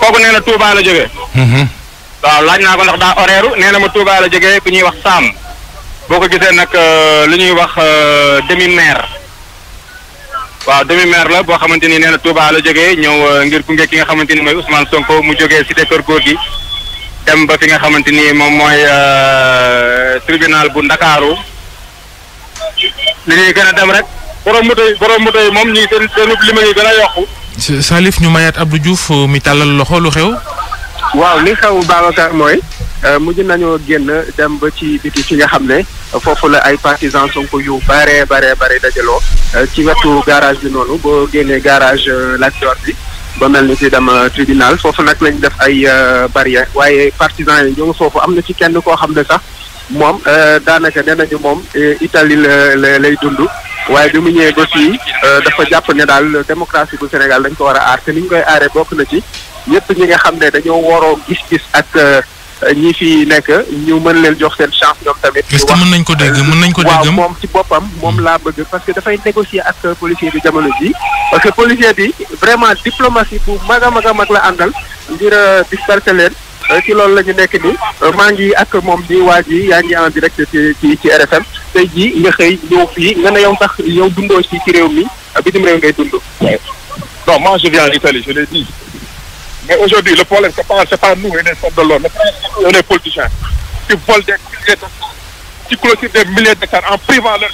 kooku nee na Touba la jógee. Mhm. waaw laaj naa ko ndax daa horaire nee na ma Touba la jóge ku ñuy wax Saam boo ko gisee nag euh, lu ñuy wax euh, demi maire waaw demi maire la boo xamante ni nee na Touba la jóge ñëw euh, ngir gunge ki nga xamante ni mooy Ousmane Sonko mu jógee cité Keur Gorgui dem ba fi nga xamante ni moom mooy tribunal bu Ndakaaru li ñuy gën a dem rek borom moto yi borom moto yi moom ñu ngi seen seen li ngi gën a yokku. Salif ñu mayaat Abdou Diouf euh, mi tàllal loxo lu xew. waaw li xew Babacar mooy euh, mujj nañoo génn dem ba ci biti fi nga xam ne foofu la ay partisans Sonko yu bare bare bare dajaloo euh, ci wetu garage bi noonu boo génnee garage Lat bi ba mel ni ci dem tribunal foofu nag lañu def ay barrière waaye partisans yi ñoo foofu am na ci kenn koo xam ne sax moom daanaka nee nañu moom Italie la lay dund. waaye bi mu ñëwee ba fii euh, dafa jàpp ne daal démocratie bu Sénégal dañ ko war a aar te ni ñu koy aaree bokk na ci ñëpp ñi nga xam ne dañoo waroo gis-gis ak euh, ñi fi nekk ñu mën leen jox seen chance ñoom tamit. est-ce que mën nañ ko dégg mën nañ ko euh, dégg. waaw moom ci boppam moom laa bëgg parce que dafay négocier ak policier bi jamono ji parce que policier bi vraiment diplomatie bu mag a mag a mag la àndal ngir disperser leen. ci loolu la ñu nekk ni maa ngi ak moom di waa ji yaa ngi en direct ci ci ci RFM tey jii nga xëy ñëw fii nga ne yow sax yow dundoo mi bitim réew ngay dund. non moi je viens en Italie je l'ai dit mais aujourd'hui le problème c'est pas c'est pas nous et les de l'ordre on est politiciens qui volent des milliers d'hectares qui clôturent des milliers d'hectares en privant leur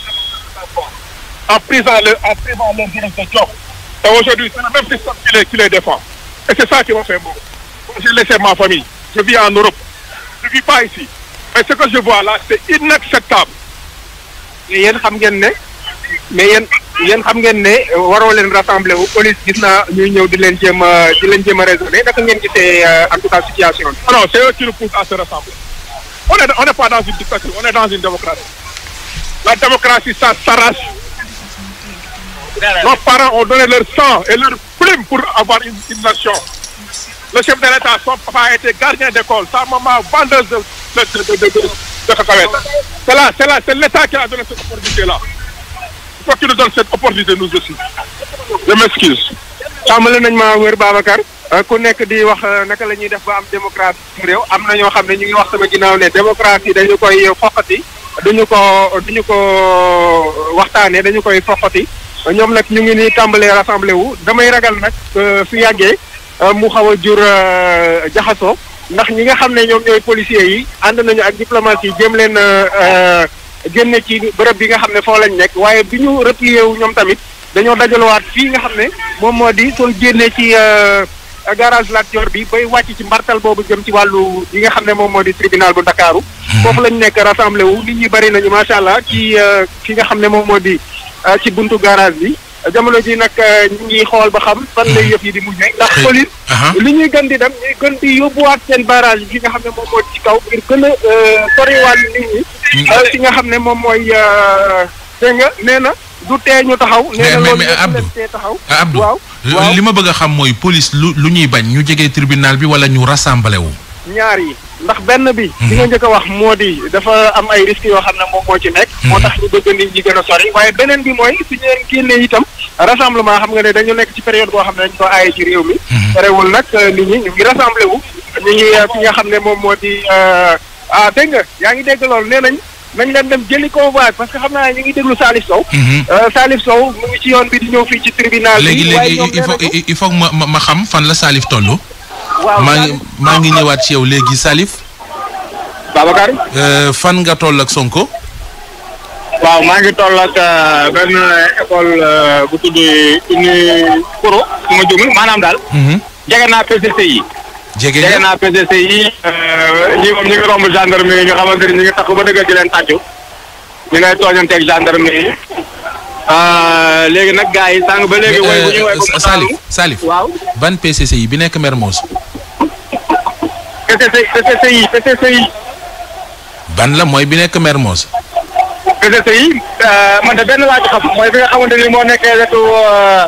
en privant leur en privant leur de job et aujourd'hui c'est le même système qui les qui les défend et c'est ça qui m'a fait mal moi j'ai laissé ma famille je vis en Europe je vis pas ici mais ce que je vois là c'est mais yéen xam ngeen ne mais yéen yéen xam ngeen ne waroo leen rassembler wu police gis naa ñuy ñëw di leen jéem a di leen jéem a raisonner naka ngeen gisee euh, en tout cas situation bi. non c'est eux qui nous poussent à se rassembler on est on est pas dans une dictature on la démocratie ça s'arrache nos parents ont donné leur sang et leur plume pour avoir une, une le chef de l'État son papa était gardien d'école sa maman vendeuse de de de, de, C'est là, c'est là, c'est l'État qui a donné cette opportunité-là. Il faut qu'il nous donne cette opportunité, nous aussi. Je m'excuse. tàmbali nañ ma wër Babacar euh, ku nekk di wax euh, naka la ñuy def ba am démocratie ci réew am na ñoo xam ne ñu ngi wax sama ginnaaw ne démocratie dañu koy foqati duñu ko duñu ko waxtaanee dañu koy foqati ñoom nag ñu ngi ni tàmbalee rassemblé wu damay ragal nag euh, su yàggee mu xaw a jur jaxasoo ndax ñi nga xam ne ñoom ñooy policiers yi ànd nañu ak diplomates yi jéem leen euh, euh, génne ci bërëb bi nga xam ne foo lañ nekk waaye bi ñu replié wu ñoom tamit dañoo dajalewaat fii nga xam ne moom moo di soo génnee ci euh, garage Lat Dior bi bay wàcc ci mbartal boobu jëm ci wàllu yi nga xam ne moom moo di tribunal bu Ndakaaru hmm. foofu lañ nekk rassemblé wu nit ñi bari nañu macha allah ci fi nga xam ne moom moo di ci buntu garage bi jamono ji nag euh, ñu ngi xool ba xam fan lay yëf yi di mujjee ndax police li ñuy gën di dem ñuy gën di yóbbuwaat seen barrage yi nga xam ne moom moo ci kaw a euh, soriwaat nit mm. euh, nga xam ne moom mooy dégg nga nee na du tee ñu taxaw nee na loolu ñu taxaw ah, Abdou li ma bëgg a xam mooy police lu lu ñuy bañ ñu jege tribunal bi wala ñu rassemblé ñaar yi ndax benn bi. li nga mhm. njëkk wax moo di dafa am ay risques yoo xam ne moom moo ci nekk. Mhm. moo tax ñu bëgg nit ñi gën a sori waaye beneen bi mooy su ñu leen génnee itam rassemblement xam nga ne dañu nekk ci période boo xam ne dañu ko aaye ci réew mi. Mhm. terewul nag euh, nit ñi ñu ngi rassemblé wu. ñu ngi fi euh, nga xam ne moom moo di euh, ah dégg nga yaa ngi dégg loolu nee nañ nañ leen dem jëli convoi parce que xam naa ñu ngi déglu Salif Sow. Salif Sow mu ngi ci yoon bi di ñëw fii ci tribunal léegi léegi il faut il faut ma ma xam fan la saalif tollu maa ngi maa ngi ñëwaat ci yow léegi Salif. Babacar. Euh, fan nga toll ak Sonko. waaw maa ngi toll ak euh, benn école euh, bu tudd uni pro su ma jumul maanaam daal. Mhm. jege naa PCC yi. jege jege naa PCC yi. ñu ngi romb gendarmerie nga xamante ni ñu ngi tax ba dëggal di leen tàccu. ñu ngay tooñanteeg gendarmerie yi. léegi nag gaa yi sànq ba léegi. woy bu ñuy woy Salif Salif. ban PCC yi bi nekk Mermoz. PCCI PCCI PCCI. ban la mooy bi nekk Mermoz. PCCI euh, man de benn waaj xam mooy bi nga xamante ni moo nekkee wetu euh,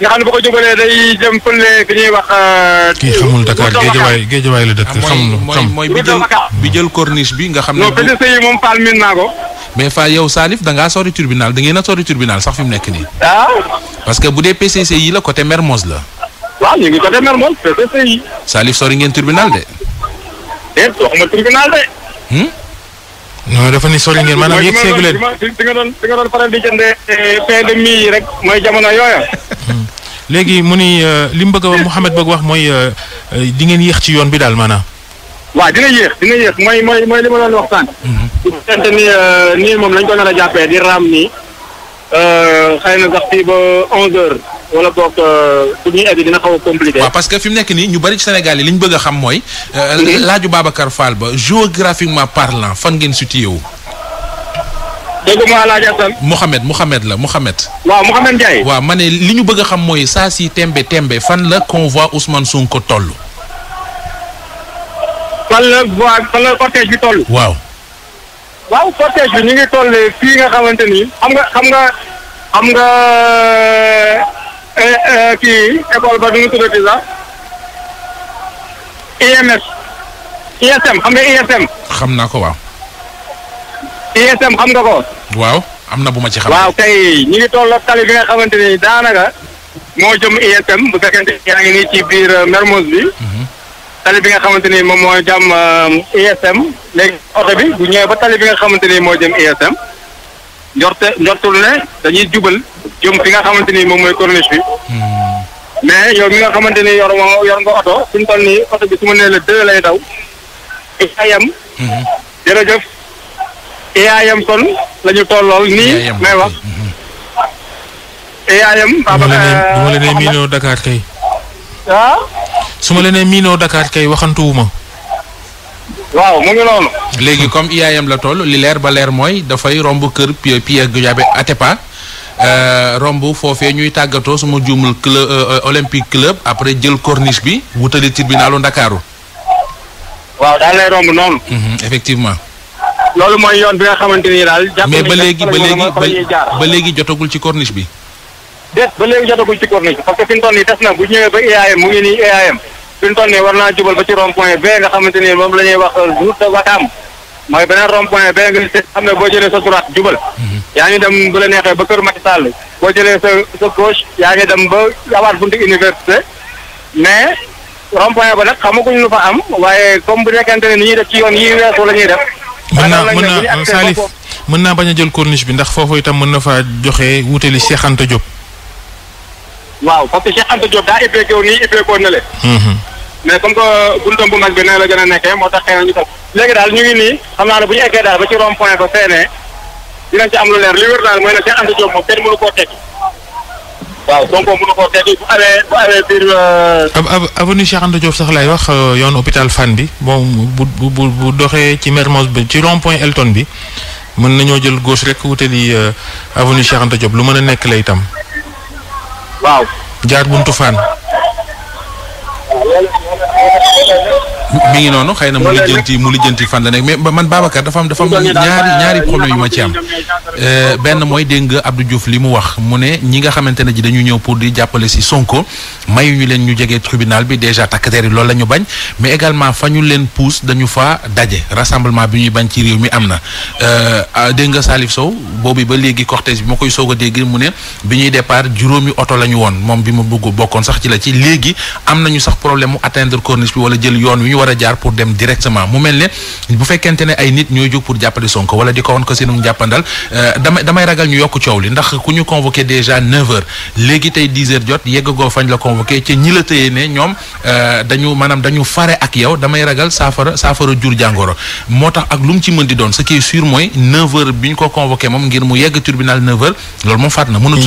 nga xam ne bu ko jubalee day jëm fële bi ñuy wax. Euh, kii xamul Dakar géejawaay géejawaay la dëkk. Ah, xamul xam mooy bi jël bi jël corniche bi nga xam ne. non PCCI moom Fall miin naa ko. mais fa yow Salif da ngaa sori tribunal da ngeen a sori tribunal sax fi mu nekk nii. Ah? parce que bu dee PCCI la côté Mermoz la. waaw ñu ngi côté Mermoz PCCI. Salif sori ngeen tribunal de. déet waxuma tribunal de. Hmm? non dafa ni ngeen maanaam yëg seegu leen di nga doon faral di jëndee eh, pain yi rek mooy jamono yooya. Hmm. léegi mu ni euh, li mu bëgg a wax bëgg wax mooy euh, euh, di ngeen yéex ci yoon bi daal maanaam. waaw dina yéex dina yéex mooy li ma doon wax sànq. bu hmm. ni moom lañ ko nar a jàppee di raam nii xëy na sax fii wala boog euh, a compliqué. parce que fi mu nekk nii ñu bari ci Sénégal yi li ñu bëgg a xam mooy. Euh, mm-hmm. laaju Babacar Fall ba géographiquement parlant fan ngeen situé wu. dégg nga laaj Assane. Mouhamed Mouhamed la Mouhamed. waaw Mouhamed Ndiaye. waaw ma ne li ñu bëgg a xam mooy saa si tembe tembe fan la convoi Ousmane Sonko toll. fan fan la cortège bi toll. waaw. waaw cortège bi ñu ngi toll fii nga xamante ni. xam nga xam nga xam nga. E, e, kii école ba du ñu tuddati sax IMS ISM xam nga ISM. xam naa ko waaw. ISM xam nga ko. waaw am na bu ma ci xam. waaw tey ñu ngi tolloo tali bi nga xamante ni daanaka moo jëm ISM bu fekkente yaa ngi nii ci biir euh, Mermoz bi. Mhm. tali bi nga xamante ni moom moo jàmm euh, ISM léegi oto bi bu ñëwee ba tali bi nga xamante ni moo jëm ISM. njorte njortul ne dañuy jubal jëm fi nga xamante ni moom mooy corniche bi. mais yow mi nga xamante ni yor nga yor nga oto fi toll nii oto la deux lay jërëjëf. IAM kon la ñu tollool nii. may wax. IAM. Babacar bu ma la nee bu ma euh, la kay. Ah? su ma la nee miinoo kay waxantuwuma. waaw mu ngi noonu. léegi comme IAM la toll li leer ba leer mooy dafay romb kër Pierre Pierre Goudiaby Atepa euh, romb foofee ñuy tàggatoo suma ma juumul club euh, olympique club après jël corniche bi wutali tirbinaalu Ndakaaru. waaw daal lay romb noonu. Mhm, effectivement. loolu mooy yoon bi nga xamante ni daal. jàpp mais ba léegi ba léegi ba léegi jotagul ci corniche bi. déet ba léegi jotagul ci corniche bi fi mu toll des na bu ñëwee ba IAM mu ngi nii IAM. fi mu nii war naa jubal ba ci rond point B nga xamante ni moom la ñuy wax route de Wakaam mooy beneen rond point B nga xam ne boo jëlee sa droite jubal. Mhm. yaa ngi dem bu la neexee ba kër Macky Sall boo jëlee sa sa yaa ngi dem ba awaat buntu université mais rond point ba nag xamaguñ lu fa am waaye comme bu nekkente ne ni ñuy def ci yoon yi weesu la ñuy def. mën naa mën naa Salif mën naa bañ a jël corniche bi ndax foofu itam mën na faa joxe wuutali Cheikh Anta Diop. waaw parce que Cheikh Anta Diop daa nii ébbeekoo na le. Mhm. mais comme que buntam bu mag bi nee la gën a nekkee moo tax léegi daal ñu ngi nii xam naa ne bu ñu ekkee daal ba ci rond point ba feenee dinañ ci am lu leer li wér daal mooy ne Cheikh Anta Diop moom kenn mënu koo tekki. waaw Sonko mënu koo tekki bu amee bu amee biir. Euh, ab ab avenue Cheikh Anta Diop sax lay wax euh, yoon hôpital Fann bi bon bu bu bu bu doxee ci Mermoz bi ci rond point bi mën nañoo jël gauche rek wutali euh, avenue Cheikh Anta lu mën a nekk lay tam waaw. jaar buntu fan. mi ngi noonu xëy na mu lijjanti mu lijjanti fan la nekk mais man Babacar dafa am dafa am ñaari ñaari problème yu ma ci euh, benn mooy dégg nga Abdou Diouf li mu wax mu ne ñi nga xamante ne ji dañu ñëw pour di jàppale si Sonko mayuñu leen ñu jege tribunal bi déjà takkateer yi loolu la ñu bañ mais également fa leen pousse dañu faa daje rassemblement bi ñuy bañ ci réew mi am na euh, ah, dégg nga Salif Sow boobu ba léegi cortège bi ma koy soog a dégg mu ne bi ñuy départ juróomi oto la ñu woon moom bi ma bëgg bokkoon sax ci la ci léegi am nañu sax problème mu atteindre corniche bi wala jël yoon wi war a jaar pour dem directement mu mel ne bu fekkente ne ay nit ñooy jóg pour jàppale Sonko wala di ko won ko seenu jàppandal euh, damay ragal ñu yokk coow li ndax ku ñu convoqué déjà 9 léegi tey 10h jot yeggagoo fañ la convoqué ci ñi la tëyee ne ñoom euh, dañu maanaam dañu fare ak yow damay ragal saafara saafara jur jàngoro moo tax ak lu mu ci mën di doon ce qui mooy 9 bi ñu ko convoqué moom ngir mu yegg tribunal 9h loolu moom faat na mënatu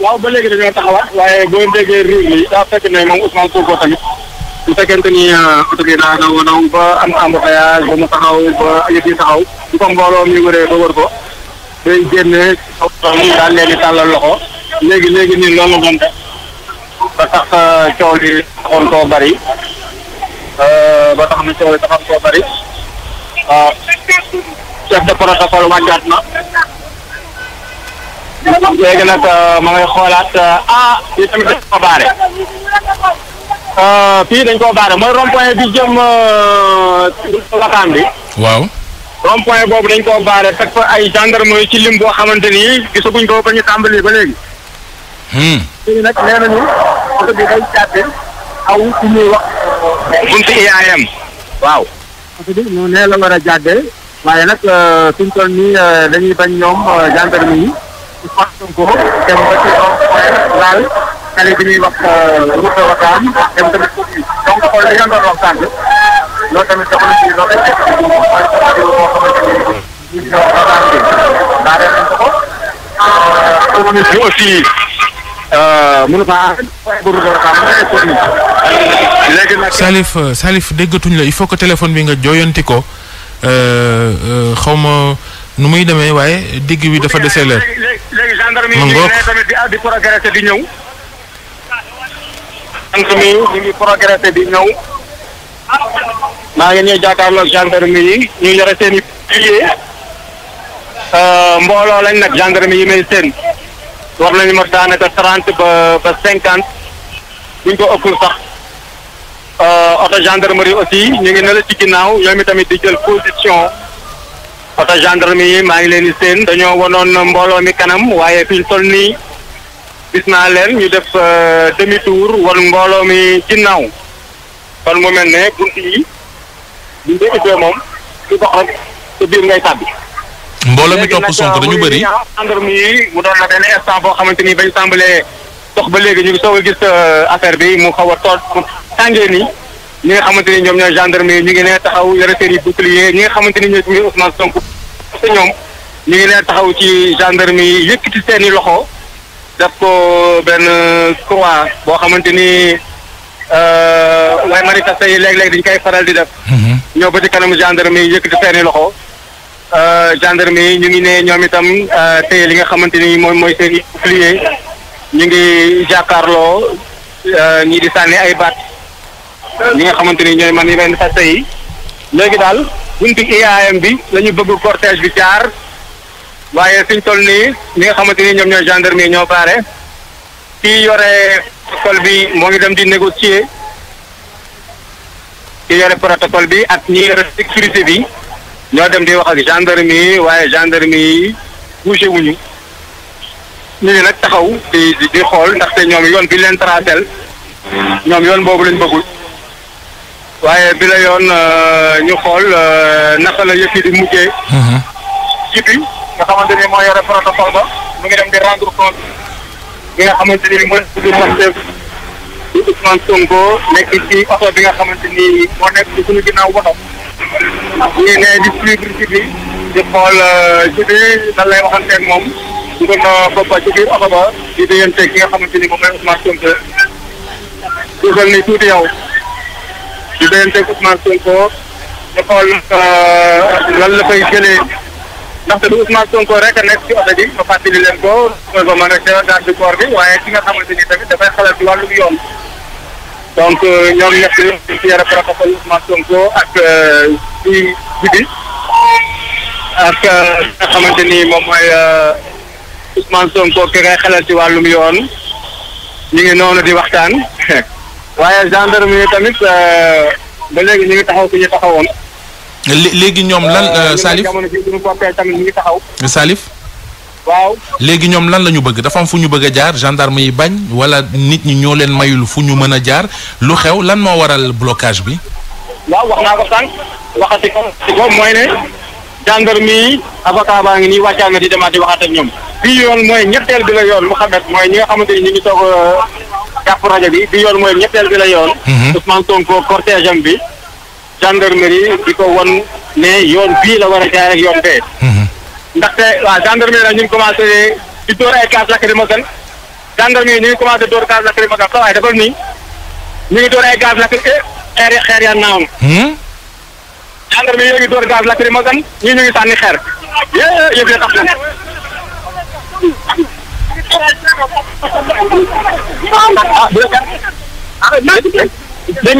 waaw ba léegi dañoo taxawaat waaye boo déggee riir yi daa fekk ne moom Ousmane Sonko tamit bu fekkente ni ah, oto bi daa daw daw ba am embouteillage ba mu taxaw ba yëf yi taxaw bu ko mbooloo mi wëree ba wër ko day génne mu daal loxo léegi léegi nii loolu la doon def ba tax ah, coow li taxoon koo bari ah, ba tax na coow taxoon koo bari waaw chef de protocole wàccaat na léegi nag euh, ma ngay xoolaat euh, ah fii dañ euh, fii dañ koo baare mooy rond point bi jëm Wakaam bi. waaw. rond point boobu dañ koo baare teg fa ay gendarme mooy ci lim boo xamante ni gisaguñ ko ba bañu tàmbali ba léegi. Hmm. fii nag nee nañu oto bi day jàppe aw ci ñuy wax. buntu IAM. waaw. oto bi ñu nee la a jàddee waaye nag fi mu toll nii dañuy bañ ñoom gendarme yi. Ousmane Sonko nag Salif Salif déggatuñ la il faut que téléphone bi nga jooyanti ko euh, euh, xaw nu muy demee waaye digg bi dafa dese leer. léegi gendarmerie ñu ngi tamit di di ñëw. gendarmerie ñu ngi progressé di ñëw. maa ngi ñuy jàkkaarloog gendarmerie yi ñu yore seen i euh, mbooloo lañ nag gendarmerie yi may seen. war nañu ma daanaka trent ba ba cinquante. buñ ko ëppul sax. Euh, oto gendarmerie aussi ñu ngi ne la ci ginnaaw ñoom tamit di jël position. oto gendarme yi maa ngi leen di séen dañoo wanoon mbooloo mi kanam waaye fi ñu toll nii gis naa leen ñu def euh, demi tour wan mbooloo mi ginnaaw kon mu mel ne bunt yi buñ ko ubbee moom ci dox rek ci biir ngay tàbbi. mbooloo mi topp Sonko dañu bëri gendarme yi mu doon na benn instant boo xamante ni bañ sàmbalee dox ba léegi ñu ngi soog a gis euh, affaire bi mu xaw a toog tàngee nii. ñi nga ñoom ñooy gendarmerie ñu ngi nee taxaw yore seen i bouclier nga xamante ni ñooy suñuy Ousmane Sonko te ñoom ñu ngi nee taxaw ci seen i loxo def benn croix boo xamante ni euh, waaye manifesté yi léeg-léeg dañ koy faral di def. Mhm. ñoo ba ci kanamu gendarmerie yëkkati seen i loxo euh, gendarmerie ñu ngi ne ñoom itam euh, téye li nga xamante ni moom mooy seen i ñu ngi jàkkaarloo ñii di sànni ay baat. ñi nga xamante ni ñooy man yi manifesté yi léegi daal buntu IAM bi la ñu bëgg cortège bi jaar waaye suñ toll nii ñi nga xamante ni ñoom ñooy gendarmerie ñoo baare fi yore protocole bi moo ngi dem di négocier kii yore protocole bi ak ñii yore sécurité bi ñoo dem di wax ak gendarmerie yi waaye gendarmerie yi bougé wuñu ñu ngi nag taxaw di di xool ndaxte ñoom yoon bi leen tracel ñoom yoon boobu lañ bëggul waaye bi la yoon euh, ñu xool euh, naka la yëf yi di mujjee. Uh-huh. ci bi nga xamante ni moo yore protocole ba mu ngi dem di rendre compte bi nga xamante ni mooy suñu Pastef di Ousmane Sonko nekk nga xamante ni moo nekk ci suñu ginnaaw woto. ñu ne di suivre ci bi di xool euh, ci bi lan moom ñu na boppa ci biir oto ki nga xamante ni moom mooy Ousmane tuuti yow. di dayanteeg Ousmane Sonko ñu euh, lan la koy jëlee ndaxte du Ousmane Sonko rek a nekk ci oto bi ma fàttali leen ko mooy ba mën daal di koor waaye ki nga xamante ni tamit dafay xelal ci wàllum yoon. donc euh, ñoom ñett ñoom ñu ci yore protocole Ousmane Sonko ak ci euh, guddi ak nga xamante ni moom mooy Ousmane Sonko ki ngay xelal ci wàllum yoon ñu ngi noonu di waxtaan. waaye gendarmerie tamit euh, ba léegi ñu ngi taxaw ku ñu taxawoon. léegi ñoom lan euh, euh, Salif jamono suñu boppee tamit ñu ngi taxaw. Salif. waaw léegi ñoom lan lañu bëgg dafa am fu ñu bëgg a jaar gendarme yi bañ wala nit ñi ñoo leen mayul fu ñu mën a jaar lu xew lan moo waral blocage bi. waaw wax naa ko sànq waxati ko si ko mooy ne gendarme yi avocat ngi nii wàccaan na di demaat di waxaat ak ñoom. fii yoon mooy ñetteel bi la yoon mu xamet mooy ñu ngi toog jàpp rajo bi bi yoon mooy ñetteel bi la yoon. Ousmane Sonko cortège bi gendarmerie di ko won ne yoon bii la war a jaay rek yoon bee. ndaxte waaw gendarmerie nag ñu ngi commencé di door ay gaz lacrymogène gendarmerie ñu ngi commencé door gaz lacrymogène sa waaye dafa nii ñu ngi door ay gaz lacrymogène xeer ya xeer ya naawoon. gendarmerie yooyu door gaz lacrymogène ñii ñu ngi sànni xeer yëpp yëpp dégg ngeen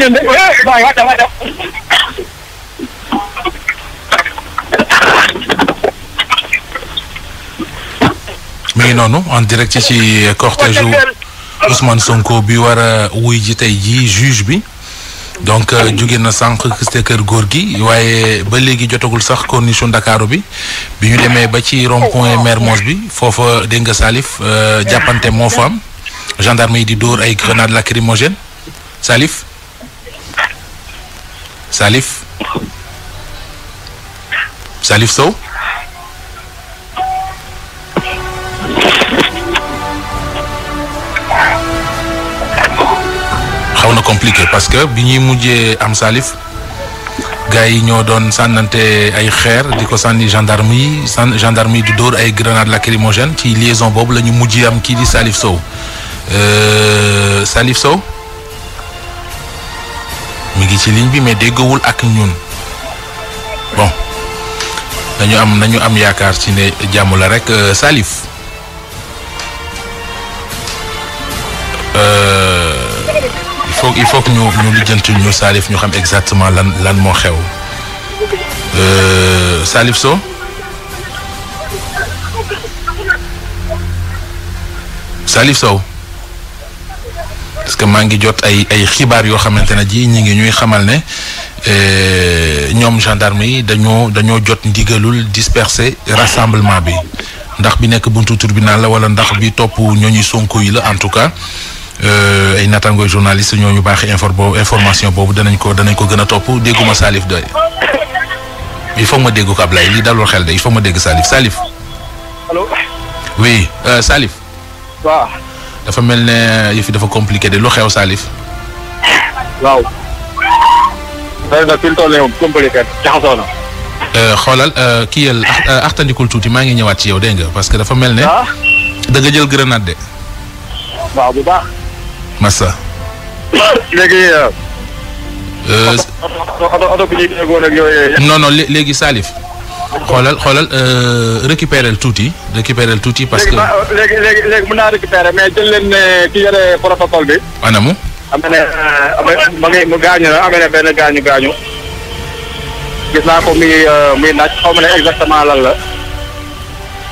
ngi noonu en direct ci cortège Ousmane Sonko bi war a wuy ji tey ji juge bi donc euh, jóge na sànq cité kër góor gi waaye ba léegi jotagul sax cornichon Ndakaaru bi bi ñu demee ba ci rond point bi foofa dégg nga Salif euh, jàppante moo fa am gendarme yi di dóor ay grenade lacrymogène Salif Salif Salif Sow xaw na compliqué parce que bi ñuy mujjee am Salif gars yi ñoo doon sànnante ay xeer di ko sànni gendarme yi sànn gendarme yi di dóor ay grenade lacrymogène ci liaison boobu la ñu mujjee am kii di Salif Sow euh, Salif Sow mu ngi ci ligne bi mais déggowul ak ñun bon nañu am nañu am yaakaar ci ne jàmm la rek euh, Salif. faut il faut que ñu ñu lijjanti ñu Salif ñu xam exactement lan lan moo xew euh, Salif Sow. Salif parce que maa ngi jot ay ay xibaar yoo xamante ne ji ñu ngi ñuy xamal ne euh, ñoom gendarme yi dañoo dañoo jot ndigalul disperser rassemblement bi ndax bi nekk buntu tribunal la wala ndax bi topp ñooñu Sonko yi la en tout cas. Euh, ay naataangooy journaliste ñooñu baax info information boobu danañ ko danañ ko gën a topp dégguma Salif doy il faut ma dégg ko Ablaye lii dalul xel de il faut ma dégg Salif Salif. allo. oui euh, dafa mel ne euh, yëf yi dafa compliqué de lu xew Salif. waaw. xëy xoolal kii yël axtandikul ah, tuuti maa ngi ñëwaat ci yow dégg nga parce que dafa mel ne. Ah. da jël grenade de. waaw Massa. léegi. Euh, euh, non non léegi Salif. xoolal xoolal euh, récupérer tuuti récupérer tuuti parce que. léegi léegi léegi mën naa récupérer mais jël leen ki yore protocole bi. anamu. am na ne mu gaañu la am na benn gaañu gaañu. gis naa ko muy muy naaj xaw ma ne exactement lan la.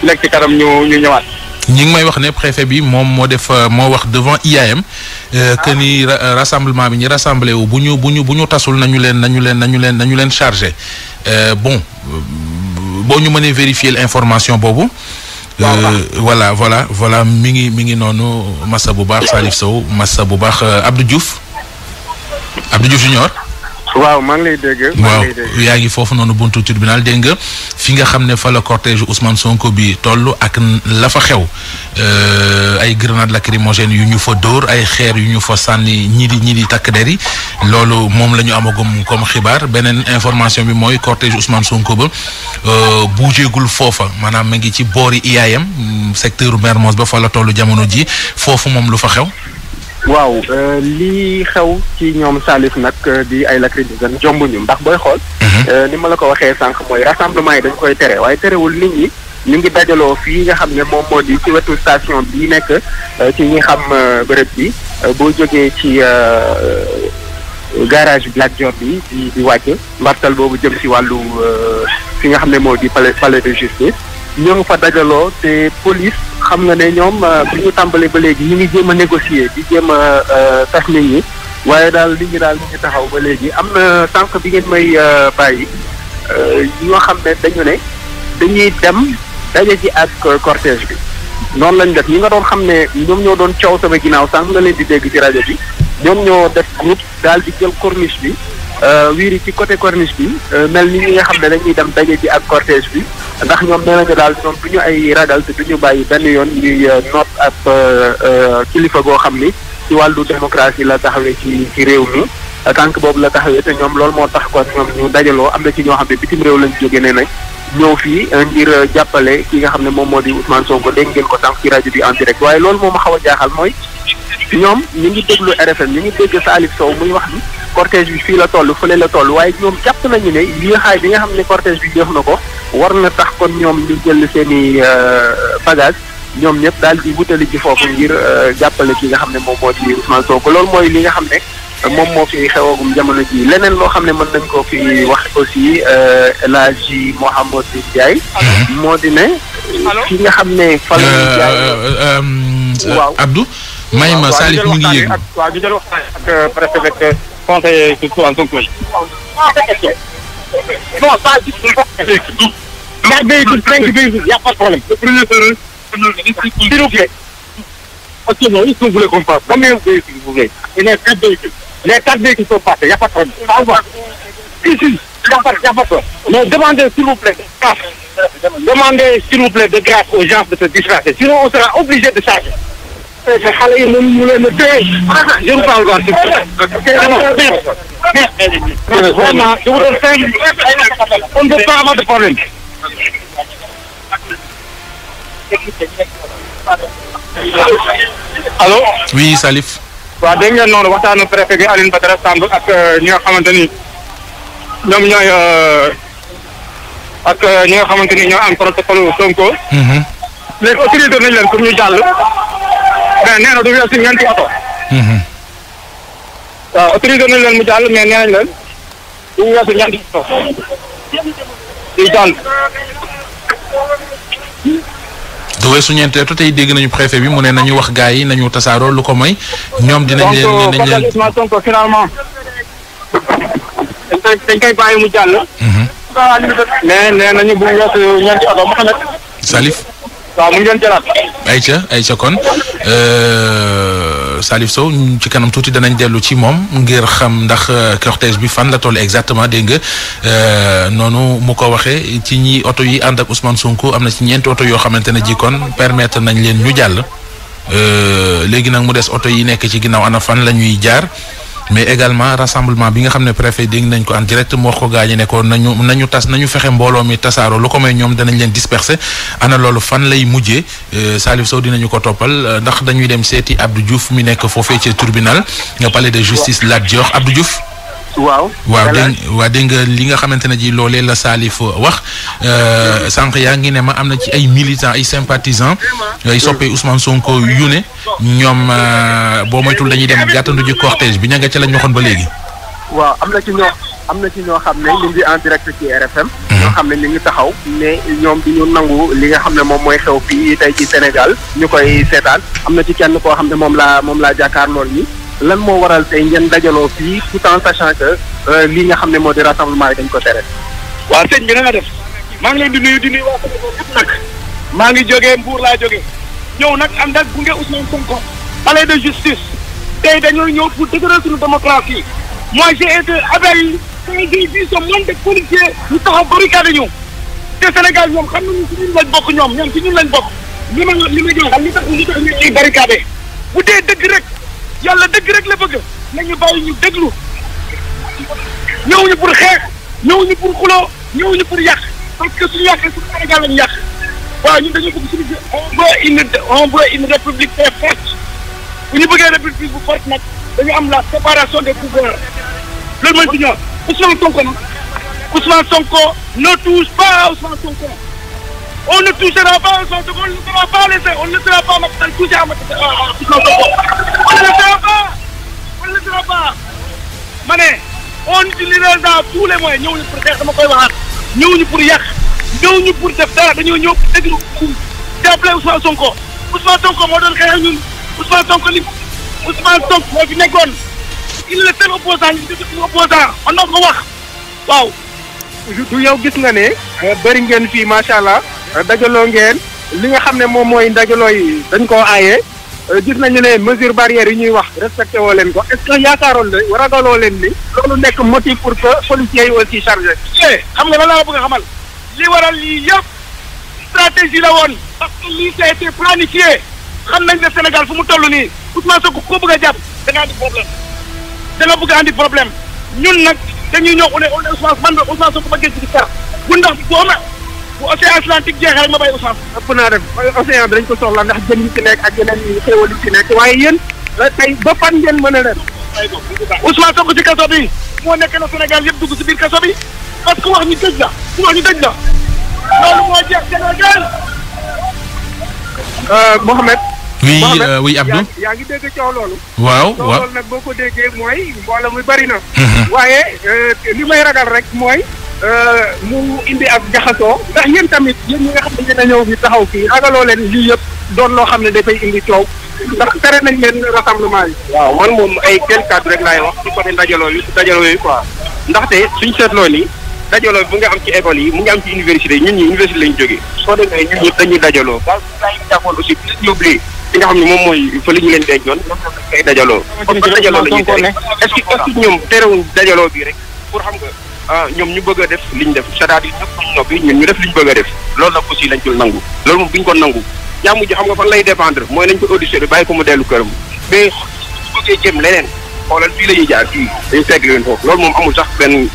nekk ci kanam ñu ñëwaat. ñi ngi may wax ne préfet bi moom moo def euh, moo wax devant IAM euh, ah. que ni rassemblement bi ñi rassemblé wu bu ñu bu ñu bu ñu tasul nañu leen nañu leen nañu leen nañu leen chargé euh, bon boo ñu mënee vérifier information boobu. voilà voilà voilà mi ngi mi ngi noonu massa bu baax Salif Sow massa bu baax Abdou Diouf Abdou Diouf waaw maa ngi lay waaw yaa ngi foofu noonu buntu tribunal dégg nga fi nga xam ne fa la cortège Ousmane Sonko bi toll ak lafa fa xew euh, ay grenade lacrymogène yu ñu fa dóor ay xeer yu ñu fa sànni ñii di ñii di takk der yi loolu moom la ñu amagum comme xibaar beneen information bi mooy cortège Ousmane Sonko ba euh, buujeegul foofa maanaam ma ngi ci boori yaayam secteur Mermoz ba fa la tollu jamono ji foofu moom lu fa xew. waaw euh, lii xew ci ñoom Salif nag euh, di ay jomb jombuñu ndax booy xool. Mhm. Euh, ni ma la ko waxee sànq mooy rassemblement yi dañ koy tere waaye terewul nit ñi. ñu ngi dajaloo fii nga xam ne moom moo di ci wetu station bii nekk ci ñi xam bërëb bi boo jógee ci garage Black Dior bi di di wàcc mbartal boobu jëm si wàllu fi nga xam ne moo di pale palais de justice. ñoo ngi fa dajaloo te police xam nga ne ñoom euh, bi ñu tàmbalee ba léegi ñu ngi jéem a négocier di jéem a euh, tas yi waaye daal li ñu daal ñu ngi taxaw ba léegi am na sànq bi ngeen may euh, bàyyi ñoo xam ne dañu ne dañuy dem daje ji ak cortège bi. noonu lañ def ñi nga doon xam ne ñoom ñoo doon coow sama ginnaaw sànq nga leen di dégg ci rajo bi ñoom ñoo def groupe daal di jël corniche bi wiiri ci côté corniche bi mel ni ñi nga xam ne dañuy dem daje ji ak cortège bi. ndax ñoom nee nañu daal ñoom du ñu ay ragal te du ñu bàyyi benn yoon ñuy euh, noot ab euh, euh, kilifa goo xam ni ci wàllu démocratie la taxawee ci ci réew mi tànk boobu la taxawee te ñoom lool moo tax ko ñoom ñu dajaloo am na ci ñoo xam ne bitim réew lañ jóge nee nañ ñëw fii ngir jàppale ki nga xam ne moom moo di Ousmane Sonko dégg ngeen ko tànk ci rajo bi en direct waaye loolu moom a xaw a jaaxal mooy ñoom ñu ngi déglu RFM ñu ngi dégg Salif Sow muy wax ni cortège bi fii la toll fële la toll waaye ñoom jàpp nañu ne yéexaay bi nga xam ne cortège bi jeex na ko war na tax kon ñoom ñu jël seen i euh, ñoom ñëpp daal di wutali ci foofu ngir euh, jàppale ki nga xam ne moom moo di Ousmane Sonko loolu mooy li nga xam ne moom moo fi xewagum jamono ji leneen loo xam ne mën nañ ko fi wax aussi euh, El Hadji Mouhamed Ndiaye mhm. moo di ne ki nga xam ne fa la waaw Abdou may ma Salif mu ngi yëg waaw ñu jël waxtaan 4 véhicules 5 véhicules y' a pas de problème. s'il vous plaît. parce que non, il faut que vous le compreniez. Combien de véhicules vous voulez Il y a 4 véhicules. Les 4 véhicules sont passés, il n'y a pas de problème. Au revoir. Ici, il n'y a pas de problème. Mais demandez s'il vous plaît demandez s'il vous plaît de grâce aux gens de se disperser sinon on sera obligé de charger. Eh, xale yi moom mu leen a téye. je vous parle quoi vraiment je vous donne cinq on ne peut pas avoir de problème. allo. oui Salif. waaw dégg ngeen noonu waxtaanu préfet bi Alioune Samb ak euh, ñi nga ni ñoom ñooy euh, ak euh, ñi nga xamante ni ñoo am protocole Sonko. léegi mm-hmm. autorisé nañ leen pour ñu jàll. mais nee du mm-hmm. mu jàll mais oto. Ndeysaan. du weesu ñeenteetu tey dégg nañu préfet bi mu ne nañu wax gaa yi nañu tasaaroo lu ko moy ñoom dinañ leen dinañ leen donc Sonko finalement. dañ koy dañ koy mu jàll. Mhm. mais nee nañu bu ñu weesu ñeenti oto Mouhamed. Salif. waaw mu ngi leen jëlaat. ayca ayca kon. Euh, Salif Sow ci kanam tuuti danañ dellu ci moom ngir xam ndax euh, cortège bi fan la toll exactement dégg nga euh, noonu mu ko waxee ci ñi oto yi ànd ak Ousmane Sonko am na ci ñeenti oto yoo xamante ne jikkoon permettre nañ leen ñu jàll euh, léegi nag mu des oto yi nekk ci ginnaaw ana fan la ñuy jaar. mais également rassemblement bi nga xam ne préfet dégg nañ ko en direct mu wax ko gaa ne ko nañu nañu tas nañu fexe mbooloo mi tasaaroo lu ko may ñoom danañ leen disperser ana loolu fan lay mujjee euh, Salif Sow dinañu ko toppal euh, ndax dañuy dem seeti Abdou Diouf mi nekk foofee ci tribunal palais de justice Lat Dior Abdou juf waaw waaw dégg waaw dégg nga li nga xamante ne ji loolee la saali foo wax euh, sànq yaa ngi ne ma am na ci ay militants ay sympathisants ay soppee Ousmane Sonko yu ne ñoom euh, boo moytul dañuy dem gàttandu ji cortège bi ña nga ca lañ waxoon ba léegi. waaw am na ci ñoo am na ci ñoo xam ne ñu ngi en direct ci RFM. Mhm. ñoo xam ne ñu ngi taxaw ne ñoom bi ñu nangu li nga xam ne moom mooy xew fii tey ci Sénégal ñu koy seetaan am na ci kenn koo xam ne moom laa moom laa jàkkaarlool nii. lan moo waral tey ngeen dajaloo fii tout en sachant que euh, lii nga xam ne moo di rassemblement yi dañ ko tere. waaw sëñ bi na def maa ngi leen di nuyu di nuyu waa Sénégal yëpp nag maa ngi jógee Mbour laa jógee ñëw nag ànd ak gunge ko Sonko palais de justice tey dañoo ñëw pour dëgëral suñu démocratie moi j'ai été averti tey jii bii sa man de policier ñu taxaw barricade ñu te Sénégal ñoom xam nañu si ñun lañ bokk ñoom ñoom si ñun lañ bokk li ma li ma jaaxal li tax li bu dee dëgg rek. yàlla dëgg rek la bëgg nañu bàyyi ñu déglu ñëwuñu pour xeex ñëwuñu pour xuloo ñëwuñu pour yàq parce que suñu yàqee suñu Sénégal lañu yàq waaw ñun dañoo bëgg suñu on veut une on veut une république très forte bu ñu bëggee république bu forte nag dañu am la séparation des pouvoirs loolu mooy si ñor Ousmane Sonko nag Ousmane Sonko ne touche pas à Ousmane Sonko. on ne touchera pas un centre, on ne laissera pas laisser, on ne laissera pas Macky Sall toucher ah, ah, à Macky Sall. On ne laissera pas, on ne laissera pas. ma ne on utilisera tous les moyens ñëw ñu pour xeex dama koy waxaat ñëw ñu pour yàq ñëw ñu pour def dara dañoo ñëw pour déglu jàppale Ousmane Sonko Ousmane Sonko moo doon xeex ak ñun Ousmane Sonko li Ousmane Sonko moo fi nekkoon il est le seul opposant ñu def opposant man na ko wax waaw. du yow gis nga ne euh, bëri ngeen fii macha allah euh, dajaloo ngeen li nga xam ne moom mooy ndajaloo yi dañ koo aaye euh, gis nañu ne mesure barrière yi ñuy wax respecté woo leen ko est-ce que yaakaaroon la ragaloo leen ni loolu nekk motif pour que policiers yi aussi chargé eh, xam nga lan laa bëgg a xamal li waral lii yëpp stratégie la woon parce lii ça a été planifié xam nañ ne Sénégal fu mu toll nii Ousmane Sonko ko bëgg a jàpp da nga andi problème da nga bëgg a andi problème ñun nag dañuy ñëw on est on man ma Ousmane Sonko ma génn ci kàr bu ndox bi boo ma bu océan Atlantique jeexee rek ma bàyyi Ousmane. ëpp naa dem océan bi dañ ko soxla ndax jën yi ci nekk ak yeneen yi xéewal yi ci nekk waaye yéen eh, tey ba fan ngeen mën a dem. Ousmane Sonko ci kaso bi moo nekk na Sénégal yëpp dugg si biir kaso bi parce que wax ñu dëj la ku wax ñu dëj la loolu moo jeex Sénégal. Euh, Mohamed. oui euh, oui Abdou yaa ngi dégg coow loolu. waaw waaw nag boo ko déggee mooy mbooloo muy bari na. Mhm. waaye euh, li may ragal rek mooy. Euh, mu indi ak jaxasoo ndax yéen tamit yéen nga xam ne yéen a ñëw fi taxaw fii ragaloo leen lii yëpp doon loo xam ne dafay indi coow ndax tere nañ leen rassemblement yi. waaw man moom ay kenn kàddu rek laay wax ci côté ndajaloo yi ndajaloo yi quoi ndaxte suñ seetloo nii dajaloo bu nga am ci école yi mu ngi am ci université ñun ñi université lañ jógee soo demee ñun ñëpp dañuy dajaloo. waaw ñu ngi aussi li nga xam ne moom mooy fa li ñu leen denc noonu ñoom ñoo koy dajaloo. kon ba la ñuy tere dajaloo bi rek pour xam nga ah, ñoom ñu bëgg a def li ñu def c'est-à-dire ñun ñu def li ñu bëgg a def loolu nag aussi lañ dul nangu loolu moom bu ñu ko nangu yaa mujj xam nga fan lay dépendre mooy nañ ko auditionné bàyyi ko mu dellu këram mais su bëggee jëm leneen xoolal fii la ñuy jaar fii dañu tegg leen foofu loolu moom amul sax benn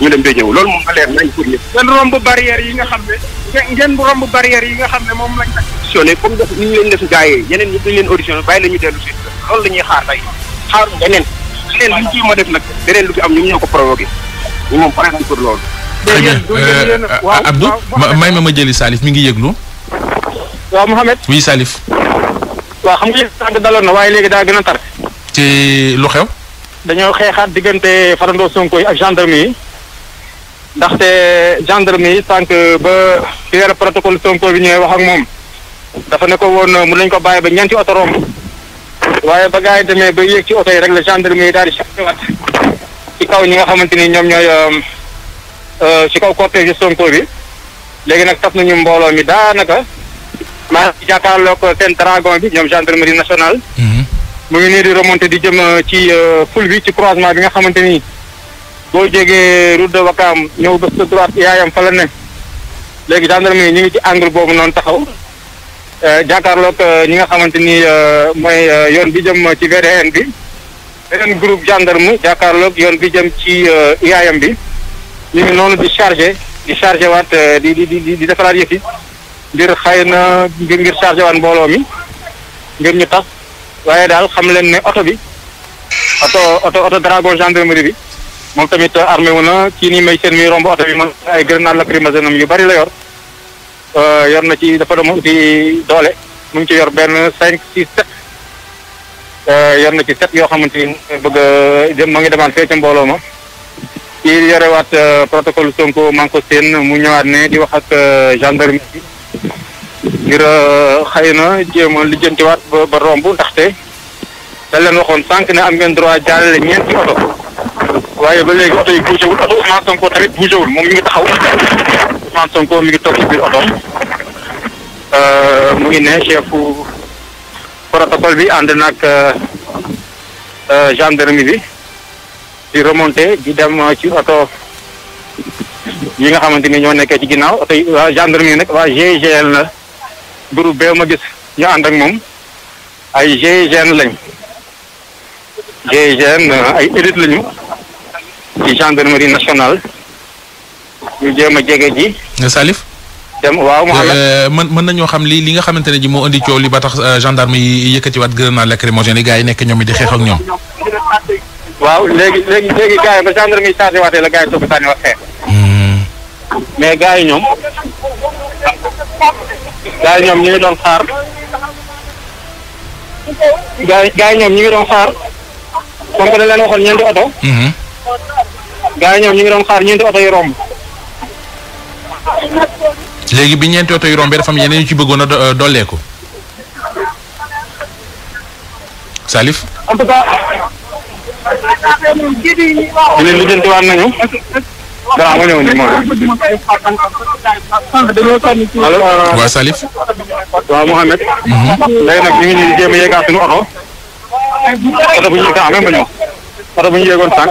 ñu dem bee ñëw loolu leer nañ pour ñëpp ngeen romb barrière yi nga xam ne ngeen romb barrière yi nga xam ne moom lañ teg auditionné comme def leen def gars yi yeneen ñëpp la ñu dellu la ñuy xaar tey xaaruñ leneen leneen ma def nag leneen lu fi am ñoom ñoo ko provoqué ñu moom pare nañ pour loolu Abdou may ma ma jëli Salif mi ngi yëglu waaw Mouhamed oui Salif waaw xam nga yëg sànq daloon na waaye léegi daal gën a tar ci lu xew dañoo xeexaat diggante farandoo Sonko yi ak gendarme yi ndaxte gendarme yi sànq ba ki yore protocole Sonko bi ñëwee wax ak moom dafa ne ko woon mun nañ ko bàyyi ba ñeenti oto romb waaye ba gaa yi demee ba yéeg ci oto yi rek la gendarmerie yi daal di changé waat ci kaw ñi nga xamante ni ñoom ñooy euh, euh, ci kaw cortège Sonko bi léegi nag taf nañu mbooloo mi daanaka maa ngi jàkkaarloog seen dragon bi ñoom gendarmerie nationale. Mhm. mu ngi nii di remonté di jëm euh, ci ful bi ci croisement bi nga xamante ni boo jegee route de Wakam ñëw ba sa droite yaayam fa la ne léegi gendarmerie ñu ngi ci angle boobu noonu taxaw. Euh, jàkkaarloog euh, ñi nga xamante ni euh, mooy yoon bi jëm ci VDN bi beneen groupe gendarme jàkkaarloog yoon bi jëm ci IAM bi ñu ngi noonu di chargé di chargé waat di di di di defaraat yëf ngir xëy na ngir ngir waat mbooloo mi ngir ñu tax waaye daal xam leen ne oto bi oto oto oto dragon gendarmerie bi moom tamit armé wu na kii nii may seen muy romb oto bi man ay grenade lacrymogène yu bari la yor. Euh, yor na ci dafa demoon ci doole mu ngi ci yor benn cinq six sept euh, yor na ci sept yoo xamante bëgg a ma ngi demaan fee ca mbooloo ma ci yorewaat euh, protocole Sonko maa ngi ko séen mu ñëwaat ne di wax ak gendarmerie ngir xëy na jéem a lijjantiwaat ba ba romb ndaxte dañ leen waxoon sànq ne am ngeen droit jaarale ñeenti oto waaye ba léegi oto yi bougé wul oto Ousmane Sonko tamit bougé moom mi ngi taxaw. Ousmane Sonko mi ngi toog euh, mu ngi ne chef protocole bi ànd nag euh, euh, gendarmerie bi di remonté di dem ci oto yi nga xamante ni ñoo nekkee ci ginnaaw oto yi waa gendarmerie nag waa GIGN la groupe bee ma gis ñu ànd ak moom ay GIGN lañ GIGN ay élite lañu ci gendarmerie nationale. ñu jéem a jege ji. Eh, Salif. dem waaw Mouhamed eh, mën mën nañoo xam li li nga xamante ne ji moo indi coow li ba tax eh, gendarme yi yëkkatiwaat grenade lacrymogène yi gars yi nekk ñoom ak ñoom. waaw léegi léegi léegi gars yi ba a sànni wax xeex. Hmm. yi ñoom. gars yi ñoom ñu ngi doon xaar. gars yi gars yi ñoom ñu ngi doon xaar. comme que da leen waxoon ñeenti hmm. yi ñoom ñu ngi doon xaar ñeenti oto yi romb. léegi bi ñeenti oto yu rombee dafa am yeneen yu ci bëggoona do euh, dolleeku. Salif. en tout cas. ñu ne lijjanti waat nañu. ma ñëw nii moom. allo. waaw Salif. waaw Mouhamed. Mhm. nag ñu ngi nii jéem a yeggaat suñu oto. Ah, bu ñu yeggoon sànq.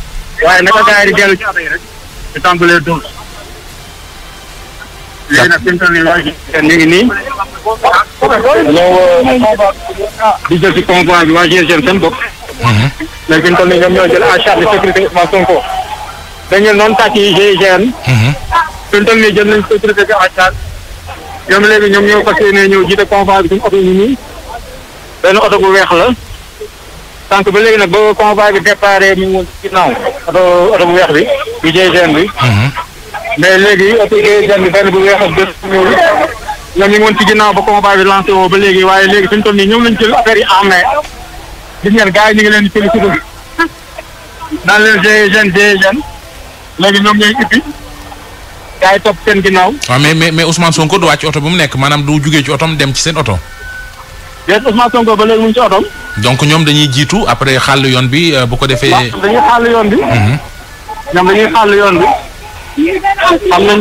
waaye naka gars yi di yi rek ñu léegi nag fi mu toll nii ñu ngi nii. Uh, di jël ci convoi bi waa GIGN seen bopp. Mhm. léegi fi mu ñoo jël en charge sécurité Ousmane Sonko. dañu noonu tàcc yi GIGN. Mhm. fi mu jël nañ sécurité bi en charge. ñoom léegi ñoom ñoo fas yéenee ñëw jiite convoi bi suñu oto yi nii. benn oto bu weex la. sànq ba léegi nag ba convoi bi déparé mi ngi woon ginnaaw. oto oto bu weex bi bu GIGN bi. Mhm. mais léegi oto GIGN bi benn bu weex ak benn bu ñuul ñoom ñu ngi woon ci ginnaaw ba combat bi lancé ba léegi waaye léegi fi ñu toll ñoom lañ jël affaire yi en main gis ngeen gars yi ñu ngi leen di félicité naan leen GIGN GIGN léegi ñoom ñooy ubbi gars yi topp seen ginnaaw. waaw mais mais mais Sonko du wàcc oto bu mu nekk maanaam du jugee ci otom dem ci seen oto. déet Ousmane Sonko ba léegi mu ngi ci otoom. donc ñoom dañuy jiitu après xàll yoon bi euh, bu ko defee. waaw dañuy xàll yoon bi. Mhm. ñoom dañuy yoon bi. am na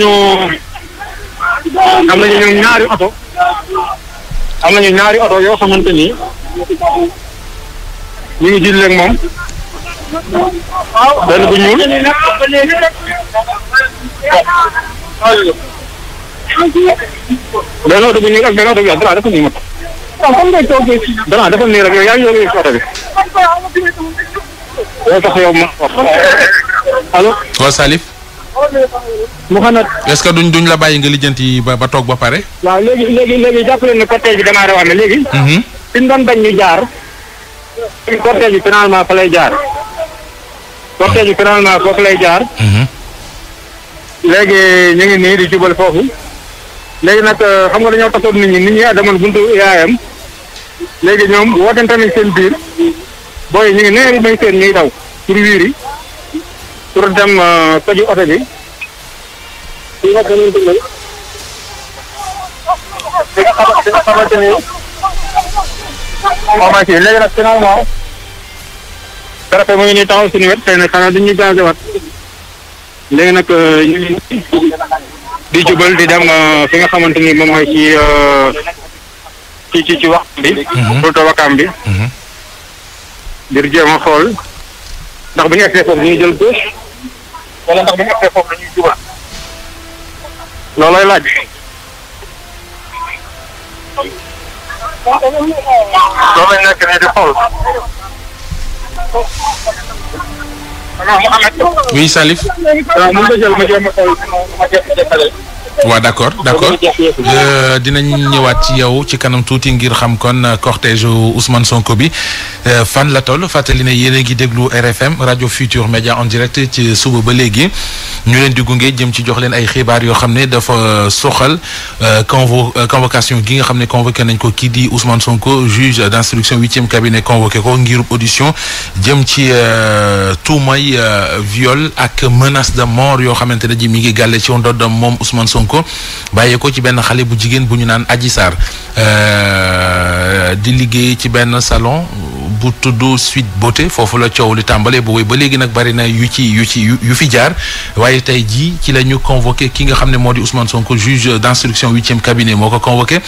am ñaari oto. am nañu ñaari oto yoo xamante ni ñu ngi jiitu léegi moom. benn bu ñuul. benn oto bu ñuul ak benn oto bi à droite dafa ñuy mot. waaw fan ngay toogee fii. danaa defal nii rek yow yaa ngi yore oto bi. loolu tax yow ma wax. allo. waaw Salif. Mouhamed. est-ce que la bàyyi nga lijjanti ba ba toog ba pare. waaw léegi léegi ne cortège bi démarré waat na léegi. Mhm. doon bañ ñu jaar. léegi cortège bi finalement jaar. cortège foofu lay jaar. Mhm. léegi ñu ngi nii di jubal foofu. léegi nag euh, xam nga dañoo tasoon nit ñi nit ñi demoon buntu yaayam. léegi ñoom wootante nañ seen biir booy ñu ngi neeri may seen ñuy daw pour wiir yi pour dem euh, toji oto bi di nga xamante ni xamal ci léegi nag finalement préfet mu ngi nii taxaw suñu wet xanaa duñ ñu gazé waat léegi nag euh, di jubal di dem euh, fi nga xamante ni moom mooy ci ci ci ci wax bi. photo wakaam bi. Mhm. ngir jéem a xool ndax bu ñu egsee foofu dañuy jël gauche wala ndax bu ñu egsee foofu dañuy jubaat loolooy laaj. loolu lañ nekk nii Salif. Euh, ma waa d' accord d' accord euh, dinañ ñëwaat ci yow ci kanam tuuti ngir xam kon euh, cortège Ousmane Sonko bi euh, fan la toll fàttali ne yéen a ngi déglu RFM rajo Futur Média en direct ci suba ba léegi ñu leen di gunge jëm ci jox leen ay xibaar yoo xam ne dafa soxal convo convocation gi nga xam ne convoqué nañ ko kii di Ousmane Sonko juge d' instruction huitième cabinet convoqué ko ngir audition jëm ci tuumay viol ak menace de mort yoo xamante ne ji mi ngi gàlle ci woon doddam moom Ousmane Sonko bàyyee ko ci benn xale bu jigéen bu ñu naan Adji Sarr euh, di liggéey ci benn salon bu tudd Suite Beauté foofu la coow li tàmbalee bu wéy ba léegi nag bari na yu ci yu ci yu fi jaar waaye tey jii ci la ñu ki nga xam ne moo di Ousmane Sonko juge d'instruction huitième cabinet moo ko convoqué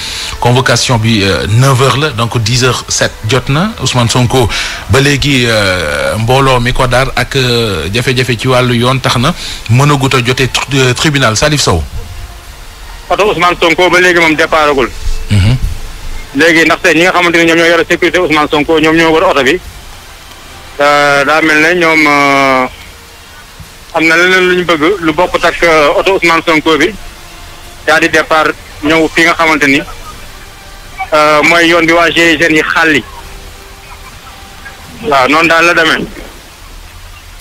convocation bi euh, neuf heures la donc dix heures sept jot na Ousmane Sonko ba léegi euh, mbooloo mi ko daar ak jafe-jafe ci wàllu yoon tax na mënagut a jote tribunal Salif Sow oto Ousmane Sonko ba léegi moom départagul mhm. léegi ndaxte ñi nga xamante ni ñoom ñoo yore sécurité Ousmane Sonko ñoom ñoo war oto bi euh, daa mel ne ñoom euh, am na leneen lu bëgg lu bokk ak euh, oto Ousmane Sonko bi daa di départ ñëw fi nga xamante ni mooy yoon bi waa GIGN yi xàlli waaw noonu daal la demee.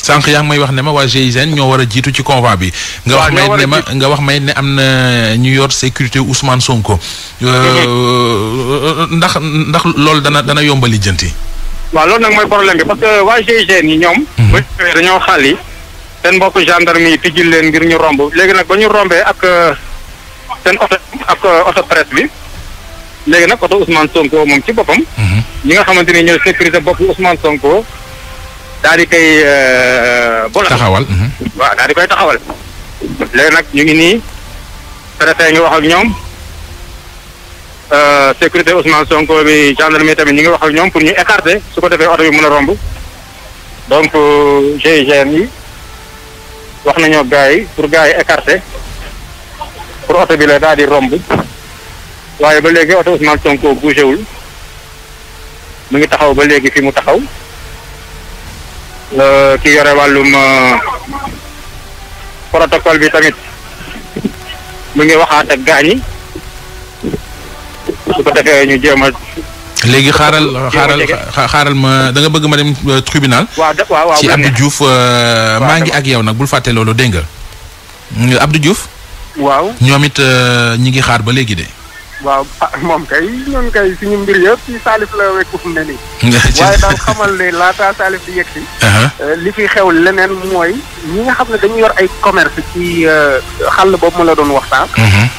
sànq yaa ngi may wax ne ma waa GIGN ñoo war a jiitu ci convoi bi. nga wax may ne ma nga wax may ne am na ñu yor sécurité Ousmane Sonko. Euh, ndax ndax loolu dana dana yomb a lijjanti. waaw loolu nag mooy problème bi parce que waa GIGN yi ñoom. Mhm. ba ñu dañoo xàll yi seen mbokk gendarme yi tijjil leen ngir ñu romb léegi nag ba ñu rombee ak euh, seen oto ak euh, oto presse bi léegi nag oto Ousmane Sonko moom ci boppam. Mhm. ñi nga xamante ni ñooy sécurité bopp Ousmane Sonko. daal di koy euh, bola taxawal mhm. waaw daal di koy taxawal léegi nag ñu ngi nii préfet ngi wax ak ñoom euh, sécurité Ousmane Sonko bi gendarmerie tamit ñu ngi wax ñoom pour ñu écarter su ko defee oto bi mun a romb donc euh, GIGN yi wax nañoo gars yi pour gars yi écarter pour oto bi la daal di romb waaye ba léegi oto Ousmane Sonko bougéwul mu ngi taxaw ba léegi fi mu taxaw ki yore wàllum euh, protocole bi tamit mu ngi waxaat ak gaañ yi su ko defee ñu jéem a. léegi xaaral xaaral xaaral ma danga bëgg ma dem euh, tribunal. waaw ci Abdou Diouf euh, maa ngi ak yow nag bul fàtte loolu dégg nga Abdou waaw ñoom it ñi ngi xaar ba léegi de. waaw moom kay ñun kay suñu mbir yëpp ci Salif la wekku fu ne nii. waaye daal xamal ne laata Salif di yegsi. Uh-huh. Euh, li fi xew leneen mooy ñi nga xam ne dañuy yor ay commerce ci euh, xàll boobu ma la doon waxtaan. Uh-huh.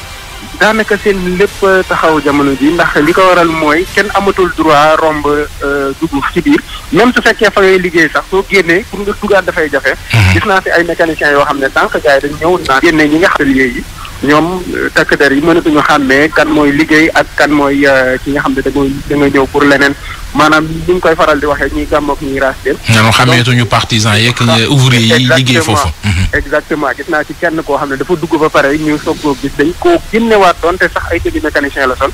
daanaka seen lépp taxaw jamono ji ndax li ko waral mooy kenn amatul droit romb euh, dugg ci biir même su fekkee fa ngay liggéey sax soo génnee pour nga dugaat dafay jafe. Uh-huh. gis naa si ay mécaniciens yoo xam ne sànq gars yi dañ ñëw naa génne ñi nga xam ne yi. ñoom takk der yi mënatuñu xàmmee kan mooy liggéey ak kan mooy euh, ki nga xam ne da nga da nga ñëw pour leneen maanaam ni ñu koy faral di waxee ñuy gàmm ak ñuy raas dem. ñoom xàmmeetuñu partisans yeeg ah, ouvrier yi liggéey foofu. Mhm. exactement gis naa ci kenn koo xam ne dafa dugg ba pare ñu soog koo gis dañ koo génnewaat doonte sax ay tëju mécanicien la sol.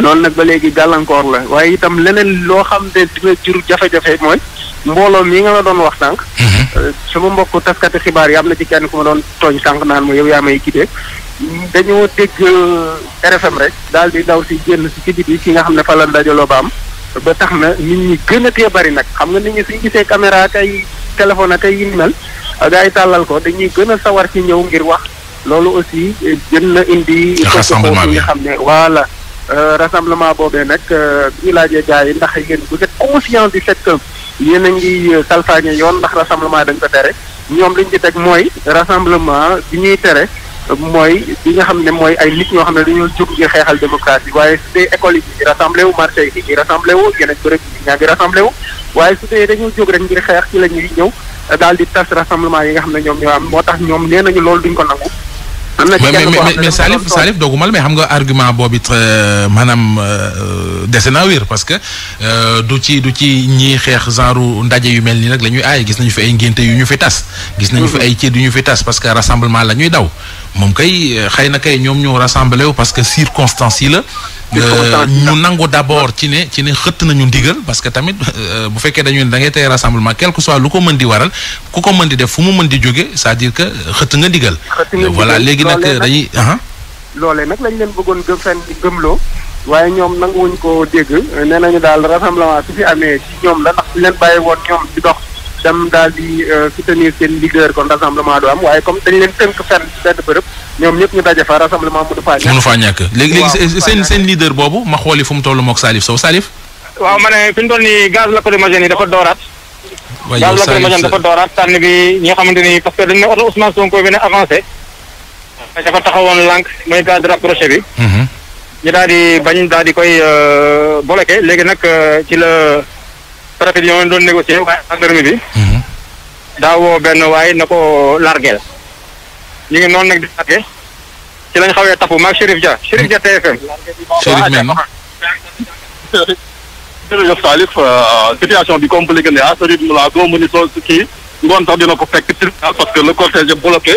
loolu nag ba léegi gàllankoor la waaye itam leneen loo xam ne dina jur jafe-jafe mooy. mbooloo mii nga ma doon wax sànq. Mhm. Euh, sama mbokk taskati xibaar yi am na ci kenn ku ma doon tooñ sànq naan ma yow yaa may kiddee dañoo dégg euh, RFM rek daal di daw si génn si ci biti ki nga xam ne fa la dajaloo ba am ba tax na nit ñi gën a tee bari nag xam nga nit ñi suñ gisee caméra kay téléphone ak ay yu mel euh, gars tàllal ko dañuy gën a sawar ci ñëw ngir wax loolu aussi gën na indi. rassemblement bi nga xam ne voilà. rassemblement boobee nag bi ñu laajee yi ndax yéen vous êtes conscient du fait yéen a ngi euh, salfaañe yoon ndax rassemblement dañ ko tere ñoom liñ di teg mooy rassemblement bi ñuy tere mooy bi nga xam ne mooy ay nit ñoo xam ne dañoo jóg ngir xeexal démocratie waaye su dee école yi ñu rassemblé wu marché yi ñu rassemblé wu yeneen bërëb yi ñaa ngi rassemblé waaye su dee dañoo jóg rek ngir xeex ci la ñuy ñëw daal di tas rassemblement yi nga xam ne ñoom ñoo am moo tax ñoom nee nañu loolu duñ ko nangu am na ci kenn koo mais mais Salif Salif doogumal mais xam nga argument boobu it euh, maanaam euh, dese naa wér parce que euh, du ci du ci ñii xeex genre ndaje yu mel nii rek la ñuy aay gis nañu fi ay ngénte yu ñu fi tas. gis nañu fi mhm. ay céet yu ñu fi tas parce que rassemblement la ñuy daw. moom kay xëy na kay ñoom ñoo rassemblé wu parce que circonstances yi la. Euh, ñu nangu d' abord ci ne ci ne xëtt nañu ndigal parce que tamit euh, bu fekkee dañuy ne da ngay tey rassemblement quel soit lu ko mën di waral ku ko mën di def fu mu mën di jóge c'est-à-dire que xëtt nga ndigal. voilà léegi nag dañuy. Uh-huh. loolee nag lañ leen bëggoon gëm fen waaye ñoom nanguwuñ ko dégg nee nañu daal rassemblement su fi amee ci ñoom la ndax su leen bàyyi woon ñoom ci dox. dem daal di euh, soutenir seen leader kon rassemblement am waaye comme dañ leen tënk fenn benn ñoom ñëpp ñu daje fa rassemblement mënu faa ñàkk. léegi seen seen leader boobu ma xooli fu mu toll moog Salif Sow Salif. waaw ma ne fi mu toll nii gaz lacrymogène yi dafa dooraat. waaye yow Salif gaz lacrymogène dafa dooraat tànn bi ñi nga xamante ni parce que dañ ne oto Ousmane Sonko bi ne avancé. dafa taxawoon lànk mooy gaz rapproché bi. Mhm. ñu daal di bañ daal di koy euh, bloqué léegi nag euh, ci la. préfet bi ñoo doon négocier waaye gendarmerie bi. Mhm. daa woo benn waaye na ko largeel. ñu ngi noonu nag di largee ci lañ xawee tapu maag Chérif Dia Chérif Dia TFM. Chérif même. jërëjëf Salif euh, situation bi compliqué ne à ce a kii ngoon sax dina ko fekk tribunal parce que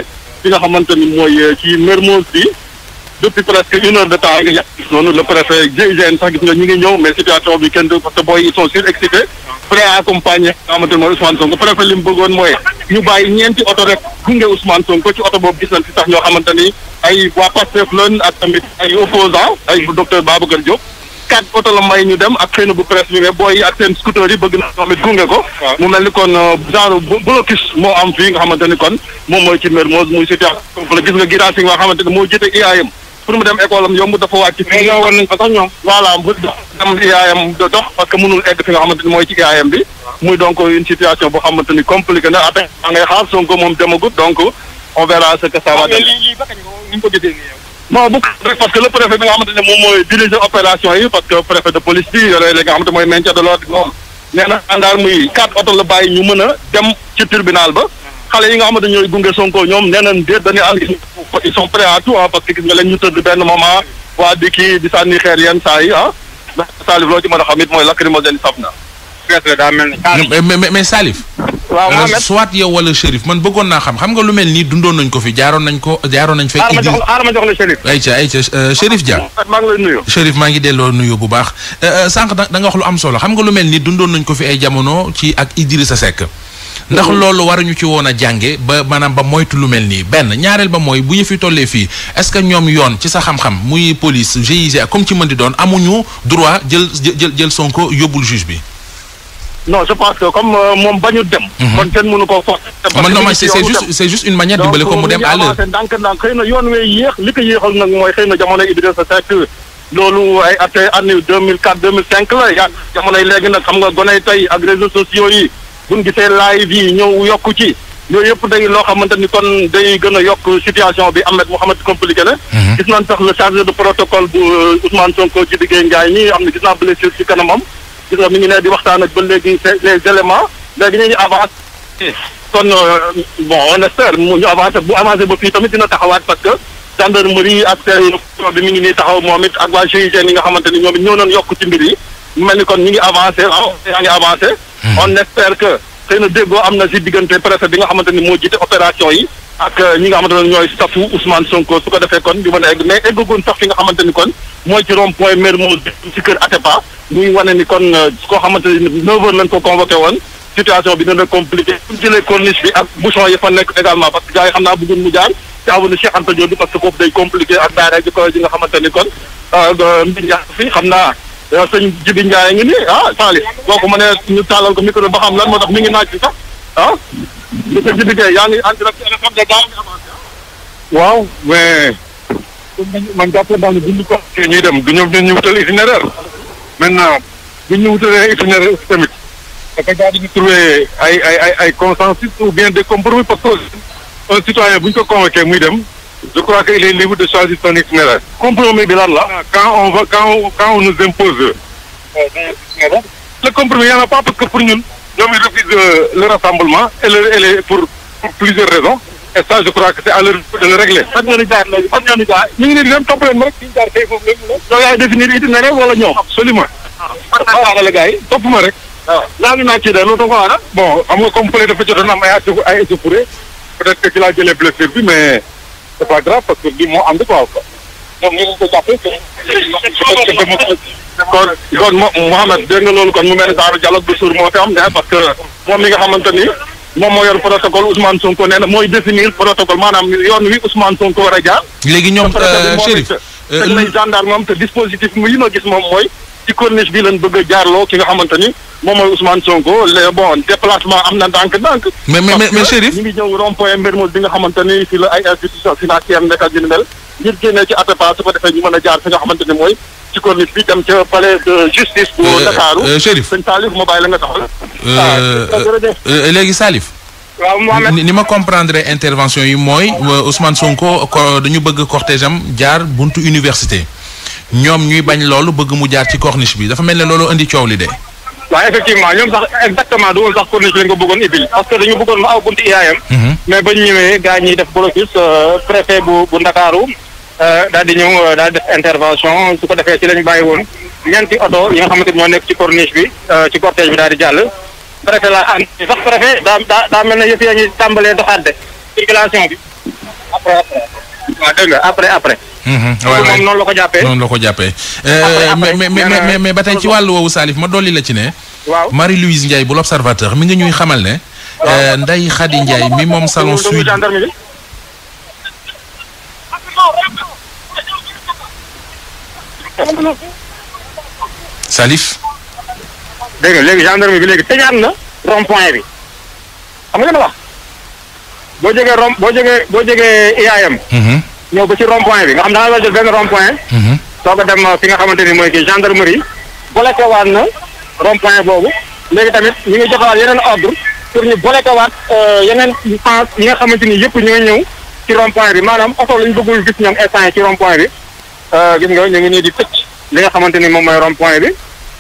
nga xamante ni mooy euh, ci Mermoz bi. depuis presque une heure de temps nga yàq gis noonu le préfet GIGN sax gis nga ñu ngi ñëw mais situation bi kenn booy ils sont surexcités prêt à accompagner xamante ne mooy Ousmane Sonko préfet li mu bëggoon mooy ñu bàyyi ñeenti oto rek gunge Ousmane Sonko ci oto boobu gis nañ fi sax ñoo xamante ay waa Pastef lañ ak tamit ay opposants ay docteur Babacar Diop quatre oto la may ñu dem ak xëy na bu presse bi booy ak scooter yi bëgg na tamit gunge ko mu mel ni kon euh, genre blocus moo moom mooy ci Mermoz muy situation foofu la gis pour mu dem école am yomb dafa wàcc. mais ñoo war nañ ko sax ñoom. voilà bu dem yaayam do dox parce que ni mooy ci yaayam bi. muy donc une situation boo xamante ni compliquée na après maa moom parce que le préfet bi nga xamante ne moom mooy diriger opération yi parce que préfet de police bi yore li nga xamante mooy maintien de l'ordre moom nee na muy quatre oto la bàyyi ñu mën a dem ci tribunal ba. xale yi nga xamante ñooy gunge Sonko ñoom nee nañ déet dañuy ànd ah, ñu tëdd benn moment waa di kii di sànni xeer yenn saa yi ah ndax Salif loo ci mën a xam it mooy lacrymogène saf na. mais mais Salif. waaw euh, soit yow wala Chérif man bëggoon naa xam xam nga lu mel nii dundoon nañ ko fi jaaroon nañ ko jaaroon nañ. fekk aar ma jox aar ma jox la Chérif. ayca ayca euh, maa ngi lay nuyu. delloo nuyu bu baax euh, sànq da nga wax lu am solo xam nga lu mel nii dundoon nañ ko fi ay jamono ci ak Idrissa Seck ndax loolu waruñu ci woon a jànge ba maanaam ba moytu lu mel nii benn ñaareel ba mooy bu ñu fi tollee fii est-ce que ñoom yoon ci sa xam-xam muy police GIGA comme ci mën di doon amuñu droit jël jël jël Sonko yóbbul juge bi. non je pense que comme euh, moom bañu dem. Mhm. kon kenn mënu koo forcer. parce ah, que c'est juste c'est juste une manière mu dem à l'heure donc xëy na yoon wee yéex li ko yéexal nag mooy xëy na jamono Idrissa Seck loolu ay at année deux mille quatre deux mille cinq la yàgg jamonoy léegi nga gonay tey ak réseaux buñ gisee live yi ñëw yokk ci yooyu yëpp day loo xamante ni kon day gën a yokk situation bi Ahmed Mouhamed compliqué na. Mhm. gis nañ sax le chargé de protocole bu euh, Ousmane Sonko ci diggéey Ndiaye ñi am na gis naa blessure ci kanamam gis nga mi ngi ne di waxtaan ak ba léegi les éléments léegi ñu ngi avancé. kon euh, bon on espère mu ñu avancé bu avancé ba fii tamit dina taxawaat parce que gendarmerie ak euh, bi mi ngi nii taxaw moom it ak waa GIGN nga xamante ni ñoom it ñëw nañ yokk ci mel ni kon ñi ngi avancé waaw yaa ngi avancé. Hmm. on espère que xëy na déggoo am na si diggante préfet bi nga xamante ni moo jiite opération yi. ak euh, ñi nga xamante ne ñooy staffu Ousmane Sonko su ko defee kon ñu mën a egg mais eggagoon nga xamante ni kon mooy ci rond point Mermoz ci ni kon euh, koo xamante ni 9h lañ ko woon situation bi dina compliqué. suñ jëlee corniche bi ak bouchon yi fa nekk également parce que gars yi xam naa bëggoon kon euh, mbir yaa fi xam naa. yow sëñ Jibi Ndiaye ngi nii ah Salif boo ko mënee ñu tàllal ko micro ba xam lan moo tax mi ngi naaj bi sax ah. sëñ Jibi Ndiaye yaa ngi ànd rek ci RFM de gaaw ah. waaw mais. man jàpp naa ne buñ ñu ko. ñuy dem du ñoom ñu wutal itinéraire. maintenant bu ñu wutalee itinéraire aussi tamit. dafa daal di ñu ay ay ay ay consensus ou bien des compromis un citoyen bu ñu ko convoqué muy dem. je crois qu'il est libre de choisir son itinéraire. compromis bi lan ah, la. quand on va quand on, quand on nous impose. Euh, le compromis y en a pas parce que pour ñun. ñoom ils refusent euh, le rassemblement et le et les pour pour plusieurs raisons. et ça je crois que c'est à le régler. fan ngeen di jaar léegi fan ngeen di jaar ñu ngi nii di dem topp leen rek. ñu jaar kay foofu léegi nag. yow la ah, gars yi topp ma rek. waaw ah. laa ngi naa ci de loolu da ko waral. bon xam nga comme fële dafa jotoon am ay ay échauffourées peut-être que ci laa c'est pas grave moo am di quoi quoi. ñoom ñu ngi ko jàppee que. kon kon Mouhamed dégg loolu kon mu mel ni daara dialogue suur moo fi am ne parce moom mi nga xamante moom moo yor protocole Ousmane Sonko nee na mooy définir protocole maanaam yoon wi Ousmane Sonko war a léegi ñoom euh, Chérif. te euh, gendarme am te dispositif mu yi noo gis moom mooy. ci corniche bi lañ bëgg jaar loo ki nga xamante ni moom mooy Ousmane Sonko les bon déplacement am na ndànk-ndànk. mais mais mais Chérif ñu ngi ñëw rond-point Mermoz bi nga xamante ni fii a jaar xamante ni mooy ci corniche bi dem ca palais de justice. bu euh, Ndakaaru euh, Chérif sëñ Salif la nga euh, ah, léegi Salif. waaw Mohamed ni ma comprendre intervention yi mooy Ousmane Sonko dañu bëgg cortège am jaar buntu université. ñoom ñuy bañ loolu bëgg mu jaar ci corniche bi dafa mel ne loolu indi coow li de. waaw effectivement ñoom sax exactement du woon sax corniche lañ ko bëggoon ibil parce que dañu bëggoon mu aw buntu IAM. Mhm. mais euh, euh, di ñëw euh, daal def intervention su ko defee ci lañ bàyyi woon ñeenti oto yi nga xamante ni ñoo nekk ci corniche bi ci cortège bi di jàll. préfet laa ànd sax daa daa mel na yëf yaa ngi tàmbalee doxaat de circulation bi waaw dégg nga après après. Mhm, waay noonu la ko jàppee noonu la ko jàppee. Euh, mais mais mais ba tey ci wàllu woowu saalif ma dolli la ci ne. waaw Marie Louise Ndiaye bu l'observateur mi ngi ñuy xamal ne. Euh, Ndeye Khady Ndiaye mi moom salon Sud. Salif. dégg nga léegi gendarme bi léegi tëjaat na rond bi boo jógee rom boo jógee boo jógee IAM. Mhm. ñëw ba ci rond point bi nga xam da nga la jël benn rond point. Mhm. soo ko dem euh, nga xamante ni mooy kii gendarmerie. bloqué waat na rond point boobu léegi tamit ñu ngi joxewaat yeneen ordre pour ñu bloqué euh, yeneen sens yi nga xamante ni yëpp ñu ñëw ci rond point bi maanaam oto lañ bëggul gis ñoom instant yi ci rond point bi euh, gis nga ñu ngi nii di tëj li nga xamante ni moom mooy rond bi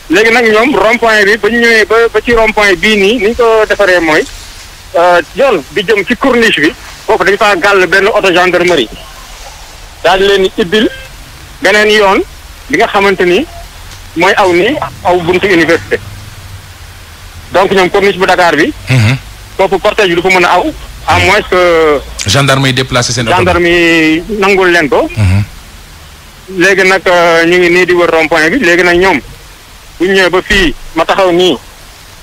léegi nag ñoom rond bi ba ñu ñëwee ba ba ci rond point bii nii ni ñu ko defaree mooy. Euh, yoon bi jëm ci corniche bi foofu dañ faa gàll benn oto gendarmerie daal di leen ibbil beneen yoon bi nga xamante ni mooy aw ni aw buntu université donc ñoom corniche bu Dakar bi. Mhm. foofu cortège bi du ko mën a aw. à mhm. moins que. gendarme yi déplacé seen oto gendarme yi nangul leen ko. Mhm. léegi nag euh, ñu ngi nii di wër rond point bi léegi nag ñoom bu ñëwee ba fii ma taxaw nii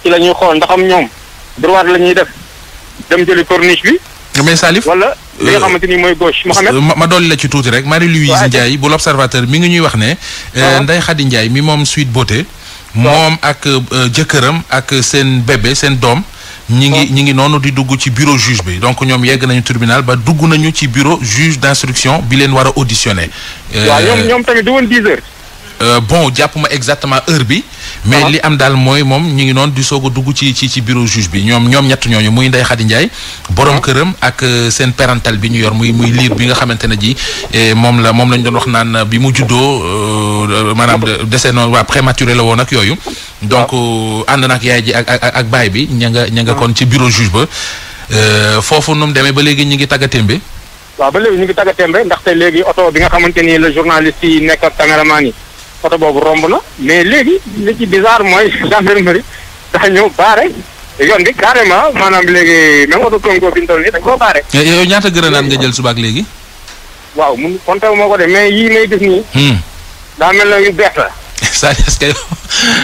ci lañuy ñuy xool ndax am ñoom droit la ñuy def. dem jëli corniche bi. wala li nga euh, xamante ni mooy gauche. Mohamed ma dolli la ci tuuti rek Marie-Louise Ndiaye bu l'observateur mi ngi ñuy wax ne. Euh, Ndeye Khady Ndiaye mi moom Sweet Beauté. moom ak euh, jëkkëram ak seen bébé seen doom. ñi ngi ñi ngi noonu di dugg ci bureau juge bi donc ñoom yegg nañu tribunal ba dugg nañu ci bureau juge d'instruction bi leen war a auditionné. Euh, bon jàpp ma exactement heure bi. mais ah. li am daal mooy moom ñu ngi noonu di soog a dugg ci ci bureau juge bi ñoom ñett ñooñu muy Ndeye Khady Ndiaye. borom ah. këram ak euh, seen parental bi ñu yor muy muy liir bi nga xamante ne ji moom la moom lañ doon wax naan bi mu juddoo euh, maanaam décès non waa prématuré la woon ak yooyu. donc ah. ànd na ak yaay ji ak baay bi ña nga ña nga kon ci bureau juge ba. foofu nu demee ba léegi ñu ngi tàggatémbe. waaw ba léegi ñu ngi tàggatémbe bi nga oto boobu romb na mais léegi li ci bizarre mooy gendarmerie daa ñëw baare yoon bi carrément maanaam léegi même oto Congo bi ñu toll nii dañ koo baare. Eh, yow ñaata grenade nga jël suba léegi. waaw mun compté wu ma ko de mais yii may gis nii. Hmm. daa mel na yu bees la. est-ce que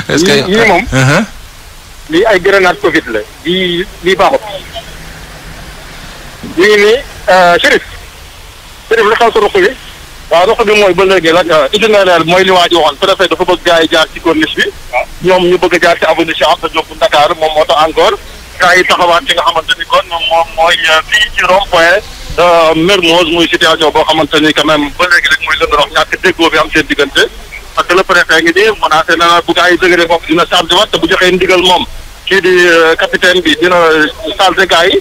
est-ce que moom. Ah, ah, ah. lii ay grenade Covid la lii lii baaxut. ñu nii euh, Chérif Chérif lu xaw sa ruq waaw rox bi mooy ba léegi nag euh, itinéraire mooy li waa ji waxoon préfet dafa bëgg gars yi jaar ci corniche bi ñoom ñu bëgg a jaar ci avenue Cheikh Anta Diop bu Dakar moom taxawaat ci xamante ni kon moom mooy euh, fii ci rond point euh, Mermoz muy situation boo xamante ni quand même ba léegi rek mooy lënd rox ñàkk déggoo bi am seen diggante parce que le préfet ngi nii menacé na bu gars yi dëgëree bopp dina chargé waat te bu joxee ndigal moom kii di capitaine bi dina chargé gars yi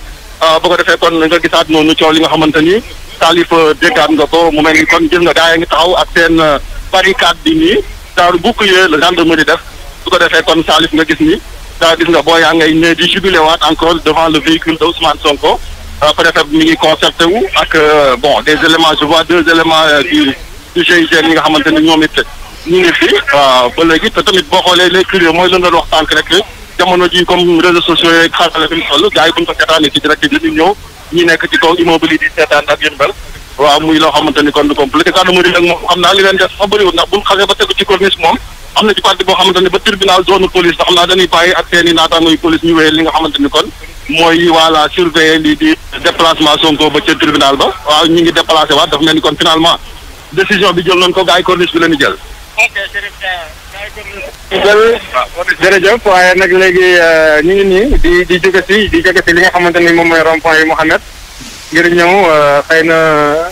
bu ko defee kon nga gisaat noonu coow li nga xamante ni Salif déggaat nga ko mu mel ni kon gis nga gaa yi ngi taxaw ak seen euh, barricade bi nii daal bouclier la gendarmerie def su ko defee kon Salif nga gis ni daal gis nga boo yaa ngay ne di jubilé waat encore devant le véhicule de Ousmane Sonko euh, préfet mi ngi concerté wu ak euh, bon des éléments je vois deux éléments du du GIGN yi nga xamante ni ñoom it ñu ngi fi ba léegi te tamit boo xoolee les curieux mooy lu wax tànk rek. jamono ji comme réseaux sociaux yeeg xarala bi ñu toll gars yi bu ñu ko seetaanee ci direct bi ñëw ñi nekk ci kaw immobile yi di seetaan ak yéen bel xam naa li leen def sax bëriwul ndax buñ xasee ba ba tribunal zone police ndax xam naa dañuy bàyyi ak seen i naataango yu police ñu wéyal li nga xamante kon mooy voilà surveiller lii di déplacement Sonko ba ca tribunal ba waaw ñu ngi déplacé waat dafa mel ni kon finalement décision bi jël nañ ko gars yi corniche jërëjëf waaye nag léegi euh, ñu ngi nii di di jóge di jóge li nga xamante ni moom mooy rond-point yi Mouhamed ngir ñëw euh, xëy na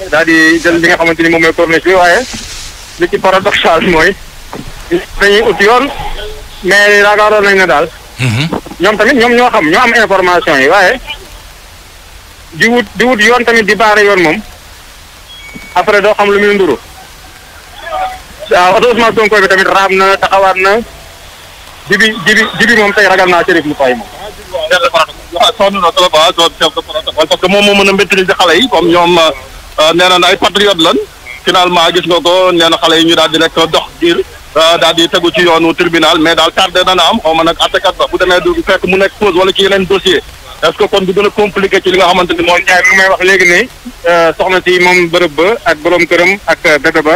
daal di jël li nga xamante ni moom mooy corniche bi waaye li ci paradoxal mooy dañuy ut yoon mais yaakaaroon nañ ne daal. Mhm. ñoom tamit ñoom ñoo xam ñoo am information yi waaye di wut di wut yoon tamit di baare yoon moom après doo xam lu muy nduru. waaw oto Ousmane Sonko bi tamit raam na taxawaat na jibi jibi jibi moom tey ragal naa Chérif lu fay moom. waaw sonn na trop ah doon chef de protocole parce que moom moo mën a maîtriser xale yi comme ñoom euh, nee na ay patriote lan finalement gis nga ko nee na xale yi ñu daal di rek dox diir euh, daal di tegu ci yoonu tribunal mais daal tardé dana am xaw ma nag attakat ba bu demee du fekk mu nekk pause wala ci yeneen dossier est ce que kon du gën a compliqué ci li nga xamante ni mooy. Ndiaye mi may wax léegi ne euh, soxna si moom bërëb ba ak borom këram ak bébé ba.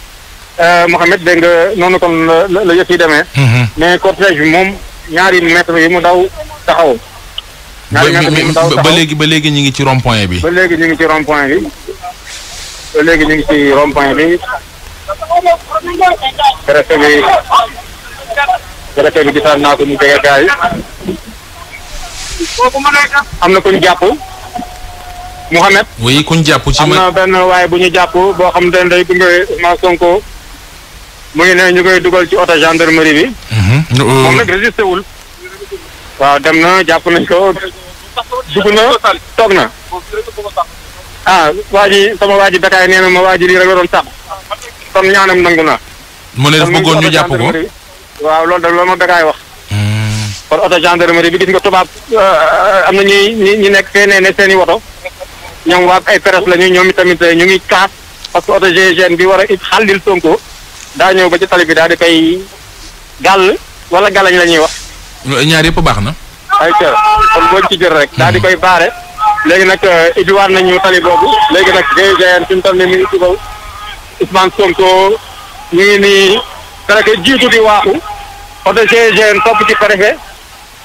Euh, Mouhamed dégg nga noonu kon la la yëf yi demee. Mhm. mais cortège bi moom ñaari mètre yi mu daw taxaw. ñaari ba léegi ba léegi ñu ngi ci rond point bi. ba léegi ñu ngi ci rond point bi ba léegi ñu ngi ci rond bi préfet bi préfet bi naa ko mu jege am na ku ñu jàpp. Mouhamed. oui ku ñu jàpp ci. am benn waaye bu ñu jàpp boo xam ne day gunge Ousmane Sonko. mu ngi ne ñu koy dugal ci oto gendarmerie bi. Mm-hmm. moom nag résisté wul. waaw dem na jàpp nañ ko dugg na toog na. ah waa ji sama waa ji Bécaye nee na ma waaj ji lii rek la doon sàq. kon ñaanam nangu na. mu ne dafa bëggoon ñu jàpp ko waaw loolu da lool ma Bécaye wax. Mm-hmm. kon oto gendarmerie bi di nga tubaab euh, am na ñuy ñu ñi nekk fee nee ne seen i woto. ñoom waa ay presse lañu ñoom itamit euh, ñu ngi kaas parce que oto GIGN bi war a xàllil Sonko. daa ñëw ba ci tali bi daal di koy gàll wala galañ la ñuy wax. ñaar yëpp baax na. ayca kon boo ci jël rek. daal di koy baare. léegi nag indiwaat euh, nañu tali boobu léegi nag day jaayeen fi mu toll nii mi ngi ci kaw Ousmane Sonko ñu ngi nii préfet jiitu di waaxu oto GIGN topp ci préfet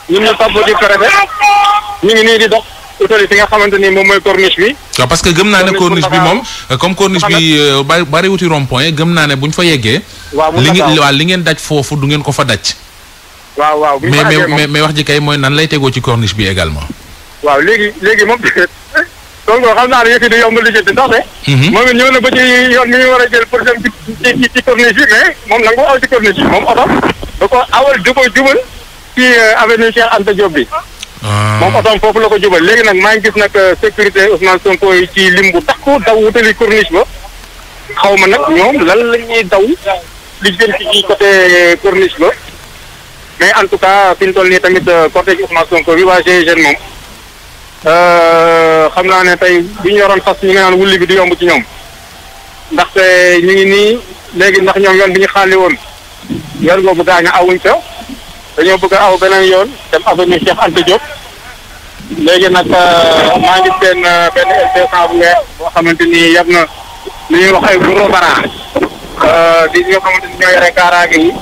ñun ñu topp ci préfet ñu ngi nii di dox. utali nga xamante ni moom mooy corniche bi. waaw parce que gëm naa ne corniche bi moom euh, comme corniche bi euh, bari bari gëm naa ne buñ fa yeggee. waaw li ngeen waaw li ngeen daj foofu du ngeen ko fa daj. waaw waaw mais mais mais wax ji kay mooy nan lay tegoo ci corniche bi également. waaw léegi léegi moom. donc xam naa ne yëf yi du yomb liggéey ndaxte. Mhm. moom it ñëw na ba ci yoon mi ñu war a jël pour dem ci ci corniche bi mais moom nangu aw ci corniche bi moom oto. da ko awal du jubal ci euh, avenue Cheikh Anta Diop bi Ah. moom otoom foofu la ko jubal léegi nag maa ngi gis nag euh, sécurité Ousmane Sonko yi ci lim bu takku daw wutali corniche ba xaw ma nag ñoom lan la ñuy daw li jël ci côté euh, corniche ba mais en tout cas fi nii tamit euh, cortège Ousmane Sonko bi waa GIGN moom xam naa ne tey bu ñu yoroon fas ñu ngi naan wulli bi du yomb ci ñoom ndaxte ñu ngi nii léegi ndax ñoom yoon bi ñu xaali woon yoon boobu gaañ a awuñ ca dañoo bëgg aw beneen yoon dem avenue Cheikh Anta Diop léegi nag euh, maa ngi seen euh, benn bu weex boo xamante ni yab na li ñuy ay gros barrage euh, di ñoo xamante ni ñoo yore kaaraange yi.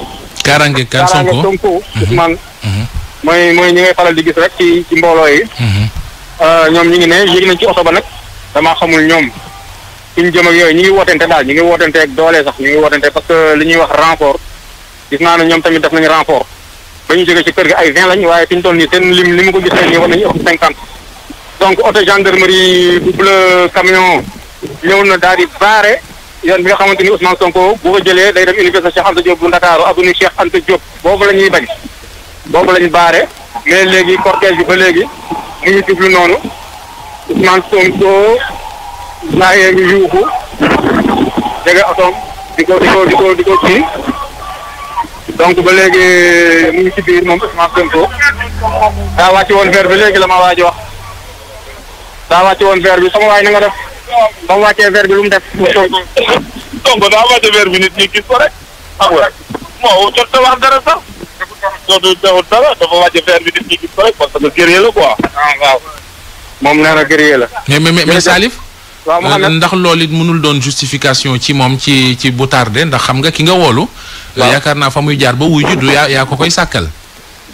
kaaraange kan Sonko mhm. Mhm. mooy mooy ñi ngay faral di gis rek ci ci mbooloo yi. Mhm. ñoom ñu ngi ne yéeg nañ ci oto ba nag damaa xamul ñoom suñ jëm a yooyu ñu ngi wootante daal ñu ngi wootante doole sax ñu ngi wootante parce que li ñuy wax renfort gis naa ne ñoom tamit def nañu renfort. ba ñu jógee ci kër gi ay vingt lañ waaye fi ñu toll nii seen lim li mu ko gisee nii war nañu cinquante donc oto gendarmerie double camion ñëw na daal di baare yoon bi nga xamante ni Ousmane Sonko bu ko jëlee day dem université Cheikh Anta Diop bu Ndakaaru avenue Cheikh Anta Diop boobu la ñuy bañ boobu la baare mais léegi cortège bi ba léegi mu ngi jublu noonu Ousmane Sonko laayee ngi yuuxu jege otoom di ko di ko di ko di ko kii donc ba léegi euh, mu ngi ci biir moom Ousmane Sonko daa wàcc woon verre bi léegi la ma waaj wax daa wàcc woon verre bi sama waay na nga def ba bi lu mu def. Sonko wàcce verre bi nit ñi gis ko rek xam a wax bi nit ñi gis ko rek la quoi. ah waaw moom nee na guerrier la. mais mais waaw Mouhamed euh, ndax loolu it mënul doon justification ci moom ci ci bu tardé ndax xam nga ki nga woolu euh, yaakaar naa fa muy jaar ba wuy juddu yaa yaa ko koy sàkkal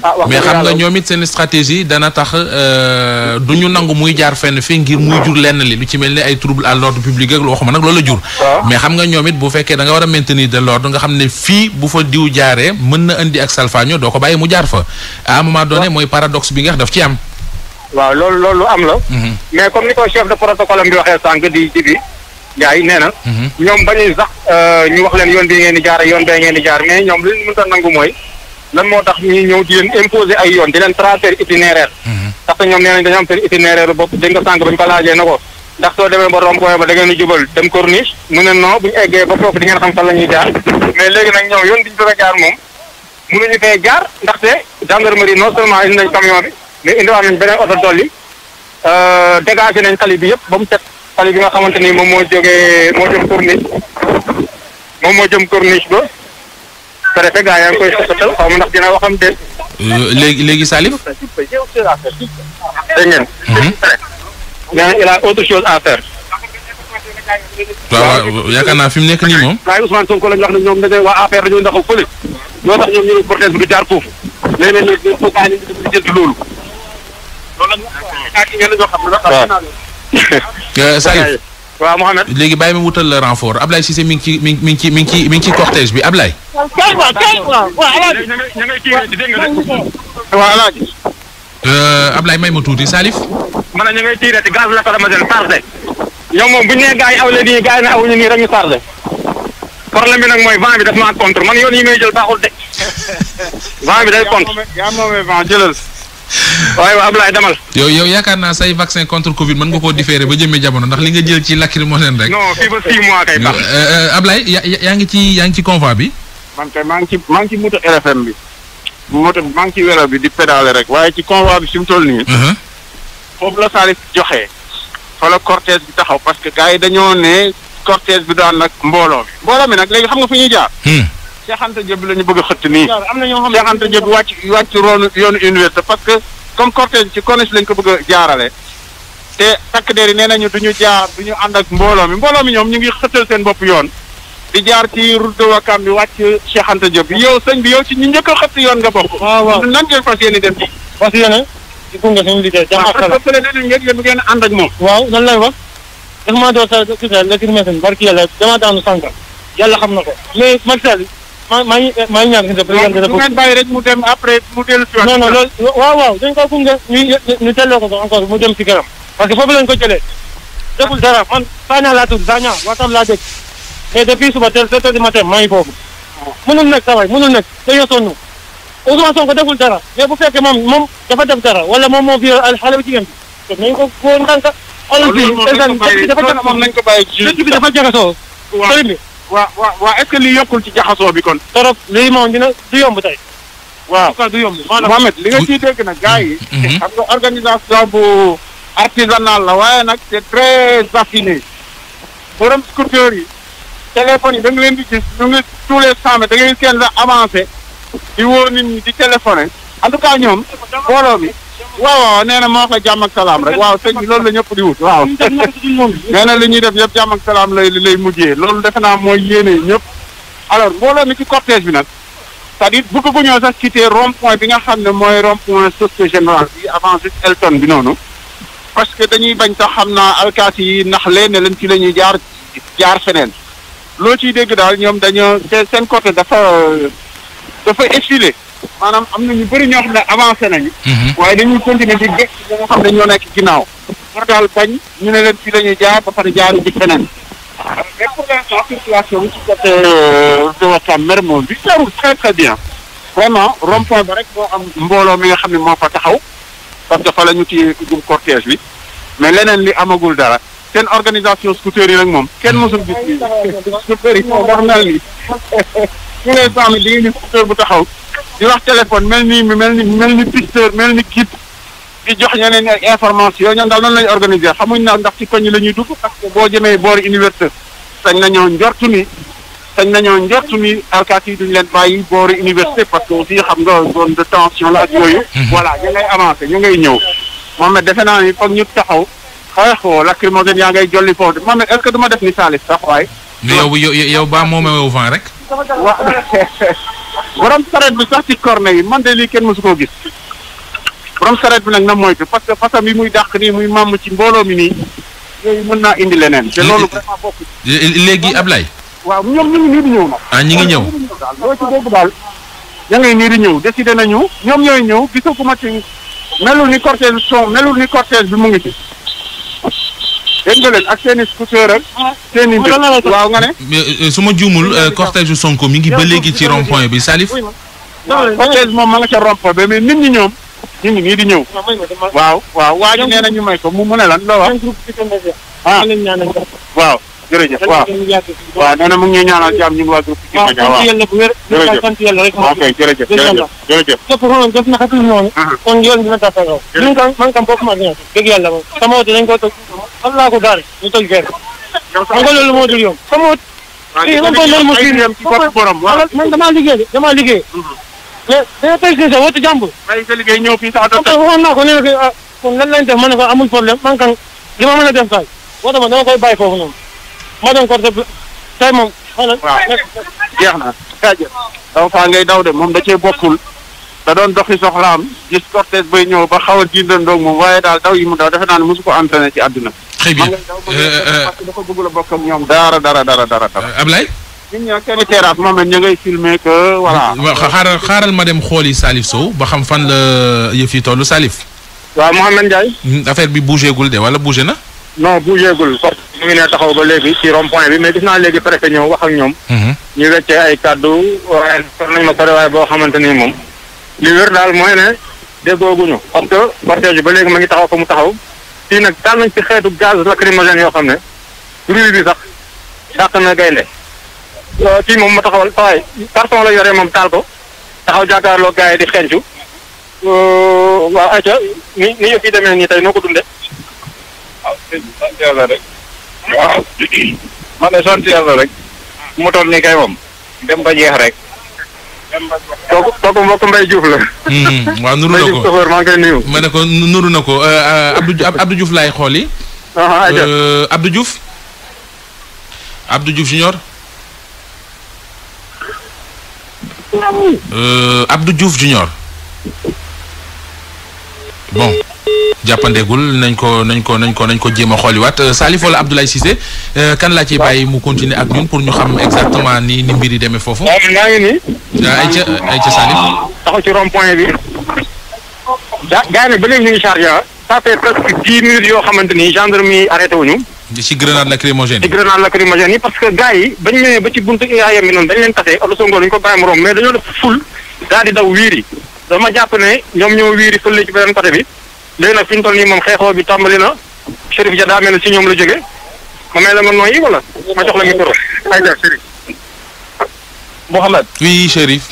ah, mais xam nga ñoom it seen stratégie dana tax euh, du ñu nangu muy jaar fenn fii ngir muy jur lenn li lu ci mel ni ay trouble à l'ordre public ak waxuma nag loolu la jur mais xam nga ñoom it bu fekkee danga nga war a maintenir de l'ordre nga xam ne fii bu fa diw jaaree mën na indi ak salfaaño doo ko bàyyi mu jaar fa à un moment mooy paradoxe bi nga xam ci am waaw loolu loolu am la. Mhm. mais comme ni ko chef de protocole am di waxee sànq di ji bi Ndiaye ñoom bañuy sax euh, ñu wax leen yoon bii ngeen di jaar yoon bee ngeen di jaar mais ñoom li ñu mënta nangu mooy lan moo tax ñuy di leen yoon di leen tracer itinéraire. Mhm. ndaxte ñoom nee nañ dañoo am seen itinéraire di jubal dem corniche mu ne non bu ñu eggee ba jaar moom mënuñu fee jaar ndaxte gendarmerie non seulement indi nañ camion bi mais indiwaat nañ beneen oto dolli euh, dégagé nañ tali bi yëpp ba mu set tali bi nga xamante ni moom moo joge moo jëm corniche moom moo jëm corniche ba préfet gaa yaa ngi koy sosatal xaw ma ndax dina waxam de. Euh, léegi léegi Salif. dégg ngeen. nee mhm. na il a autre chose à waaw waaw naa fi mu nekk nii moom. waaye Ousmane Sonko lañ wax ne ñoom dañoo waa affaire dañoo ndax fële. ñoo tax ñoom ñu ne cortège bi jaar foofu. léeg-léeg jënd loolu. Ah, ah. euh, Salif waaw Mouhamed léegi bàyyi ma wutal la renfort Ablaye Cissé mi ngi ci mi ngi ci mi ngi ci mi ngi ci cortège bi Ablaye. Euh, Ablaye may ma tuuti Salif. ma ne ñu ngay tiiree ci gaz la mademoiselle tardé. yow moom bu ñu nee gars yi aw la nii gars yi na awuñu nii rek ñu tardé. problème bi nag mooy vent bi daf maa contre man yoon yi may jël baaxul de. vent bi day contre. yaa moomee vent jëlal. waaye waa Abdoulaye demal. yow yow yaakaar naa say vaccin contre Covid mën nga koo différer ba jëmee jamono ndax li nga jël ci lacrymogène rek. non fii ba six mois kay baax. Euh, euh, Abdoulaye yaa ngi ci yaa ngi ci convoi bi. man kay maa ngi ci maa moto RFM bi. moto maa ngi ci welo bi di pédale rek waaye ci convoi bi si mu toll nii. Uh-huh. foofu la Salif joxe. fa la cortège bi taxaw parce que gars yi dañoo ne cortège bi daan nag mbooloo bi. mbooloo mi nag léegi xam nga fi ñuy jaar. Hmm. Cheikh Anta bi la bëgg a xëtt nii. am na ñoo wàcc wàcc roonu yoonu université parce que comme cortège ci corniche lañ ko bëgg a jaarale. te takk der yi nee nañu du ñu jaar du ñu ànd ak mbooloo mi mbooloo mi ñoom ñu ngi xëttal seen bopp yoon. di jaar ci route de Ouakam bi wàcc Cheikh Anta Diop yow sëñ bi yow ci ñu njëkk a xëtt yoon nga bokk. waaw waaw nan ngeen fas yéene dem ci. fas yéene ci gunge ànd ak moom. waaw lan lay wax. dafa maa doon sa gis nga la gis nga maa maa ngi maa ngi ñaan si président. bu ngeen bàyyi rek mu dem après mu dellu si waat. non non loolu waaw waaw dañ ko gunge ñu ñu delloo ko ko encore mu dem si kanam. parce que foofu lañ ko jëlee. deful dara man Sagnal laa tudd Sagnal waxtaan laa dégg. mais depuis suba teel sept heures du matin maa ngi foofu. mënul nekk sa waay mënul nekk dañoo sonn. Ousmane Sonko deful dara mais bu fekkee moom moom dafa def dara wala moom moo viol xale bu jigéen bi. te nañ ko góor ndànk. loolu moom nañ ko bàyyi loolu moom nañ ko bàyyi ji. dëkk bi dafa jaxasoo. waaw sëriñ bi. waa waa waa li yokkul ci jaxasoo bi kon. torop lii moo dina du yomb tey. waaw du yomb maanaam Mohamed li nga ciy dégg nag gars yi. Mm-hmm. xam nga organisation bu artisanal la waaye nag c'est très affiné. borom sculpteurs yi téléphones yi da nga leen di gis ñu ngi tous les da ngay gis avancé di woo di téléphoné en tout cas ñoom mbooloo mi. waaw waaw nee na moo wax la jàmm salaam rek waaw sëñ loolu la ñëpp di wut waaw nee na li ñuy def yëpp jàmm ak salaam lay lay mujjee loolu defe naa mooy yéene ñëpp alors mbooloo mi ci cortège bi nag c'est-à-dire bëgguñoo sax quitter rond point bi nga xam ne mooy rond point Société Générale bi avant juste Elton bi noonu parce que dañuy bañ sax xam naa alkaati yi nax leen leen ci lañuy jaar jaar feneen loo ciy dégg daal ñoom dañoo seen côté dafa dafa effilé maanaam am na ñu bëri ñoo xam ne avancé nañu. Mhm. waaye dañuy continuer di gëstu ñi nga xam ne ñoo nekk ginnaaw. war daal bañ ñu ne leen fii lañuy jaar ba pare jaaru ji feneen. mais pour l'instant circulation bi ci côté euh, de Ouakam bien. vraiment rond-point ba rek moo am mbooloo mi nga xam ne moo fa taxaw parce que fa la ñu téye jum cortège bi mais leneen li amagul dara seen organisation scooter yi nag moom kenn mësul gis nii su bëri moo war nal nii su ngeen ko di ngeen bu taxaw di wax téléphone mel ni mel ni mel ni pisteur mel ni kit di jox ñeneen ay information yooyu ñoom daal noonu la ñu organiser xamuñ naa ndax ci koñ la ñuy dugg parce que boo jëmee boori université sañ nañoo njortu ni sañ nañoo njortu ni alkaat yi duñ leen bàyyi boori université parce que aussi xam nga zone de tension la ak yooyu. Mhm. voilà ñu ngay avancé ñu ngay ñëw. moom it defe naa ni foog ñu taxaw xeexoo lacrymogène yaa ngay jolli foofu moom it est-ce que du def ni Salif sax waaye. yow yow yow baa rek. waaw borom sareet bi sax ci corne yi man de lii kenn mësu koo gis borom sareet bi nag na moytu parce que façon bi muy dàq nii muy màmm ci mbooloo mi nii mën naa indi leneen. te loolu vraiment bokk léegi Ablaye. waaw ñoom ñu ngi nii ñëw nag. Ah, ñu ngi ñëw. loo ci dégg daal ña ngi nii di ñëw nañu ñoom ñooy ñëw gisaguma ci melul ni cortège son melul ni cortège bi mu ngi ci. dégg nga leen ak seen i scooter ak seen i waaw nga ne. Euh, su ma juumul euh, cortège Sonko mi ngi ba léegi ci rond bi Salif. waaw cortège ma nga ca rond point bi mais nit ñi ñoom. ñu ngi di ñëw. waaw waaw waa ji nee na ñu may ko mu mu ne lan loo wax. ah waaw. jërëjëf waaw waaw nee na mu ngi ñuy ñaanal jàmm ñu ngi waa groupe Futurs Médias waaw jërëjëf sant yàlla rek ok jërëjëf jërëjëf jërëjëf képp xoon def na xatul noonu kon yoon dina tasaaroo ñu kam man kam bopp ma dina dëgg yàlla moom sama wote dañ ko toj xam laa ko daal ñu toj verre xam nga loolu moo dul yomb sama wote fii man ko loolu mo fi dem ci bopp borom man damaa liggéey de damaa liggéey mhm. mais dañoo toj sa wote jàmbur ay sa liggéey ñëw fii sa adopté waxoon naa ko ne ko ah, kon lan lañ def ma ne ko amul problème man kan li ma mën a def daal wote ma dama koy bàyyi foofu noonu ma dem cortège tey moom. xoolal jeex na jaajëf. donc faa ngay daw de moom da cee bokkul. da doon dox doxi soxlaam gis cortège bay ñëw ba xaw a jiitandoog moom waaye daal daw yi mu daw defe naa ne mosu ko entraîné ci àdduna. très bien euh, euh, parce que dafa ñoom dara dara dara dara. Euh, Ablaye. ñun ñoo kenn ñu ngay filmer que xaaral ma dem xooli Salif Sow ba xam fan la yëf yi toll saalif waa Mouhamed Ndiaye. Hmm, affaire bi bougé gul de wala bougé na. non bu yéegul parce mu ngi ne taxaw ba léegi ci rond bi mais gis naa léegi préfet ñëw wax ak ñoom. Mhm. ñu weccee ay kàddu waaye nañ ma pare waaye boo xamante ni moom. li wér daal mooy ne ñu parce que cortège ba léegi ma ngi taxaw fa mu taxaw fii nag taal nañ ci xeetu gaz lacrymogène yoo xam ne bruit bi sax sàq na gaynde fii euh, moom ma taxawal waaye carton la yore moom taal ko taxaw jàkkaarloo gars yi di xencu euh, waaw ayca ni ni yëf yi demee nii tey noo ko waaw sant yàlla rek. waaw man rek. mu toll nii kay moom. dem ba jeex rek. kooku kooku mbokk Mbaye Diouf la. Hmm, waaw nuru na ko Mbaye ko nuru na ko euh, euh, Abdou Abdou Diouf laay xool ah, ah, juuf euh, abdu juuf Abdou Diouf junior. Abdou Diouf junior. bon. jàppandeegul nañ ko nañ ko nañ ko nañ ko jéem a xooliwaat euh, Salif wala Abdoulaye Cissé euh, kan laa ciy bàyyi mu continuer ak ñun pour ñu xam exactement ni ni mbir foofu. waaw euh, bi. ja gars yi nag ba ñu ngi chargé ah. presque dix minutes yoo xamante ni gendarmerie arrêté wu ñu. ci grenade lacrymogène. ci grenade lacrymogène yi parce que gars yi ba ñu ñëwee ba ci buntu IAM bi noonu dañ leen tase oto songo ñu ko bàyyi mu mais dañoo def ful daal daw wiiri dama jàpp ne bi léegi nag fi ñu toll nii moom xeexoo bi tàmbali na Chérif Dia daa mel ne si ñoom la jógee ma may la ma nooyi wala ma jox la micro. aywa Chérif. Mouhamed. oui Chérif.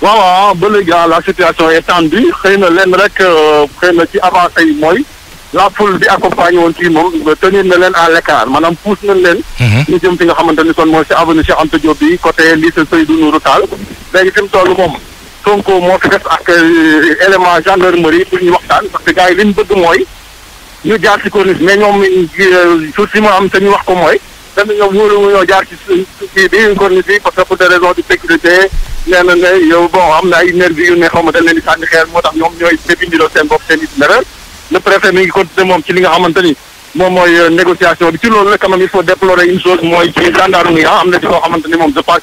waaw ba léegi la situation est tendue xëy na lenn rek euh, xëy na ci avancé yi mooy la foule bi accompagné woon kii moom tenir na leen à l'écart maanaam puus na leen. Mhm. ñu jëm fi nga xamante ni kon mooy si avenue Cheikh Anta Diop bi côté lycée Seydou Nourou Tall léegi fi mu toll moom. Sonko moo fi def ak euh, élément gendarmerie pour ñu waxtaan parce que gars yi li ñu bëgg mooy ñu jaar ci corniche mais ñoom euh, suuf si ma am te ñu wax ko mooy dana ñoom wóolu ñoo jaar ci kii bi corniche bi parce que pour des raisons de sécurité nee na ne yow bon am na ay yu ne xaw ma dañ leen di sànni xeer moo tax ñoom ñooy défindiroo seen bopp seen itinéraire le préfet mi ngi continuer moom ci li nga xamante ni moom mooy euh, négociation bi ci loolu ah, moom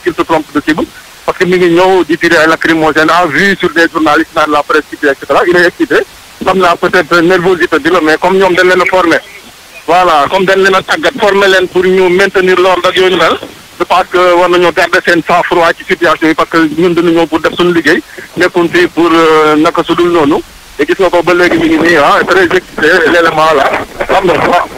je parce que mi ngi ñëw di tirer ay lacrymogène à vue sur des journalistes naan la presse et cetera il est excité xam naa peut-être nervosité bi la mais comme ñoom dañ leen a formé voilà comme dañ leen a tàggat formé leen pour ñu maintenir l'ordre ak yooyu mel je pense que war nañoo garder seen sang-froid ci situation yi parce que ñun dañu ñëw pour def suñu liggéey nekkuñ fii pour euh, naka su dul noonu. te gis nga ko ba léegi mi ngi ah très euh, l'élément la xam nga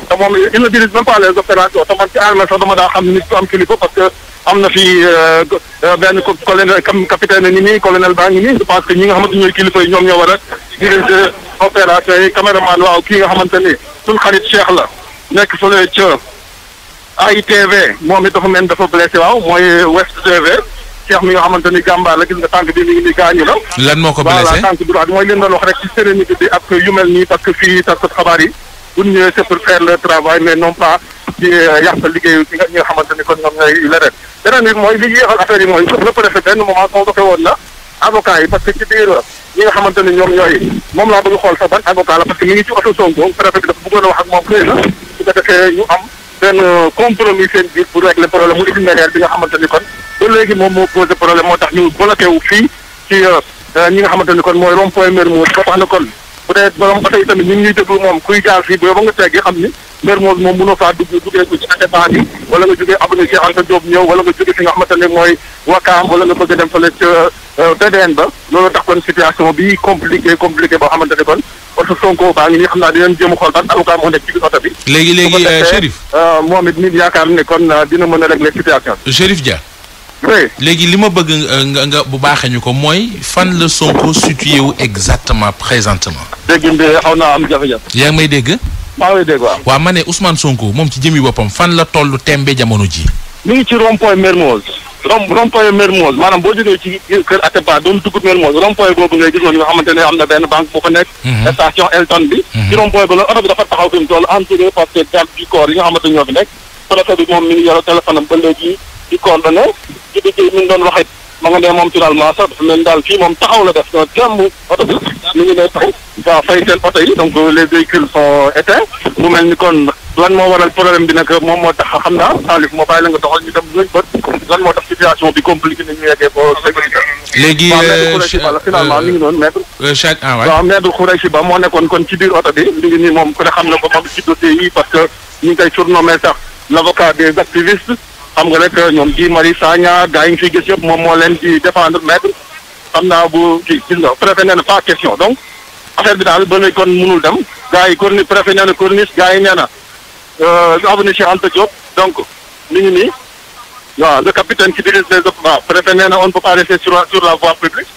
te moom il ne man ci armée sax dama daa am kilifa parce que am na fi euh, euh, benn colonel capitaine ni nii colonel baa ngi nii je pense que ñi nga xamante ñooy kilifa yi ñoom ñoo war yi caméraman waaw kii nga xamante ni suñ xarit Cheikh la nekk fële ca AITV moom it dafa mel dafa blessé waaw mooy West TV Cheikh mi nga xamante ni la gis nga tànk bi mi gaañu la. lan moo ko blessé mooy leen doon wax rek ci sérénité bi ak yu mel nii parce que fii taskat xabaar yi bu ñu ñëwee c'est pour mais non pas ci euh, yàqal liggéeyu ci nga ñi nga kon ñoom ñooy leneen. beneen bi mooy li yéexal affaire yi mooy le préfet benn moment convoqué woon na avocat yi parce que ci biir ñi nga ñoom ñooy moom laa bëgg xool sax ban avocat mi ngi ci oto benn compromis seen biir pour régler problème mu itinéraire bi nga xamante ni kon ba léegi moom moo posé problème moo tax ñu bloqué fii ci euh, euh, ñi nga xamante ni kon mooy rond point Mermoz ba tax na kon bu dee borom oto yi tamit ñu ngi ñuy déglu moom kuy jaar fii ba nga teggi xam ni Mermoz moom mënoo faa dugg duggee ko ci Atépa bi wala nga jógee avenue Cheikh Anta Diop ñëw wala nga jóge fi nga xamante ne mooy Wakaam wala nga bëgg dem fële ca VDN euh, ba loolu oto Sonko nii xam naa dinañ jéem a xool ban avocat moo nekk ci biir oto bi. léegi léegi euh, Chérif euh, moom it nit yaakaar ne kon euh, dina mën a régler situation bi. Chérif Dia. léegi li ma bëgg nga nga bu baaxee ñu ko mooy fan la Sonko situé wu exactement présentement. dégg naa am jafe-jafe. yaa ngi may dégg. waa ngi lay dégg waaw. waaw ma ne Ousmane Sonko moom ci jëmi boppam fan la tollu tembe jamono ji mi ngi ci rond-point Mermoz rom rond-point Mermoz maanaam boo jógee ci kër Atepa doon dugg Mermoz rond-point boobu ngay gis noonu nga xamante am na benn banque bu fa nekk. Mhm. station Elton bi. Mhm. ci rond ba la oto bi dafa taxaw fi mu toll entouré par ces gardes du yi nga xamante ñoo fi nekk préfet bi moom mi ngi yore téléphone ba léegi ci corps ba ne mi ngi doon waxee. ma nga ne moom ci daal maa sax dafa mel ni daal fii moom taxaw la def na temb oto bi ñu ngi ne taxaw waaw fay seen oto yi donc les véhicules sont éteints mu mel ni kon lan moo waral problème bi nag moom moo tax xam naa Salif la nga doxal ñu dem bi compliqué na ñu yeggee ba sécurité. léegi waaw euh, finalement euh, mi ngi noonu maître. Euh, chaque ah waay waaw maître Khoureychi Ba moo nekkoon kon ci biir oto bi mi ngi nii moom ku ne xam na ko moom ci dossier yi parce que ñu ngi koy surnommé sax l' avocat des activistes. xam nga rek ñoom Guy Marius Sagna gaa yi ngi fiy gis yëpp moom moo leen di défendre maître xam naa bu kii gis nga préfet pas question donc affaire bi daal ba léegi kon mënul dem gars yi corniche préfet nee na corniche gars yi nee na euh, avenue Cheikh Anta donc mi ngi nii waaw le capitaine qui dirige les waaw préfet nee na on ne peut pas rester sur la voie publique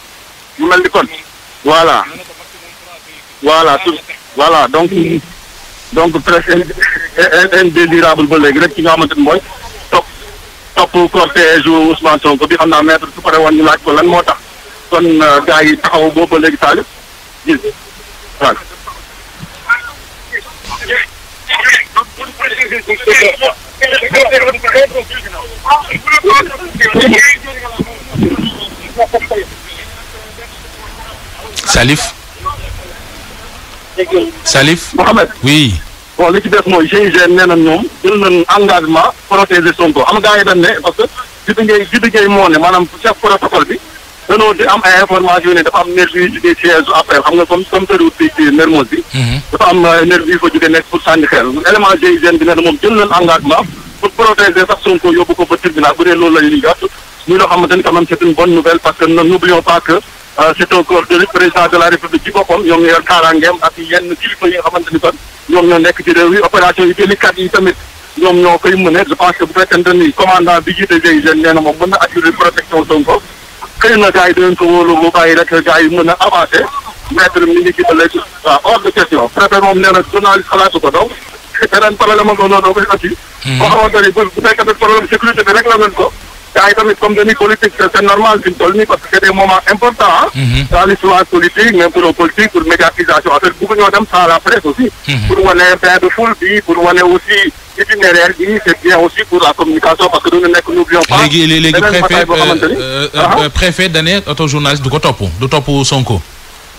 mu mel ni kon voilà voilà tout voilà donc donc presque indésirable ba léegi rek ci nga xamante ni mooy topp topp cortège Ousmane Sonko bi xam naa maître su pare woon ñu laaj ko lan moo tax kon euh, gars yi taxaw boobu ba léegi Salif Salif. Salif. Mohamed bon li ci des mooy GIGN nee na ñoom jël nañ engagement protéger Sonko am gars yi dañ ne parce que Gidi Gueye Gidi moo ne maanaam chef protocole bi danoo di am ay dafa am nervi yu jugee siège affaire xam nga comme comme soriwul fii ci Mermoz bi. Mhm. dafa am euh, nervi yu fa jógee nekk pour sànni xel élément GIGN bi nee na moom jël nañ engagement pour protéger sax Sonko ko ba tribunal bu dee loolu la ñuy jot. ñu loo xamante ni quand même c'est une bonne nouvelle parce que. Euh, c'est un corps de de la république ci boppam ñoom ñoo yor kaaraangeem ak yenn kilifa yi nga xamante ni kon ñoom nekk ci réew yi opération yi délicates yi tamit ñoom ñoo koy mëne je pense que bu fekkente ni commandant bi jiite na moom mën na assurer protection na gars yi dinañ ko wóolu bu bàyyi rek gars yi mën a avancer maître mi ngi jiite léegi waaw na journaliste xalaatu ko donc beneen problème am noonu doo koy atti hmm. boo xamante ni bu fekkee problème sécurité gars yi tamit comme dañuy politique c'est normal fi ñu toll nii parce que c'est des moments importants mm-hmm. dans l'histoire politique même pour politique pour médiatisation affaire bugg ñoo dem sans la presse aussi mm-hmm. pour wane bain de foule bi pour wane aussi itinéraire bi c'est bien aussi pour la communication parce que dañu nekk n'oublions pas léegi léegi préfet euh, euh, ah. euh, préfet dane auto journaliste du ko topp du topp Sonko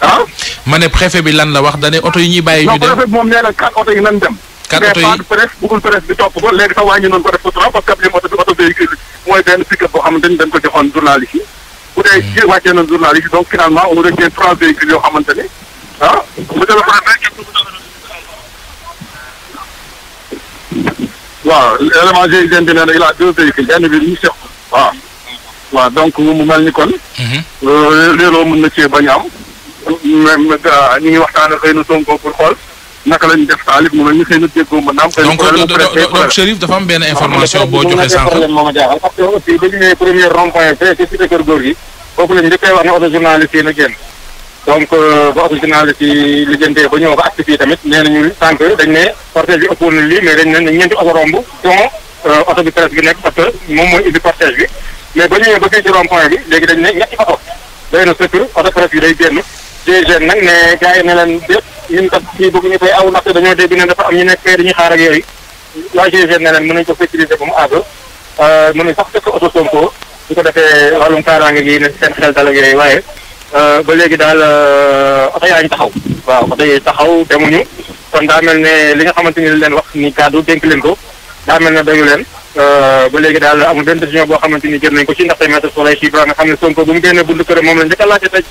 ah ma ne préfet bi lan la wax dane auto yi ñu dem non préfet bi moom auto yi nan dem quatre oto yi presse bëggul presse bi topp ko léegi sax ko parce que ab moto bi oto véhicule mooy benn pick a boo xamante ni ko joxoon journaliste yi bu dee ji hmm. wàccee nañ journaliste yi donc finalement on retient trois véhicules yoo xamante ni ah mu def waaw élément GIGN bi nee na il a deux véhicules mu mel ni kon léeloo hmm. euh, mën na cee bañ am même euh, ñu ngi waxtaan xëy na Sonko pour xool naka lañ def taalif mu mel ni xëy na déggoo mën naam. xëy na problème donc donc Chérif dafa am benn information boo joxe sànq. ba ñu wax ne oto journaliste na génn donc euh, ba dañ ne cortège bi ëppoon na lii mais dañ ne ñeenti euh, bi presse bi nekk parce que moom mooy indi cortège bi mais ba ñëwee ba fii ci rond bi léegi dañ ne ñetti oto doy na sëkk oto presse bi day génn DG nag ne gars yi ne leen déet ñun kat fii bëgg ñu fay aw ndaxte dañoo dégg ne dafa am ñu nekk fee dañuy xaar ak yooyu waa GIGN ne leen mën ko sécuriser ba mu àgg euh, mën nañu sax fekk oto Sonko su ko defee wàllum kaaraange gi ne seen xel dal ak yooyu waaye euh, ba léegi daal euh, oto yaa ngi taxaw. waaw oto taxaw demuñu kon daa mel ne li nga xamante ni leen wax ni kàddu dénk leen ko daa mel ne doyu leen ba léegi daal amul benn décision boo xamante ni jël ko ci ndaxte maître Souleye Sy Ibrahima nga xam ne Sonko bu mu génnee buntu a laajte tey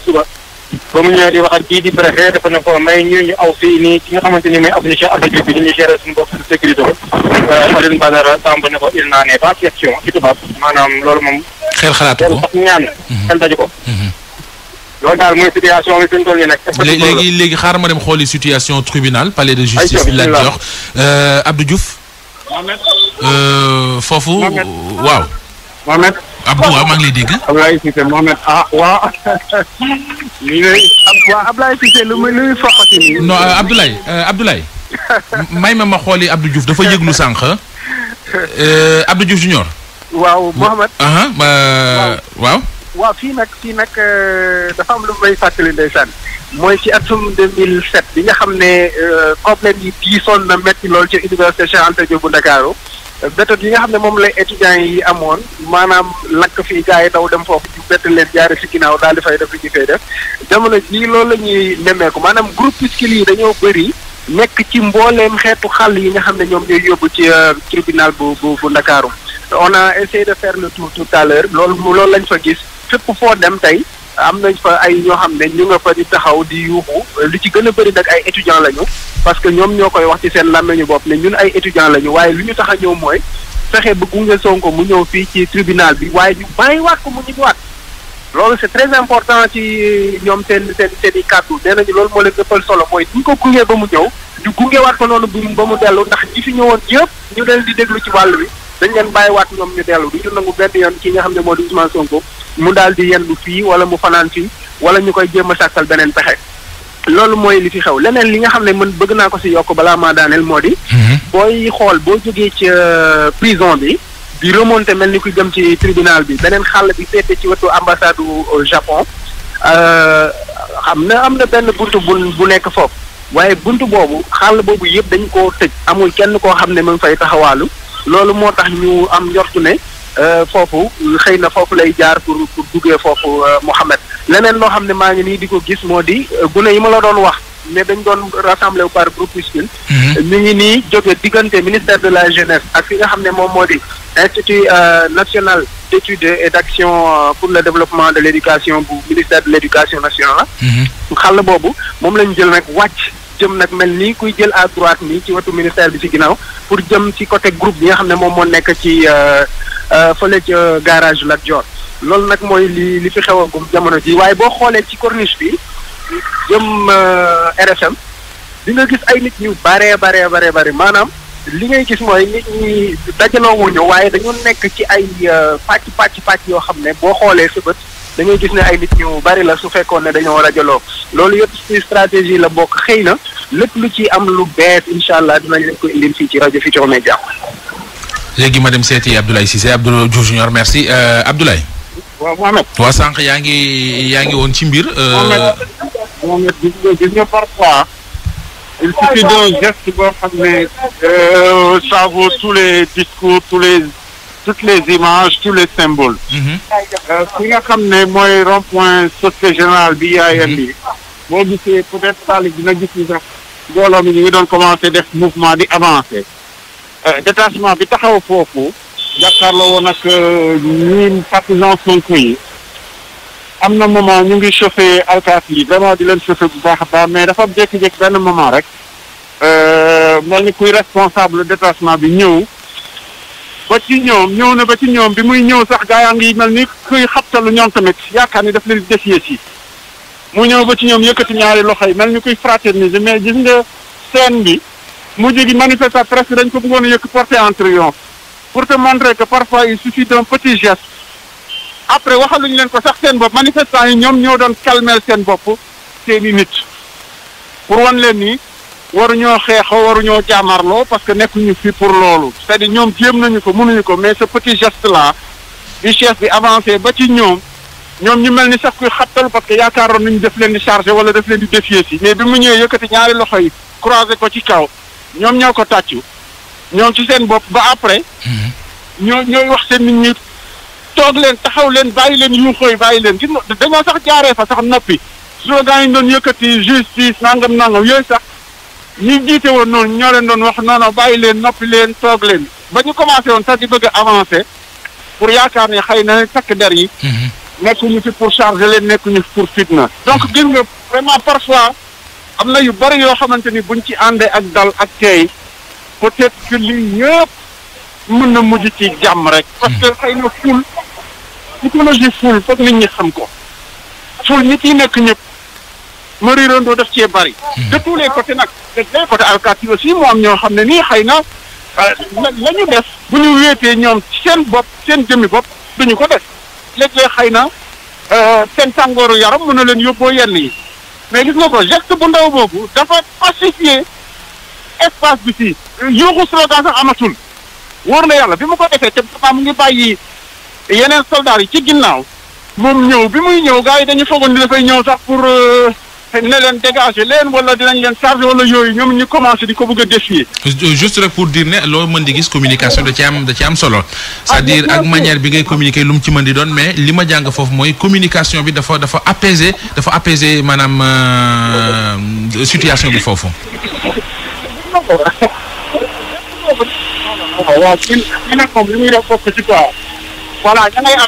ba mu ñëwee di wax ak kii di préfet dafa ne ko may ñu ñu aw fii nii ki nga xamante ni mooy aviation affaire bi ñu ngi gérer suñu bopp sécurité ko euh, Alioune Badara Samb ne ko il n'en est pas question ci tubaab maanaam loolu moom. xel xalaatu ko xel ñaan. Mhm. xel daju ko. Mhm. loolu daal mooy situation bi fi mu toll nii nag. léegi léegi xaaral ma dem xooli situation tribunal palais de justice. laaj jox euh, Abdou Diouf. Mohamed. Euh, foofu waaw. Mohamed. Abdou waaw maa ngi lay dégg. Abdoulaye Cissé Mohamed ah waaw. lii lay. may ma ma xooli Abdou Diouf dafa yëglu sànq. Euh, Abdou Diouf junior. waaw Mohamed. Ah, ah, waaw. waaw fii nag fii nag euh, dafa am lu may fàttali ndeysaan. mooy ci atum 2007 bi nga xam ne euh, problème yi diisoon na métti loolu ci université Cheikh Anta Diop bu Ndakaaru méthode yi nga xam ne moom la étudiants yi amoon maanaam lakk fii gars yi taw dem foofu ñu bett leen jaare si ginnaaw daal di def li ñu fay def jamono jii loolu la ñuy nemmeeku maanaam groupuscule lii dañoo bëri nekk ci mbooleem xeetu xàll yi nga xam ne ñoom ñooy yóbbu ci euh, tribunal bu bu bu Ndakaaru on a de faire le tour tout à lool loolu loolu lañ fa gis fépp foo dem tey am nañ fa ay ñoo xam ne ñu nga fa di taxaw di yuuxu lu ci gën a bëri nag ay étudiants lañu parce que ñoom ñoo koy wax ci seen ñu bopp ne ñun ay étudiants lañu waaye lu ñu tax a ñëw mooy fexe ba gunge Sonko mu ñëw fii ci tribunal bi waaye ñu waat ko mu waat loolu c'est très important ci ñoom seen seen seen i kàddu nee nañu loolu moo leen ëppal solo mooy bu ñu ko gungee ba mu ñëw ñu gungewaat ko noonu bu ba mu dellu ndax ñi fi ñëwoon yëpp ñu leen di déglu ci wàll wi. dañ leen bàyyiwaat ñoom ñu dellu du ñu benn yoon ki nga xam ne moo di Ousmane Sonko mu daal di yendu fii wala mu fanaan fii wala ñu koy jéem a sàkkal beneen pexe loolu mooy li fi xew leneen li nga xam ne man bëgg naa ko si yokk balaa maa daaneel moo di. Mhm. booy xool boo jógee ci euh, prison bi. di remonté mel ni ku jëm ci tribunal bi beneen xàll bi féete ci wetu ambassade du euh, Japon. xam euh, na am na benn buntu bu nekk foofu. waaye bunt boobu xàll boobu yëpp dañ koo tëj. amul kenn koo xam ne mu ngi fay taxawaalu. loolu moo tax ñu am njortu ne euh, foofu xëy na foofu lay jaar pour pour duggee foofu euh, Mouhamed leneen loo xam ne maa ngi nii di ko gis moo di euh, gune yi ma la doon wax ne dañ doon rassemblé par groupuscule mhm. ñu ngi nii jóge diggante ministère de la jeunesse ak fi nga xam ne moom moo di institut national d' études et d' action pour le développement de l' éducation bu ministère de l' éducation nationale mhm. xàll boobu moom lañu jël nag wàcc jëm nag mel nii kuy jël à droite nii ci wetu ministère bi ci ginnaaw pour jëm ci côté groupe bi nga xam ne moom moo nekk ci euh, euh, fële ca garage Lat Dior loolu nag mooy li li fi xewagum jamono ji waaye boo xoolee ci corniche bi jëm euh, RFM di nga gis ay nit ñu baree baree baree bari maanaam li ngay gis mooy nit ñi dajaloo wuñu waaye dañu nekk ci ay pàcc pàcc pàcc yoo xam ne boo xoolee sa da ngay gis ne ay nit ñu bari la su fekkoon ne dañoo rajaloo loolu yëpp ci stratégie la bokk xëy na lépp lu ci am lu bees incha allah dinañ leen ko indil ci rajo Futurs Médias. léegi ma dem seeti Abdoulaye si Abdoulaye Diouf Junior merci euh, Abdoulaye. waaw Mohamed. sànq yaa ngi yaa ngi woon ci mbir. Euh, Mohamed Mohamed gis xam ne euh, ça tous les discours tous les. toutes les images tous les symboles. Mm-hmm. Euh, fi nga xam ne mooy rond point société générale bi yaayal bi. Mm-hmm. boo gisee peut-être Sall dina gis ni mbooloo mi ñu ngi doon commencé def mouvement di avancé. Euh, détachement bi taxaw foofu. jàkkaarloo woon ak euh, ñi partisans Sonko yi. am na moment ñu ngi chauffé alkaati yi vraiment di leen chauffé bu baax a baax mais dafa jékki-jékki benn moment rek. mel ni kuy responsable détachement bi ñëw. ba ci ñoom ñëw na ba ci ñoom bi muy ñëw sax gaa yaa ngi mel ni kuy xabtalu ñoom tamit yaakaar ni daf leen def yées yi mu ñëw ba ci ñoom yëkkati ñaari loxo yi mel ni kuy fraterniser mais gis nga scène bi mujj gi manifesta presque dañ ko bëggoon a yëkk porter en triomphe pour te montrer que parfois il suffit d'un petit geste après waxaluñu leen ko sax seen bopp manifestants yi ñoom ñoo doon calmer seen bopp seeni nit pour wan leen ni waruñoo xeexoo waruñoo jaamarloo parce que nekkuñu fii pour loolu cest à ñoom jéem nañu ko mënuñu ko mais ce petit geste là bi chef ba ci ñoom ñoom ñu mel ni sax kuy xattal parce que yaakaaroon nañu def leen di chargé wala def di défier si mais bi mu ñëwee yëkkati ñaari loxo yi croisé ko ci kaw ñoom ñoo ko tàccu ñoom ci seen bopp ba après mhm. ñoo ñooy wax seen nit ñi toog leen taxaw leen bàyyi leen yuuxoo yi bàyyi leen gis dañoo sax jaaree fa sax noppi slogan yi ñu doon yëkkati justice nangam nangam yooyu sax ñi jiite woon noonu ñoo leen doon wax noonu bàyyi leen noppi leen toog leen ba ñu commencé woon sax di bëgg a pour yaakaar ni xay na takk der yi. Mhm. nekkuñu fi pour charger leen nekkuñu pour fitna. donc mhm. gis nga vraiment parfois am na yu bari yoo xamante ni buñ ci àndee ak dal ak teey peut-être que lii yëpp mën na mujj ci jàmm rek. parce que mhm. xëy na ful psychologie ful foog nit ñi xam ko ful nit yi nekk ñëpp. mariirandoo daf cee bari. Hmm. de tous les côtés nag de les côtés alkaati aussi mu am ñoo xam ne nii xëy na euh, la ñu def bu ñu wéetee ñoom seen bopp seen jëmmi bopp duñu ko def léeg-léeg xëy na euh, seen tàngooru yaram mën na leen yóbboo yenn yi mais gis nga ko geste bu ndaw boobu dafa pacifier espace bi fii yuuxu slogan sax amatul wóor na yàlla bi mu ko defee te mu ngi bàyyi yeneen soldats yi ci ginnaaw moom ñëw bi muy ñëw gars yi dañu foogoon ni dafay ñëw sax pour euh, ne leen dégagé leen wala dinañ leen chargé wala yooyu ñoom ñu commencé di ko bëgg a défier. juste rek pour dire ne loolu mën di gis communication da ci am am solo. cest à ah, ak manière bi ngay communiquer lu mu ci mën di doon mais li ma jàng foofu mooy communication bi dafa dafa apaiser dafa apaiser maanaam euh, situation bi foofu. waaw ñun ñu ne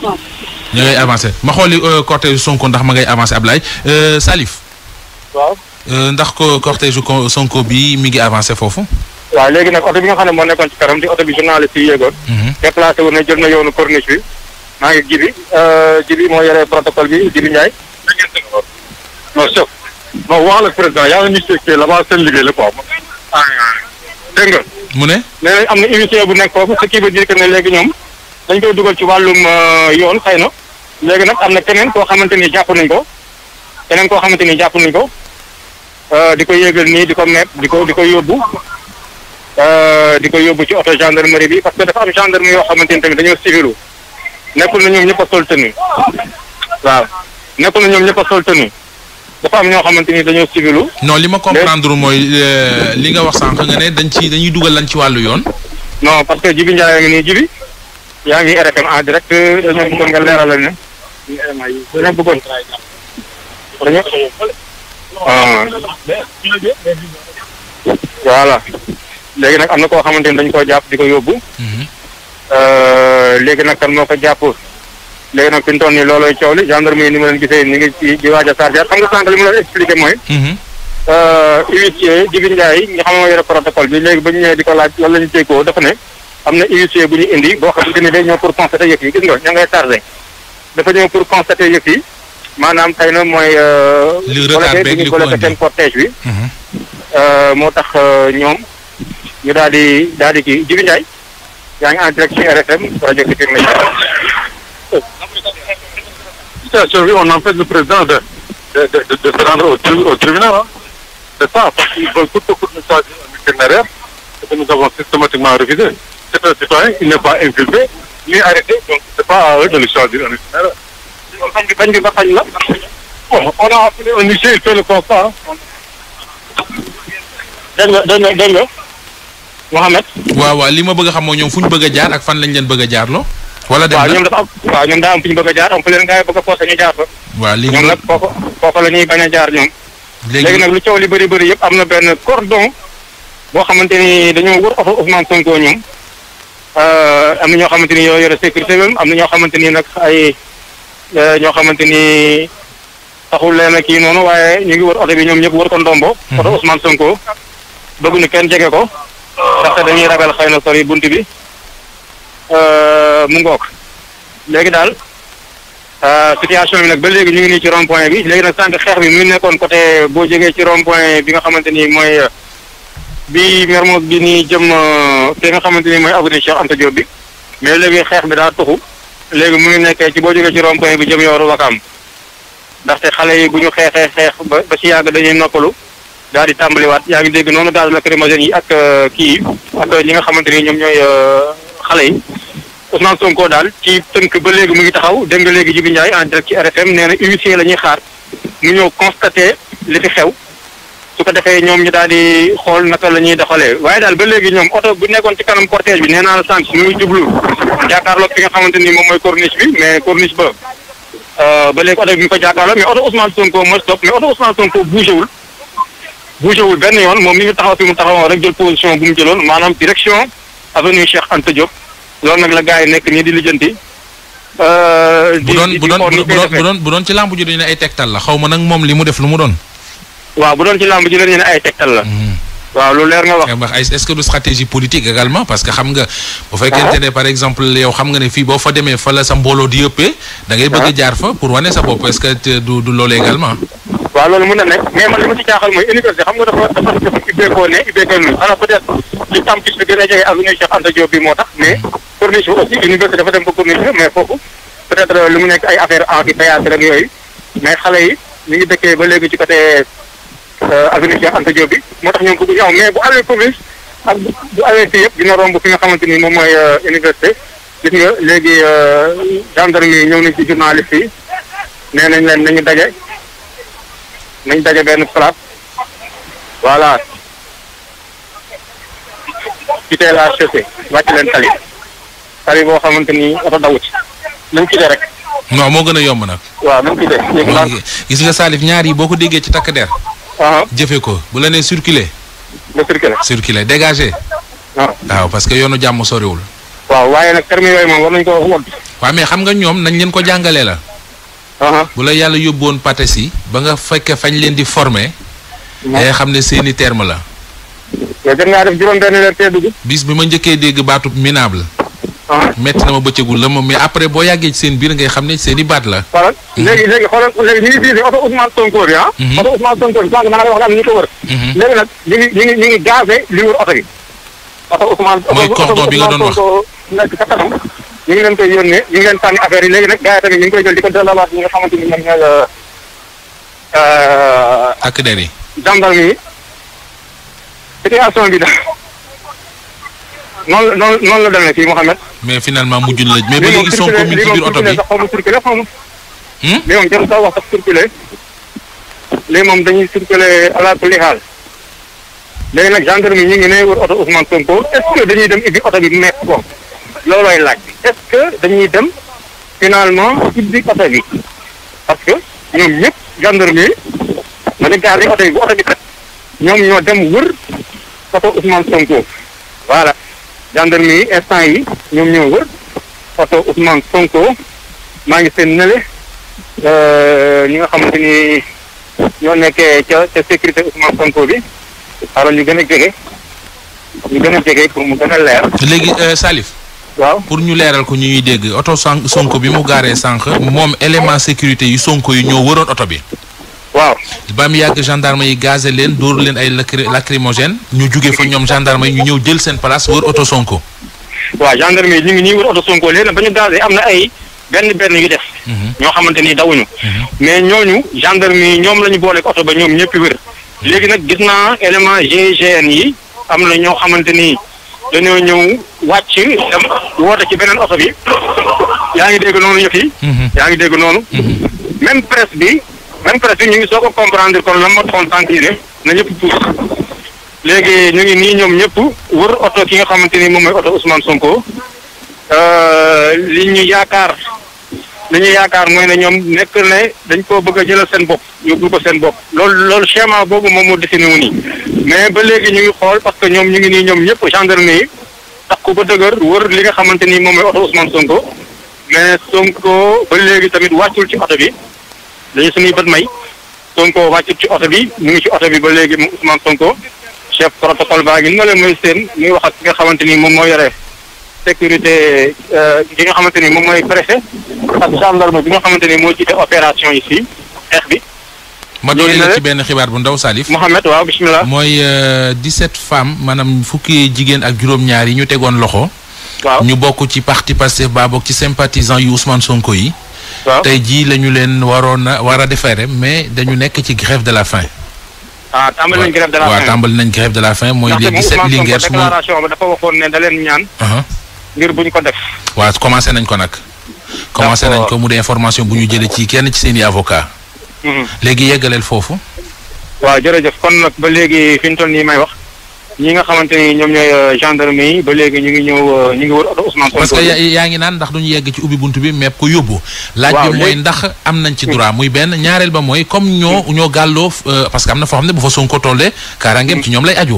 moom ngay avancer. ma xooli euh, côté Sonko ndax ma ngay avancer Ablaye euh, Salif. waaw. Euh, ndax ko cortège Sonko bi mi ngi avancé foofu. waaw léegi nag oto bi nga xam ne moo nekkoon ci karam di oto bi journaliste yi yéegoon. Mhm. déplacé wu ne jël na yoonu corniche bi maa ngi jibi euh, jibi moo yore protocole bi jibi Ndiaye. non chef non waxal ak président yaa ngi ñu la ba seen liggéey la quoi. Ah, ah. dégg nga. mu ne. nee am na émission bu nekk foofu ce qui veut ne léegi ñoom dañ koy dugal ci wàllum euh, yoon xëy na léegi nag am na keneen koo xamante ni jàpp nañ ko keneen koo xamante ni jàpp nañ ko. Euh, di ko yéegal nii di ko mepp di ko di ko yóbbu euh, di ko yóbbu ci oto gendarmerie bi parce que dafa am gendarme yoo xamante ni tamit dañoo civilu nekkul na ñoom ñëpp a sol tenue waaw nekkul na ñëpp a sol tenue dafa am ñoo xamante ni dañoo civilu. non li ma comprendre mooy euh, li nga wax sànq nga ne dañ ci dañuy dugal lan ci wàllu yoon. non parce que Jibi Ndiaye ngi nii Jibi yaa ngi RFM en direct dañoo bëggoon nga leeralal ne. dañoo bëggoon. Ah. voilà léegi nag am na koo xamante ni dañ koo jàpp di ko yóbbu. Mhm. Euh, léegi nag kan moo ko jàpp léegi nag fi ñu toll nii loolooy coow li gendarme yi ni ma leen gisee ñu ngi ci di waaj a chargé xam nga sànq li ma leen expliqué mooy. Mhm. Euh, huissier Jibi Ndiaye nga xam ne moo bi léegi ba ñu ñëwee di ko laaj lan la ñu jéggoo dafa ne am na huissier bu ñu indi boo xamante ni day ñëw pour constater yëf yi gis nga ña ngay chargé dafa ñëw pour constater yëf yi. maanaam xëy na mooy. Euh, li retard beeg li ko indi seen cortège bi. Mhm. Euh, moo tax euh, ñoom ñu daal di daal di kii Jibi Ndiaye yaa ngi en direct ci RFM rajo Futurs Médias. situation bi on empêche le président de de de de se rendre au tri au tribunal ah. c'est ça parce qu'ils veulent coûte que coûte nous choisir un itinéraire que nous c'est pas inculpé ni arrêté donc c'est pas à le choisir un itinéraire. bañ bi a appelé un huissier il fait le constat. dégg nga dégg nga li ma bëgg xamoo xam ñoom fu ñu bëgg a jaar ak fan lañ leen bëgg a jaarloo. wala dem na waaw ñoom dafa daa am fu ñu bëgg a jaar am fu leen gars bëgg a forcer ñu jaar fa. waaw léegi ñoom nag foofu lu coow li bëri bëri yëpp am na benn cordon boo xamante ni dañoo wër oto Ousmane euh, am na ñoo xamante ni yoo yore am na ñoo xamante ni nag ay Eh, ñoo xamante ni taxul leen kii noonu waaye ñu ngi wër oto bi ñoom ñëpp wër ko ndombo. Mhm. oto Ousmane Sonko. bëgguñu kenn jege ko. Ah. ndaxte dañuy ragal xëy na sori bunt bi eh, mu ngoog. léegi daal eh, situation bi nag ba léegi ñu ngi nii ci rond point bi léegi nag sànq xeex bi mu nekkoon côté boo jegee ci rond point bi nga xamante ni mooy bi Mermoz bi nii jëm te nga xamante ni mooy avenue Cheikh Anta Diop bi mais léegi xeex bi daal tuxu. léegi mu ngi nekkee ci boo jógee ci rond-point bi jëm yooru Wakaam ndaxte xale yi bu ñu xeexee xeex ba ba si yàgg dañuy noppalu daal di tàmbaliwaat yaa ngi dégg noonu daal lacrymogène yi ak euh, kii ak euh, ñi nga xamante ni ñoom ñooy euh, xale yi Ousmane Sonko daal ci tënk ba léegi mu ngi taxaw dégg nga léegi Jibi Ndiaye en direct ci RFM nee na huissier la ñuy xaar mu ñëw constaté li fi xew su ko defee ñoom ñu daal di xool naka la ñuy doxalee waaye daal ba léegi ñoom oto bu nekkoon ci kanam cortège bi nee naa la sànq mu ngi fi nga xamante ni moom mooy corniche bi mais corniche ba euh, ba léegi oto bi mu fa jàkkaarloog mais oto Ousmane Sonko moo stop mais oto Ousmane Sonko bougé wul bougé wul benn yoon moom li ngi taxaw fi mu taxawoon rek jël position bu mu jëloon maanaam direction avenue Cheikh Anta Diop lool nag la gars yi nekk nii di lijjanti. Euh, di bu doon bu doon bu doon ci ay tegtal la xaw ma nag moom li mu def lu mu doon. waaw bu doon ci làmb ji la ñu ne ay tegtal la. Mhm. waaw lu leer nga wax. nga wax ay est-ce que du stratégie politique également parce que xam nga. bu fekkente ah. ne par exemple yow xam nga ne fii boo fa demee fa la sa mbooloo di yëppee. da bëgg a ah. jaar fa pour wane sa bopp est-ce du loolu également. waaw loolu mën na nekk mais man li ma ci jaaxal mooy université xam nga dafa dafa dafa ubbeekoo ne ubbeekoo nu xanaa peut-être li campus a jege avenue moo tax mais corniche mhm. bi aussi université dafa dem ba corniche bi mais foofu peut lu mu nekk ay affaire amphithéâtre rek yooyu mais xale yi Euh, avenue Cheikh Anta Diop bi moo tax ñoom bëgg ñëw mais bu awee Cobis ak bu awee fii yëpp dina romb fi nga xamante ni moom mooy euh, université gis nga léegi euh, gendarmerie yi ñëw nañ ci journaliste yi nee nañ leen nañu daje nañ daje benn place voilà quitté la chaussée wàcc leen tali tali boo xamante ni oto dawut nañ quitté rek. non moo gën a yomb nag. waaw nañ quitté. gis nga Salif ñaar yi boo ko déggee ci takk der. Uh-huh. jëfe ko bu la nee surculer nga circuler circuler dégager. Uh-huh. waaw parce que yoonu jàmm soriwul. waaw waaye nag termes yooyu moom war nañu ko wodd. mais xam nga ñoom nañ leen ko jàngalee la. Uh-huh. bu la yàlla yóbboon pates yi ba nga fekke fañ leen di former. day xam ne seeni terme la. mais jot ngaa def juróom benn weer tee bis bi ma njëkkee dégg baatub minable. metti na ma bëccëgu la mais après boo yàggee ci seen biir ngay xam ne seen baat la. voilà mhm. léegi léegi xoolal léegi ñu ngi utilisé oto Ousmane Sonko bi ah. Mhm. oto li wër oto bi. oto Ousmane bi nga doon wax oto Ousmane Sonko nekk sa kanam. ñu ngi leen koy yónnee ñu ngi leen yi léegi nag yi tamit ñu ngi koy jël di ko delloowaat ñi nga xamante euh, euh, bi daal. noonu la noonu la demee fii Mouhamed. mais finalement mujjul la mais ba léegi son commune ci biir oto bi hmm? lii moom jarul sax wax sax circulé léegi moom dañuy circulé ala kulli xaal léegi nag gendarme yi ñu ngi ne wër oto Ousmane dañuy dem ubbi oto bi nekk ko loolooy laaj bi est-ce que dañuy dem finalement ubbi parce que ñoom ñëpp gendarme yi ma ne gaare oto bi bu oto bi kat ñoom ñoo dem wër oto Ousmane Sonko voilà. gendarmerie yi instant yi ñoom ñoo wër oto Ousmane Sonko maa ngi seen nële euh, ñi nga xamante ni ñoo nekkee ca ca sécurité Ousmane Sonko bi xaaral ñu gën a jege ñu gën a jege pour mu gën a leer. léegi euh, Salif. waaw pour ñu leeral ko ñuy dégg oto sànq Sonko bi mu gaaree sànq moom élément sécurité yu Sonko yi ñoo wëroon oto bi. waaw ba mu yàgg gendarme yi gazé leen dóor leen ay lacrymogène ñu jóge fa ñoom gendarme yi ñu ñëw jël seen place wër oto Sonko. waaw gendarme yi ñu ngi ñuy wër oto Sonko léegi ba ñu gazé am na ay benn benn yu def. Mhm. ñoo xamante ni dawuñu. Mhm. mais ñooñu gendarme yi ñoom la ñu booleeg oto ba ñoom ñëpp wër. Mhm. léegi nag gis naa élément GIGN yi am na ñoo xamante ni dañoo ñëw wàcc dem woote ci beneen oto bi yaa ngi dégg noonu yëf yi. yaa ngi dégg noonu. même presse ñu ngi soo ko comprendre kon lan moo taxoon tànk yi def na ñëpp puus léegi ñu ngi nii ñoom ñëpp wër oto ki nga xamante ni moom mooy oto Ousmane Sonko euh, li ñu yaakaar li yaakaar mooy ne ñoom nekk ne dañ koo bëgg a jëlal seen bopp yóbbu ko seen bopp loolu loolu schéma boobu moom moo dessiné wu nii mais ba léegi ñu ngi xool parce que ñoom ñu ngi nii ñoom ñëpp gendarme yi takku ba dëgër wër li nga xamante ni moom mooy oto Ousmane Sonko mais Sonko ba léegi tamit wàccul ci oto bi. dañu suñuy bët may Sonko wàccut ci oto bi mu ngi ci oto bi ba léegi mu Ousmane Sonko chef protocole baa ngi ni ma leen mooy seen muy wax ak ki nga xamante ni moom moo yore sécurité euh, ki nga xamante ni moom mooy préfet ak ma bi nga xamante ni moo jiite opération yi fii xeex bi. ma doole la ci benn xibaar bu ndaw Salif. Mohamed waaw bisimilah. mooy 17 euh, femmes maanaam fukki jigéen ak juróom-ñaar yi ñu tegoon loxo. waaw ñu bokk ci parti Pastef baa bokk ci sympathisant yu Ousmane Sonko yi. tey jii la ñu leen waroon a war mais dañu nekk ci grève de la faim. ah tàmbali nañ grève de la faim de la faim mooy. léegi sept Linguère su ma déclaration bi dafa waxoon ne da leen ñaan. Uh-huh. ngir bu ko def. waaw commencé nañ ko nag. commencé nañ ko mu di information bu ñu jëlee ci kenn ci seen i avocat mm-hmm. léegi yeggaleel foofu. waaw jërëjëf kon nag ba léegi fi nii may wax. ñi nga xamante ni ñoom ñooy euh, gendarme yi ba léegi ñu ngi ñëw euh, ñu ngi wër oto Ousmane Sonko. parce que yaa ngi naan ndax duñu yegg ci ubbi bunt bi mepp ko yóbbu. laaj bi mooy ndax am nañ ci droit muy benn ñaareel ba mooy comme ñoo ñoo gàlloo euh, parce que am na foo xam ne bu fa Sonko tollee kaaraangeem ci ñoom lay aju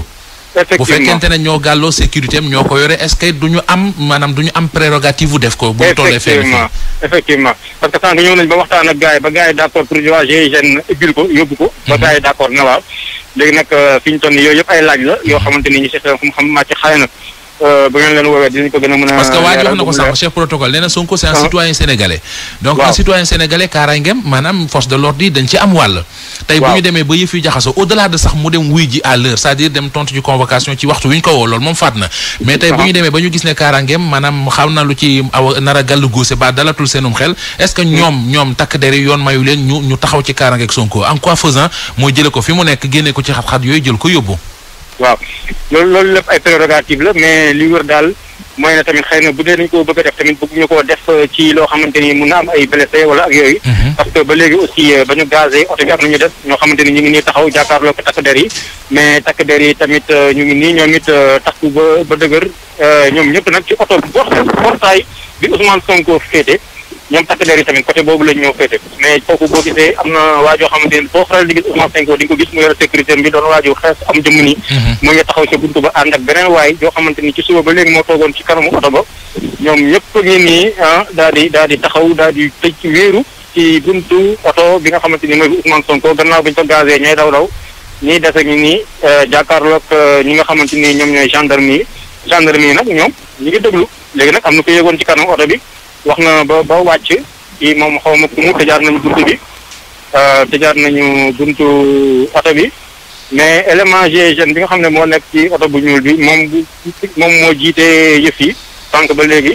effectivement bu fekkente ne ñoo gàlloo sécurité ñoo ko yore est-ce que du ñu am maanaam du ñu am prérogative bu def ko. bu ñu tollee fenn effectivement effectivement parce que sànq ñëw nañ ba waxtaan ak gars yi ba gars yi d'accord pour waa GIGN ubbil ko yóbbu ko. ba mhm. gars yi d'accord na waaw. léegi nag euh, fi ñu toll nii yooyu yëpp ay laaj la yoo mhm. xamante ni ñu si xam-xam màcc xaay na Euh, bu ngeen leen woowee dinañ parce que waa ji na ko sànq chef protocole nee Sonko c'est un ah. citoyen sénégalais. donc un citoyen sénégalais kaaraangeem maanaam force de l'ordre dañ ci am wàll. tey bu ñu demee ba yëf yu jaxasoo au sax mu dem wuy ji à l'heure dire dem tontu ci convocation ci waxtu wi ñu ko woo loolu moom faat na. mais tey bu ñu ah. demee ba ñu gis ne kaaraangeem maanaam xam na lu ci aw nar a gàll góose ba dalatul seenum xel est-ce que ñoom ñoom takk der yi yoon mayu leen ñu ñu taxaw ci kaaraangeeg Sonko en quoi faisant mooy ko fi mu nekk génne ko ci xat yooyu jël ko yóbbu waaw loolu loolu lépp ay prérogative la mais li wër daal mooy ne tamit xëy na bu dee nañ koo bëgg def tamit bëgg ñu koo def euh, ci loo xamante ni mun na am ay blessé wala ak yooyu. Mhm. parce que ba léegi aussi euh, ba ñu gazé oto bi am na ñu def ñoo xamante ni ñu ngi nii taxaw jàkkaarloo ko takk der yi mais takk der yi tamit euh, ñu ngi nii ñoom it takku ba ba dëgër ñoom ñëpp nag ci oto bi boo xam portail bi Ousmane Sonko féete. ñoom takk der yi tamit côté boobu lañ ñoo féete mais foofu boo gisee am na waajoo xamante ne boo xoolee di gis Ousmane Sonko di nga ko gis mu yor sécurité bi doon waaju xees am jëmm nii mhm. mu ngi taxaw ca buntu ba ànd ak beneen waay yoo xamante ni ci suba ba léegi moo toogoon ci kanamu oto ba ñoom ñëpp ngi nii ah daal di daal di taxaw daal di tëj wéeru ci buntu oto bi nga xamante ni mooy Ousmane Sonko gannaaw bi ñu ko gazee ñooy daw daw ñiy dese ñu nii eh, jàkkaarloog eh, ñi nga xamante ni ñoom ñooy gendarmerie gendarmerie nag ñoom ñu ngi déglu léegi nag am na ko yéegoon ci kanam oto bi wax na ba ba wàcc kii moom xaw ma ku mu tëjaat nañu buntu bi euh, tëjaat nañu buntu oto bi mais élément GIGN bi nga xam ne moo nekk ci oto bu ñuul bi moom moom moo jiitee yëf yi sànq ba léegi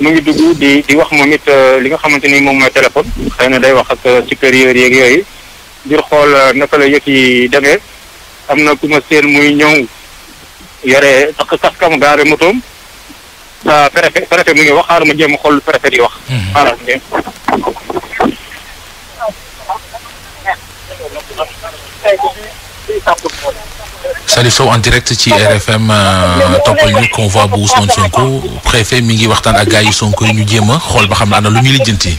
mu ngi dugg di di wax moom it euh, li nga xamante ni moom mooy téléphone xëy na day wax ak euh, supérieur yeeg yooyu ngir xool naka la yëf yi demee am na ku ma seen muy ñëw yore takk kaskam gaare motoom Euh, préfet mi ngi wax mhm. xaaral ma jéem a xool yi di wax. xaaral ma jéem. Salif en direct ci RFM euh, toppal ñu convoi bu Ousmane Sonko préfet mi ngi waxtaan ak gars yi Sonko yi ñu jéem a xool ba xam ne ana lu ñuy lijjanti.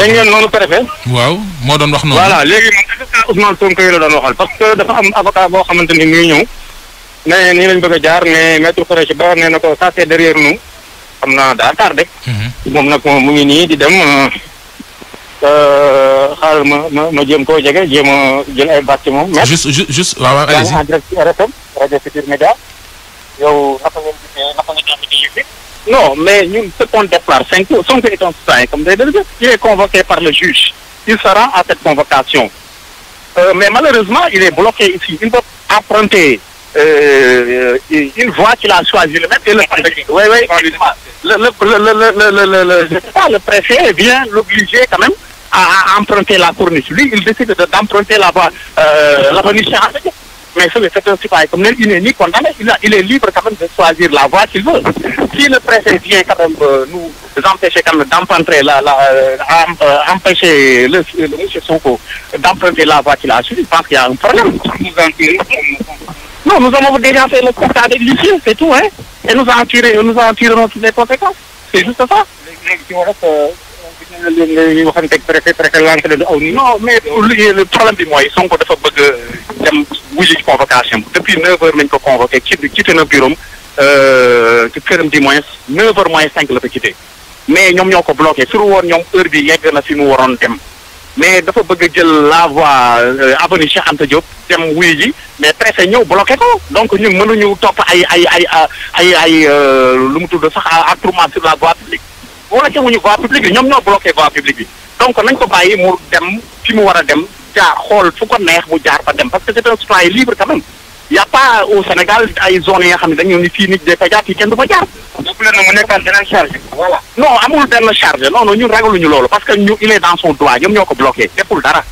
dégg ngeen noonu préfet. waaw moo doon wax noonu. voilà léegi man la doon waxal parce que dafa am avocat boo xamante ni muy ñëw. nee nii lañ bëgg a jaar mais maître Khoureyssi Ba nee na ko ça c'est derrière nous xam naa daa tardé. Mhm. moom nag mu ngi nii di dem euh, xaaral ma ma ma jéem koo jege jéem a jël ay bâtiment. juste juste waaw ay. rajo Futurs Médias yow non mais ñun ce qu'on déplore Sonko Sonko est un citoyen comme il est convoqué par le juge il se rend à cette convocation euh, mais malheureusement il est bloqué ici il peut emprunter euh, euh, une voie qu'il a choisi le maître et le préfet vient l'obliger quand même à, emprunter la corniche lui il décide d'emprunter la voie euh, l'avenue mais c'est un citoyen comme il n'est ni condamné, il, a, il, est libre quand de choisir la voie qu'il veut. Si le préfet vient quand même euh, nous empêcher la, la euh, euh, empêcher le, le, monsieur Sonko d'emprunter la voie qu'il a suivie, je pense qu'il y a un problème. Non, nous avons déjà fait le constat des c'est tout, hein. Et nous en tirons, nous en tirons toutes les conséquences. C'est juste ça. na léegi ngay waxanteeg préfet préfet lànk ne non mais problème bi mooy Sonko dafa bëgg dem wuyu ci convocation depuis 9 heures lañ ko convoqué ci quitté na bureau këram di mois 9 heures moins 5 la ko quitté mais ñoom ñoo ko bloqué sur woon ñoom heure bi yegg na fi mu waroon dem mais dafa bëgg a jël la voie avenue Cheikh Anta Diop dem wuyu ji mais préfet ñëw bloqué ko donc ñun mënuñu topp ay ay ay ay ay lu mu tudd sax à à sur la voie publique. bloqué wuñu voie publique bi ñoom ñoo bloqué voie publique bi donc nañ ko bàyyi mu dem fi mu war a dem jaar xool fu ko neex mu jaar fa dem parce que c'est un citoyen libre quand même pas au Sénégal ay zones yi nga xam ne dañu ni fii nit de fa jaar fii kenn du fa jaar. donc leen mu nekkaan beneen charge. voilà non amul benn charge non non ñun ragaluñu loolu parce que ñu il est dans son ñoom ñoo ko bloqué deful dara.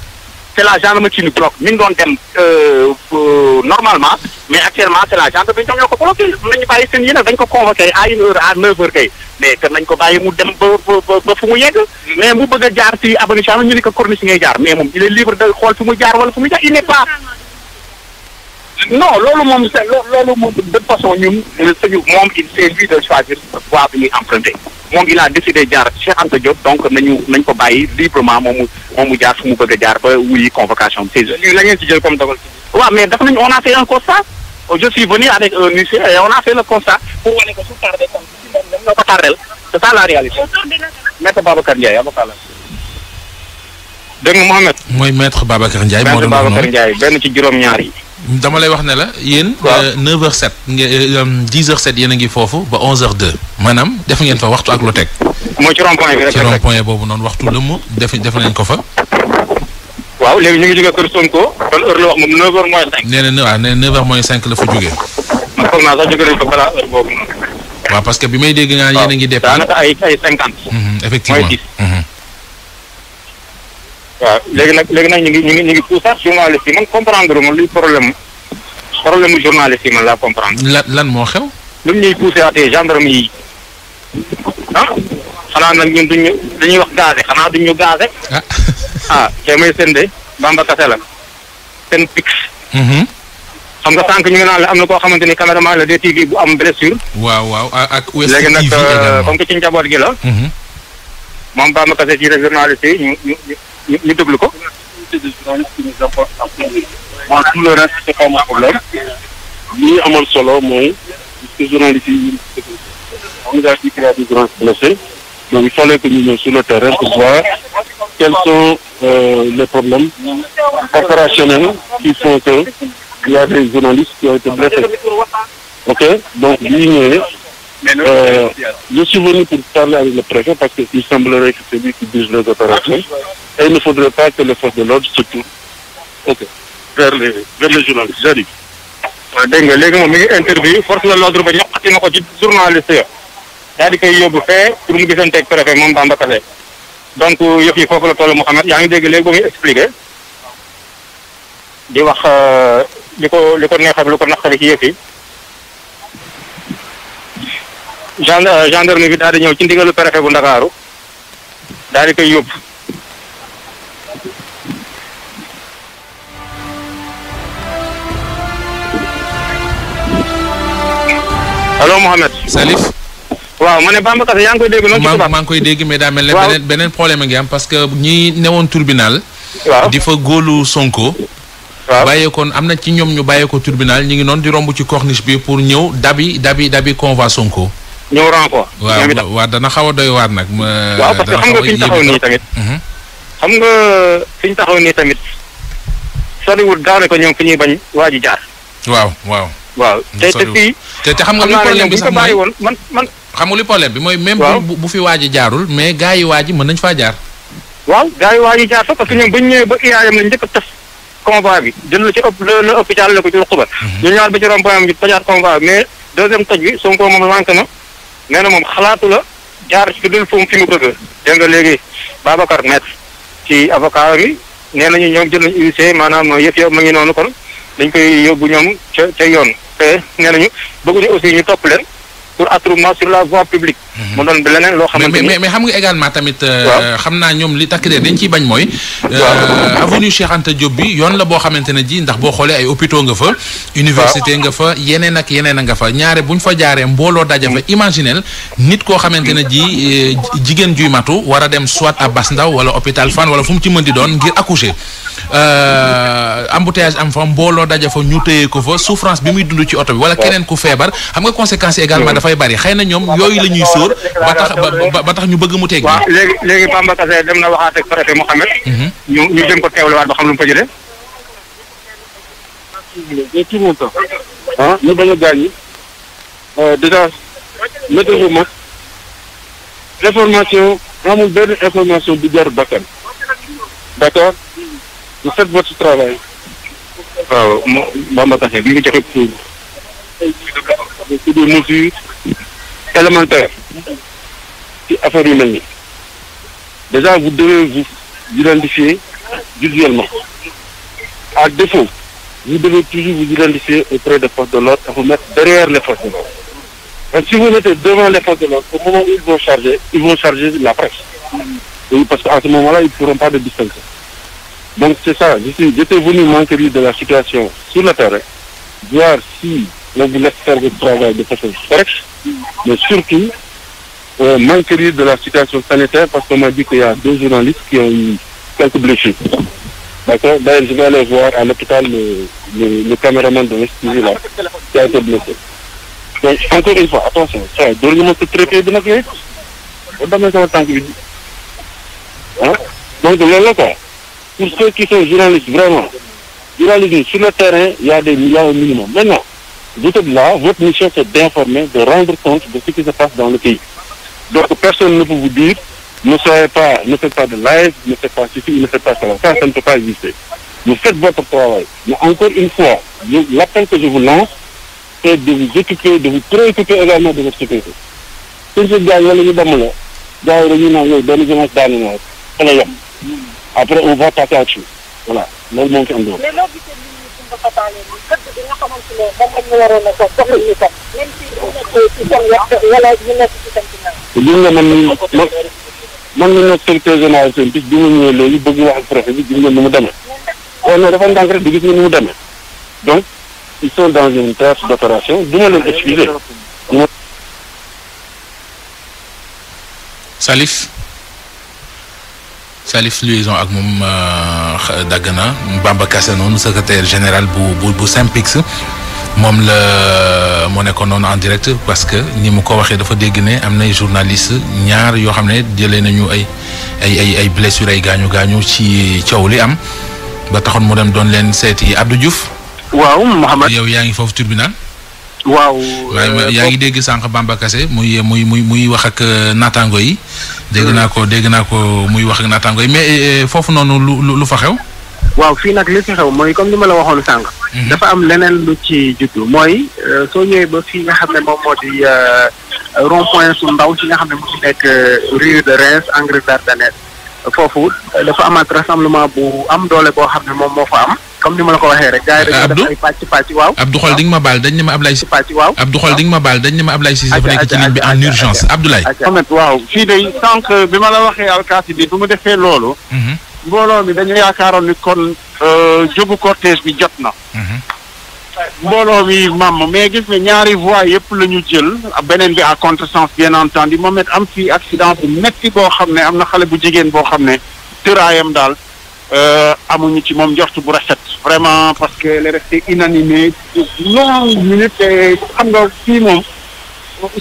c'est la gendarmerie ñu bloque mi ngi doon dem euh, normalement mais actuellement c'est la gendarmerie ñoom ñoo ko bloqué nañu bàyyi seen yéen dañ ko convoqué à une heure à neuf heures kay mais que nañ ko bàyyi mu dem ba ba ba fu mu yegg mais mu bëgg a jaar ci Abonne Thiam ñu ne ko corniche ngay jaar mais moom il est libre de xool fu mu jaar wala fu mu jaar il n'est pas non loolu moom c'est loolu moom de façon ñun ñu moom il s'est lui de choisir voie bi ñuy emprunté moom il a décidé jaar Cheikh Anta Diop donc nañu nañ ko bàyyi librement moomu moomu jaar fu mu bëgg a jaar ba wuyi convocation bi c'est la ngeen ci jël comme dogal waaw mais daf nañu on a fait un constat je suis venu avec un huissier on a fait le constat pour wane ko su tardé comme si moom ñoom ñoo ko la réalité maître Babacar Ndiaye avocat mooy maître Babacar Ndiaye moo doon noonu maître Babacar benn ci juróom-ñaar dama lay wax ne la yéen. waaw 9h07 10 h ngi foofu ba 11h02 maanaam def ngeen fa waxtu ak lu teg. mooy ci rond point bi rek ci rond point boobu noonu waxtu la mu def def ko fa. waaw léegi ñu ngi jógee kër Sonko. kon heure la wax moom 9h moins 5. nee na waaw nee la fa jógee. ko balaa heure boobu noonu. waaw parce que bi may dégg nga yéen a ngi. départ daanaka ay ay 50. Mm-hmm, effectivement waaw léegi nag léegi nag ñu ngi ñu ngi ñu ngi puusar journaliste yi man comprendre ma luy problème problème mu journaliste yi man laa comprendre. lan lan moo xew. lu ñuy poussé waatee gendarme yi ah xanaa nag ñun duñu dañuy wax gazé xanaa duñu gazé. ah ah te may seen de Bamba Kassé la seen mm-hmm. xam nga sànq ñu ngi naan am na koo xamante ni caméraman la DTV bu am blessure. waaw waaw ak OSTV euh, mm-hmm. ñu. ñu ñu déglu ko. bon tout le reste c'est pas mon problème. li ñu amal solo mooy que journaliste yi on nous a dit qu'il y a des grands blessés donc il fallait que ñu ñëw sur le terrain pour voir quels sont euh, les problèmes opérationnels qui font que il y a des journalistes qui ont été blessés ok donc bi ñu Mais nous, euh, je suis pour parler avec le préfet parce que c'est lui qui dirige les opérations. Ah, et il ne de l'ordre se tournent ok vers les vers les journalistes dégg nga léegi moom mi ngi interview force de l'ordre ba ñaqati na ko ci journaliste ya daal di koy yóbbu fee pour mu gisanteeg préfet moom Bamba Kassé donc yëf yi foofu la toll Mouhamed yaa ngi dégg léegi ba muy expliqué di wax li euh, ko li ko neexal lu ko naqari ci yëf yi. gendarme euh, gendarme bi daal di ñëw ci ndigalu préfet bu Ndakaaru daal di koy yóbbu. allo Mohamed. Salif. waaw ma ne Bamba Kassé yaa ngi koy maa ngi koy dégg mais daa mel ne. beneen beneen problème a ngi am parce que ñi newoon tribunal. waaw di fa góolu Sonko. waaw bàyyeekoon am na ci ñoom ñu bàyyeekoo tribunal ñu ngi noonu di romb ci corniche bi pour ñëw dabi dabi dabi conva Sonko. ñëw renfort. ñoom itam waaw waaw dana xaw a doy waar nag. waaw parce que mhm. xam nga fi ñu taxaw nii tamit. xam nga fi taxaw nii tamit soriwul daanaka ñoom fi ñuy bañ waa ji jaar. waaw waaw. waaw mm, te te fii. te te xam nga luy problème bi sax mooy man man. xam nga luy problème bi mooy. même bu bu fi waa ji jaarul mais gaa yi waa ji mën nañ faa jaar. waaw gaa yi waa ji jaar sax parce que ñoom bu ñu ñëwee ba IAM lañu njëkk a tas convoi bi jël la ci ëpp la ëpp ci àll ko ci lu xubar. Mhm. ñu ñëwaat ba ci rond-point bi tajaat convoi bi mais deuxième toj bi Sonko nee na moom xalaatu la jaar ci dul fu mu fi mu bëgg dégg nga léegi Babacar maître ci avocat bi nee nañu ñoom jël nañu huissier maanaam yëf yow ma ngi noonu kon dañ koy yóbbu ñoom ca ca yoon te nee nañu bëgguñu aussi ñu topp leen pour attroupement sur la voie publique. Mhm. mu doon leneen loo xamante ni mais mais xam nga également tamit. Euh, xam naa ñoom li takk de dañ ciy bañ mooy. Euh, avenue Cheikh Anta bi yoon la boo xamante ne ji ndax boo xoolee ay hôpitaux nga fa. université nga fa yeneen ak yeneen a ñaare buñ fa jaaree mbooloo daja fa mhm. imaginel nit koo xamante ne ji euh, jigéen juy matu war a dem soit à Bass Ndao wala hôpital fan wala fu mu ci mën di doon ngir accoucher. embouteillage am fa mbooloo daja fa ñu téye ko fa souffrance bi muy dund ci oto bi. wala keneen ku feebar xam nga conséquences également mhm. dafay bari xëy na ñoom yooyu la ñuy ba tax ba tax ñu bëgg mu teggi. waaw léegi léegi dem na waxaat ak préfet Mouhamed. Mhm. ñu ñu dem ko teewluwaat ba xam lu mu ko jëlee. ah ñu bañ a gaañu euh, ma information benn information bu jar bakkan d'accord vous faites votre travail. waaw Bamba Kassé bi nga joxe c'est des mesures élémentaires ci affaire yu mel nii déjà vous devez vous identifier visuellement à défaut vous devez toujours vous identifier auprès des forces de l'ordre et vous mettre derrière les forces de l'ordre parce que si vous mettez devant les forces de l'ordre au moment où ils vont charger ils vont charger la presse et parce qu'à ce moment-là ils pourront pas de distinction donc c'est ça je suis j'étais venu m'enquérir de la situation sur le terrain voir si mais vous laisse travail de façon correcte, mais surtout euh, m'inquiéter de la situation sanitaire parce qu'on m'a dit qu'il y a deux journalistes qui ont eu quelques blessures. D'accord D'ailleurs, je vais aller voir à l'hôpital le, de l'Estivie là, qui a été blessé. Donc, encore une fois, attention, ça, donnez-moi ce traité en tant que hein? Donc, le quoi pour ceux qui sont journalistes, vraiment, journalistes sur le terrain, il y a des vous êtes là, votre mission c'est d'informer, de rendre compte de ce qui se passe dans le pays. Donc personne ne peut dire, ne soyez pas, ne faites pas de live, ne faites pas ceci, ne faites pas cela. Ça, ça peut pas exister. Vous faites votre travail. Mais encore une fois, l'appel que je vous lance, c'est de vous occuper, de vous préoccuper également de votre sécurité. suñ si gars la gars yi dañuy naan yooyu benn semence daanu après on va nga Fapal ne moom la ñu waroon a ko jox la ñuy toog même si ñu nekkee ci seen yàq wala ñu nekk ci seen ginnaaw. gis nga man man man mii bëgg wax bi gis nga mu demee. waaw non dafa ndànk rek di gis nga ni mu demee donc ils sont dans une tâche d'opération du ma leen Salif. Salif liaison ak moom euh, dagg na Bamba Kassé secretaire général bu bu bu moom la moo nekkoon noonu en direct parce que ni mu ko waxee dafa dégg ne am nay journaliste ñaar yoo xam ne jëlee nañu ay ay ay ay blessure ay gaañu gaañu ci cow li am ba taxoon mu dem doon leen seet seeti abdu Diouf. waaw Mouhamed yow yaa ngi foofu tribunal waaw euh, yaa ngi dégg sànq Bamba Kassé muy muy muy muy wax ak euh, naataango yi. dégg naa ko dégg naa ko muy wax ak naataango yi mais euh, foofu noonu lu lu fa xew. waaw fii nag li fi xew mooy comme ni ma la waxoon sànq. Mhm. dafa am leneen lu ci juddu mooy soo ñëwee ba fii nga xam ne moom moo di rond point su ndaw ci nga xam ne mu ngi nekk rue de Reims engrais Dardanelles foofu dafa amaat rassemblement bu am doole boo xam ne moom moo fa am. comme ni ma la ko waxee Xol di ma baal dañ ne ma Ablaye. si pàcc nekk ci ligne bi en urgence Abdoulaye. waaw fii de sànq bi ma la waxee alkaati bi bu mu defee loolu. Mhm. mbooloo mi dañu yaakaaroon ni kon euh, jógu cortège bi jot na. Mhm. mbooloo mi mam mais gis nga ñaari voies yëpp la ñu jël beneen bi à contresens bien entendu moom it am fii accident bu métti boo xam ne am na xale bu jigéen boo xam ne tëraayam daal euh, amuñu ci moom njort bu rafet. vraiment parce qu'elle est restée inanimée longue minute te xam nga fii moom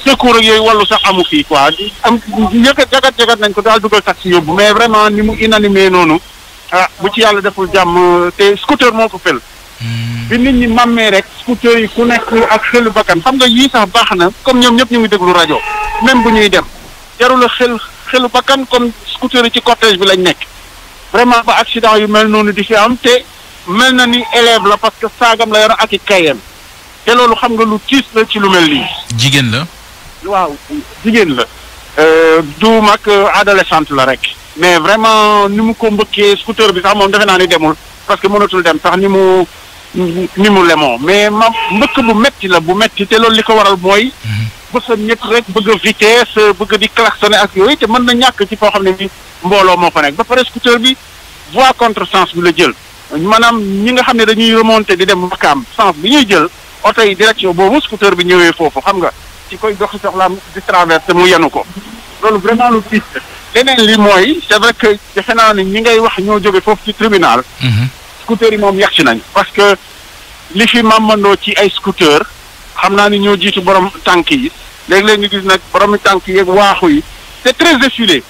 secours ak yooyu wallu sax amu fii quoi di am yëkkat jagat jagat nañ ko daal dugal taxi yóbbu mais vraiment ni mu inanimé noonu ah bu ci yàlla deful jàmm te scooter moo ko fel hmm. bi nit ñi màmmee rek scooter yi ku nekk ak xelu bakkan xam nga yii sax baax na comme ñoom ñëpp ñu ngi déglu rajo même bu ñuy dem jarul xel xelu bakkan comme scooter yi ci cortège bi lañ nekk mel na ni élève la parce que saagam la yor ak i kayam te loolu xam nga lu tiis la ci lu mel nii. jigéen la. waaw jigéen la. Euh, du mag euh, adolescente la rek. mais vraiment ni mu ko mbëkkee scooter bi sax moom defe naa ni demul parce que mënatul dem sax ni mu ni mu lemoo mais ma mbëkk bu metti la bu metti te loolu li ko waral mooy. Mhm. bësam ñett rek bëgg a vitesse bëgg di klaxonné ak yooyu te mën na ñàkk ci foo xam ne ni mbooloo moo fa nekk ba pare scooter bi voie contre sens la jël. maanaam ñi nga xam ne dañuy remonter di dem Wakaam sens bi ñuy jël oto yi direction boobu scooter bi ñëwee foofu xam nga ci koy doxi soxlaam di traversé mu yenu ko loolu vraiment lu tiit leneen li mooy c'est vrai que defe naa ne ñi ngay wax ñoo jóge foofu ci tribunal mhm. scooter yi moom yàq ci nañ parce que li fi màmmandoo ci ay scooter xam naa ni ñoo jiitu borom tànk yi léeg-léeg ñu gis nag borom tànk yeeg waaxu yi c'est de défilé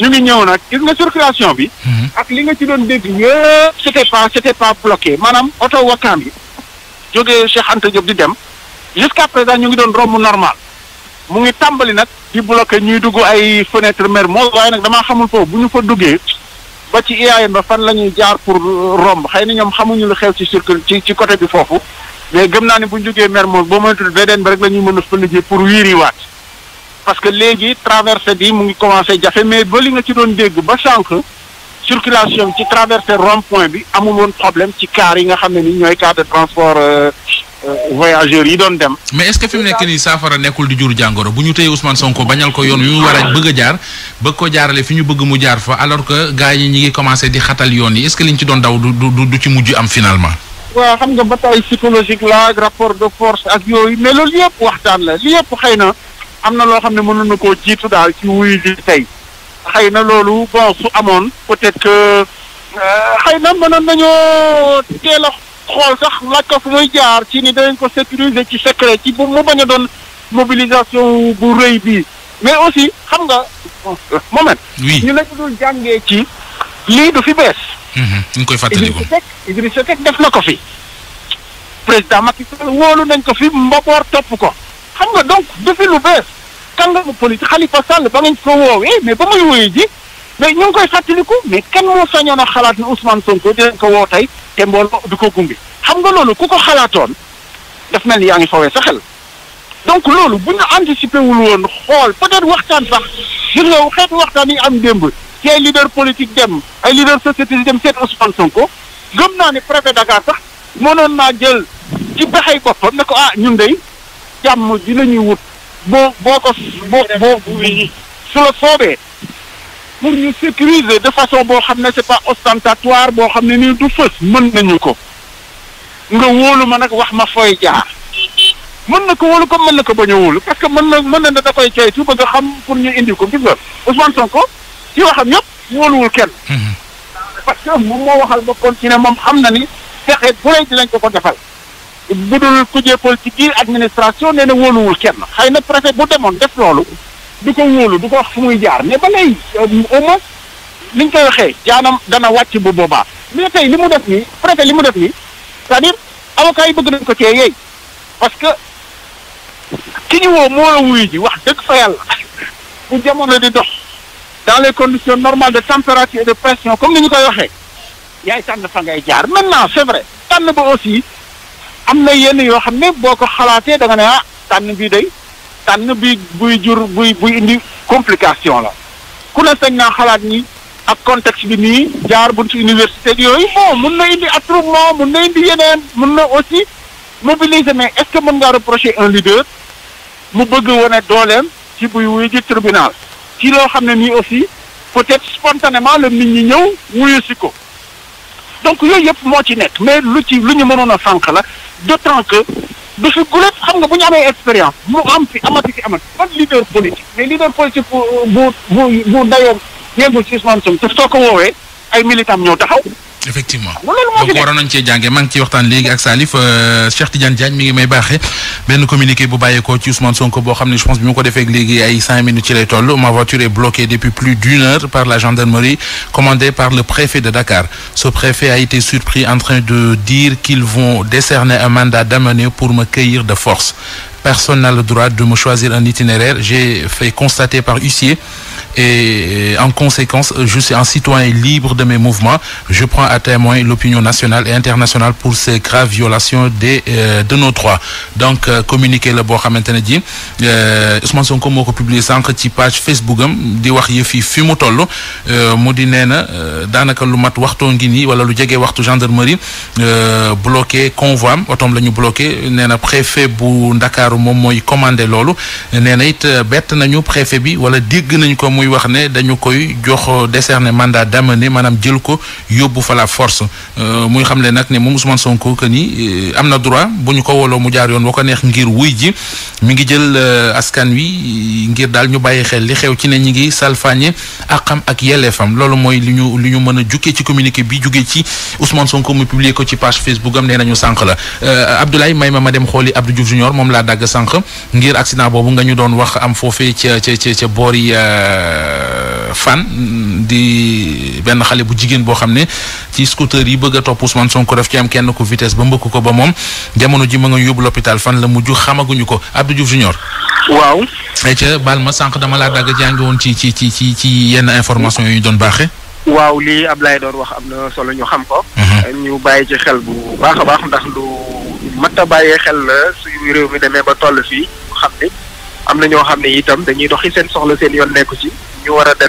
ñu ngi ñëw nag gis nga circulation bi. Mhm. ak li nga ci doon dégg yëpp. c'était pas c'était pas bloqué maanaam oto wakkaan bi jógee Cheikh Anta Diop di dem jusqu'à présent ñu ngi doon romb normal mu ngi tàmbali nag di bloqué ñuy dugg ay fenêtre Mermoz waaye nag damaa xamul foofu bu ñu fa duggee ba ci IAM ba fan la ñuy jaar pour romb xëy na ñoom xamuñu lu xew ci circul ci ci côté bi foofu mais gëm naa ni bu ñu jógee Mermoz boo moytuwul VDN ba rek la ñuy mën a fële pour wiiri parce que léegi traversée bi mu ngi commencé jafe mais ba li nga ci doon dégg ba sànq circulation ci traversée rond bi amul woon problème ci car yi nga xam ne ni ñooy car de transport euh, euh, voyageurs yi doon dem. mais est-ce que fi mu nekk nii saafara nekkul di jur jàngoro bu ñu téye Ousmane Sonko bañal ko yoon wi mu war a bëgg a jaar bëgg ko jaarale fi ñu bëgg mu jaar fa alors que gars yi ñu ngi commencé di xatal yoon yi est-ce que liñ ci doon daw du du du ci mujj am finalement. yëpp xëy na. am na loo xam ne mënoon na koo jiitu daal ci wuyu ji tey xëy na loolu bon su amoon peut-être que euh, xëy na mënoon nañoo teel a xool sax laaj ko fu muy jaar ci ni danañ ko sécuriser ci secret ci bu mu bañ a doon mobilisation bu rëy bii mais aussi xam nga moment ñu la ñu dul jàngee ci lii du fi bees mm-hmm. ñu koy fàttaliku Idrissa def na ko fi président Macky Sall nañ ko fi mboboor topp ko xam nga donc defi lu bees kàngamu politique Khalifa Sall ba ngeen ko woowee mais ba muy woowee ji mais ñu ngi koy fàttaliku mais kan moo sañoon a xalaat ne Ousmane Sonko dinañ ko woo tey te mbooloo du ko gunge xam nga loolu ku ko xalaatoon def mel ni yaa ngi fawee sa xel donc loolu bu ñu anticiper wul woon xool peut-être waxtaan sax gis nga xeetu waxtaan yi am démb ci ay leader politique dem ay leader société dem seet Ousmane Sonko gëm naa ne préfet Dakar sax mënoon naa jël ci bexey boppam ne ko ah ñun dey jàmm ji la ñuy wut boo boo ko boo boo su la soobee pour ñu sécuriser de façon boo xam ne c'est pas ostentatoire boo xam ne nii du fës mën nañu ko nga wóolu ma nag wax ma fooy jaar mën na ko wóolu ko mën na ko bañ a wóolu parce que mën na mën na da koy coytu ba nga xam pour ñu indi ko gis nga Ousmane ko ci waxam yëpp wóoluwul kenn. Mm-hmm. parce que moom moo waxal ba continuer moom xam na ni fexe bu lay dinañ ko ko defal. budul kujee politique yi administration nee na wóoluwul kenn xay na préfet bu demoon def loolu du ko wóolu du ko wax fu muy jaar mais ba lay euh, au moins li ñu koy waxee jaanam dana wàcc bu boobaa mais tey li mu def nii préfet li mu def nii c'est-à-dire avocats bëgg nañ ko cee yeey parce que ki ñu woo moo la wuyu ji wax dëgg fa yàlla bu jamono di dox dans les conditions normales de température et de pression comme ni ñu koy waxee yaay tànn fa ngay jaar maintenant c'est vrai tànn ba aussi am na yenn yoo xam ne boo ko xalaatee da ne ah tànn bii day tànn bi buy jur buy buy indi complication la ku ne sañ naa xalaat ni ak contexte bi nii jaar bu buntu université yooyu bon mun na indi attroupement mun na indi yeneen mun na aussi mobiliser mais est-ce que mën ngaa reprocher un leader mu bëgg wane dooleem ci buy wuy ji tribunal ci loo xam ne nii aussi peut-être spontanément la nit ñi ñëw wuyu si ko donc yooyu yëpp moo ci nekk mais lu ci lu ñu mënoon a sànq la d'autant que du fi guléet xam nga bu ñu amee expérience mu am fi ama fi amati ban leader politique mais leader politique bu bu bu bu dayoom yëngu ci Ousmane Sonko te soo ko woowee ay militant ñoo taxaw effectivement donc waroon nañ cee jànge maa ngi ciy waxtaan léegi ak Salif euh, Cheikh Tidiane Diagne mi ngi may baaxee benn communiqué bu bàyyeekoo ci Ousmane Sonko boo xam ne je pense bi mu ko defee léegi ay cinq minutes ci lay toll ma voiture est bloquée depuis plus d'une heure par la gendarmerie commandée par le préfet de Dakar ce préfet a été surpris en train de dire qu'ils vont décerner un mandat d'amener pour me cueillir de force personne n'a le droit de me choisir un itinéraire j'ai fait constater par huissier et en conséquence je suis un citoyen libre de mes mouvements je prends à témoin l'opinion nationale et internationale pour ces graves violations des euh, de nos droits donc euh, communiqué la boo xamante ne ji euh, Ousmane Sonko moo ko publier sànq ci page Facebook am di wax yëf yi fi mu toll mu di nee na daanaka lu mat waxtoo ngi nii wala lu jege waxtu gendarmerie bloqué convoi am otom la ñu bloqué nee na préfet bu Ndakaaru moom mooy commandé loolu nee na bett nañu muy wax ne dañu koy jox décerner mandat d'amener maanaam jël ko yóbbu fa la force euh, muy xam le nag ne moom Ousmane Sonko que ni euh, am na droit bu ñu ko woloo mu jaar yoon boo ko neex ngir wuy ji mu ngi jël euh, askan wi ngir daal ñu bàyyi xel li xew ci ne ñi ngi salfaañe ak xam ak yelleefam loolu mooy li ñu li ñu mën a jukkee ci communiqué bi jugee ci Ousmane Sonko mu publier ko ci page Facebook am nee nañu sànq la Abdoulaye may ma ma dem xooli Abdou Diouf Junior moom laa dagg sànq ngir accident boobu nga ñu doon wax am foofee ca Euh, fan di benn xale bu jigéen boo xam ne ci scooter yi bëgg a topp Ousmane Sonko def ci am kenn ko vitesse ba mbëkk ko ba moom jamono ji ma nga yóbbu l'hôpital fan la mujj xamaguñu ko Abdou Diouf Junior waaw eh, ca baal ma sànq dama laa dagg jàngi woon ci ci ci ci ci yenn information yu ñu doon baaxee waaw lii Ablaye doon wax am na solo ñu xam ko mhm. ñu bàyyi ci xel bu baax a baax ndax lu mat a bàyyee xel la suñu réew mi demee ba toll fii xam ni am na ñoo xam ne itam dañuy doxi seen soxla seen yoon nekku ci ñu war a def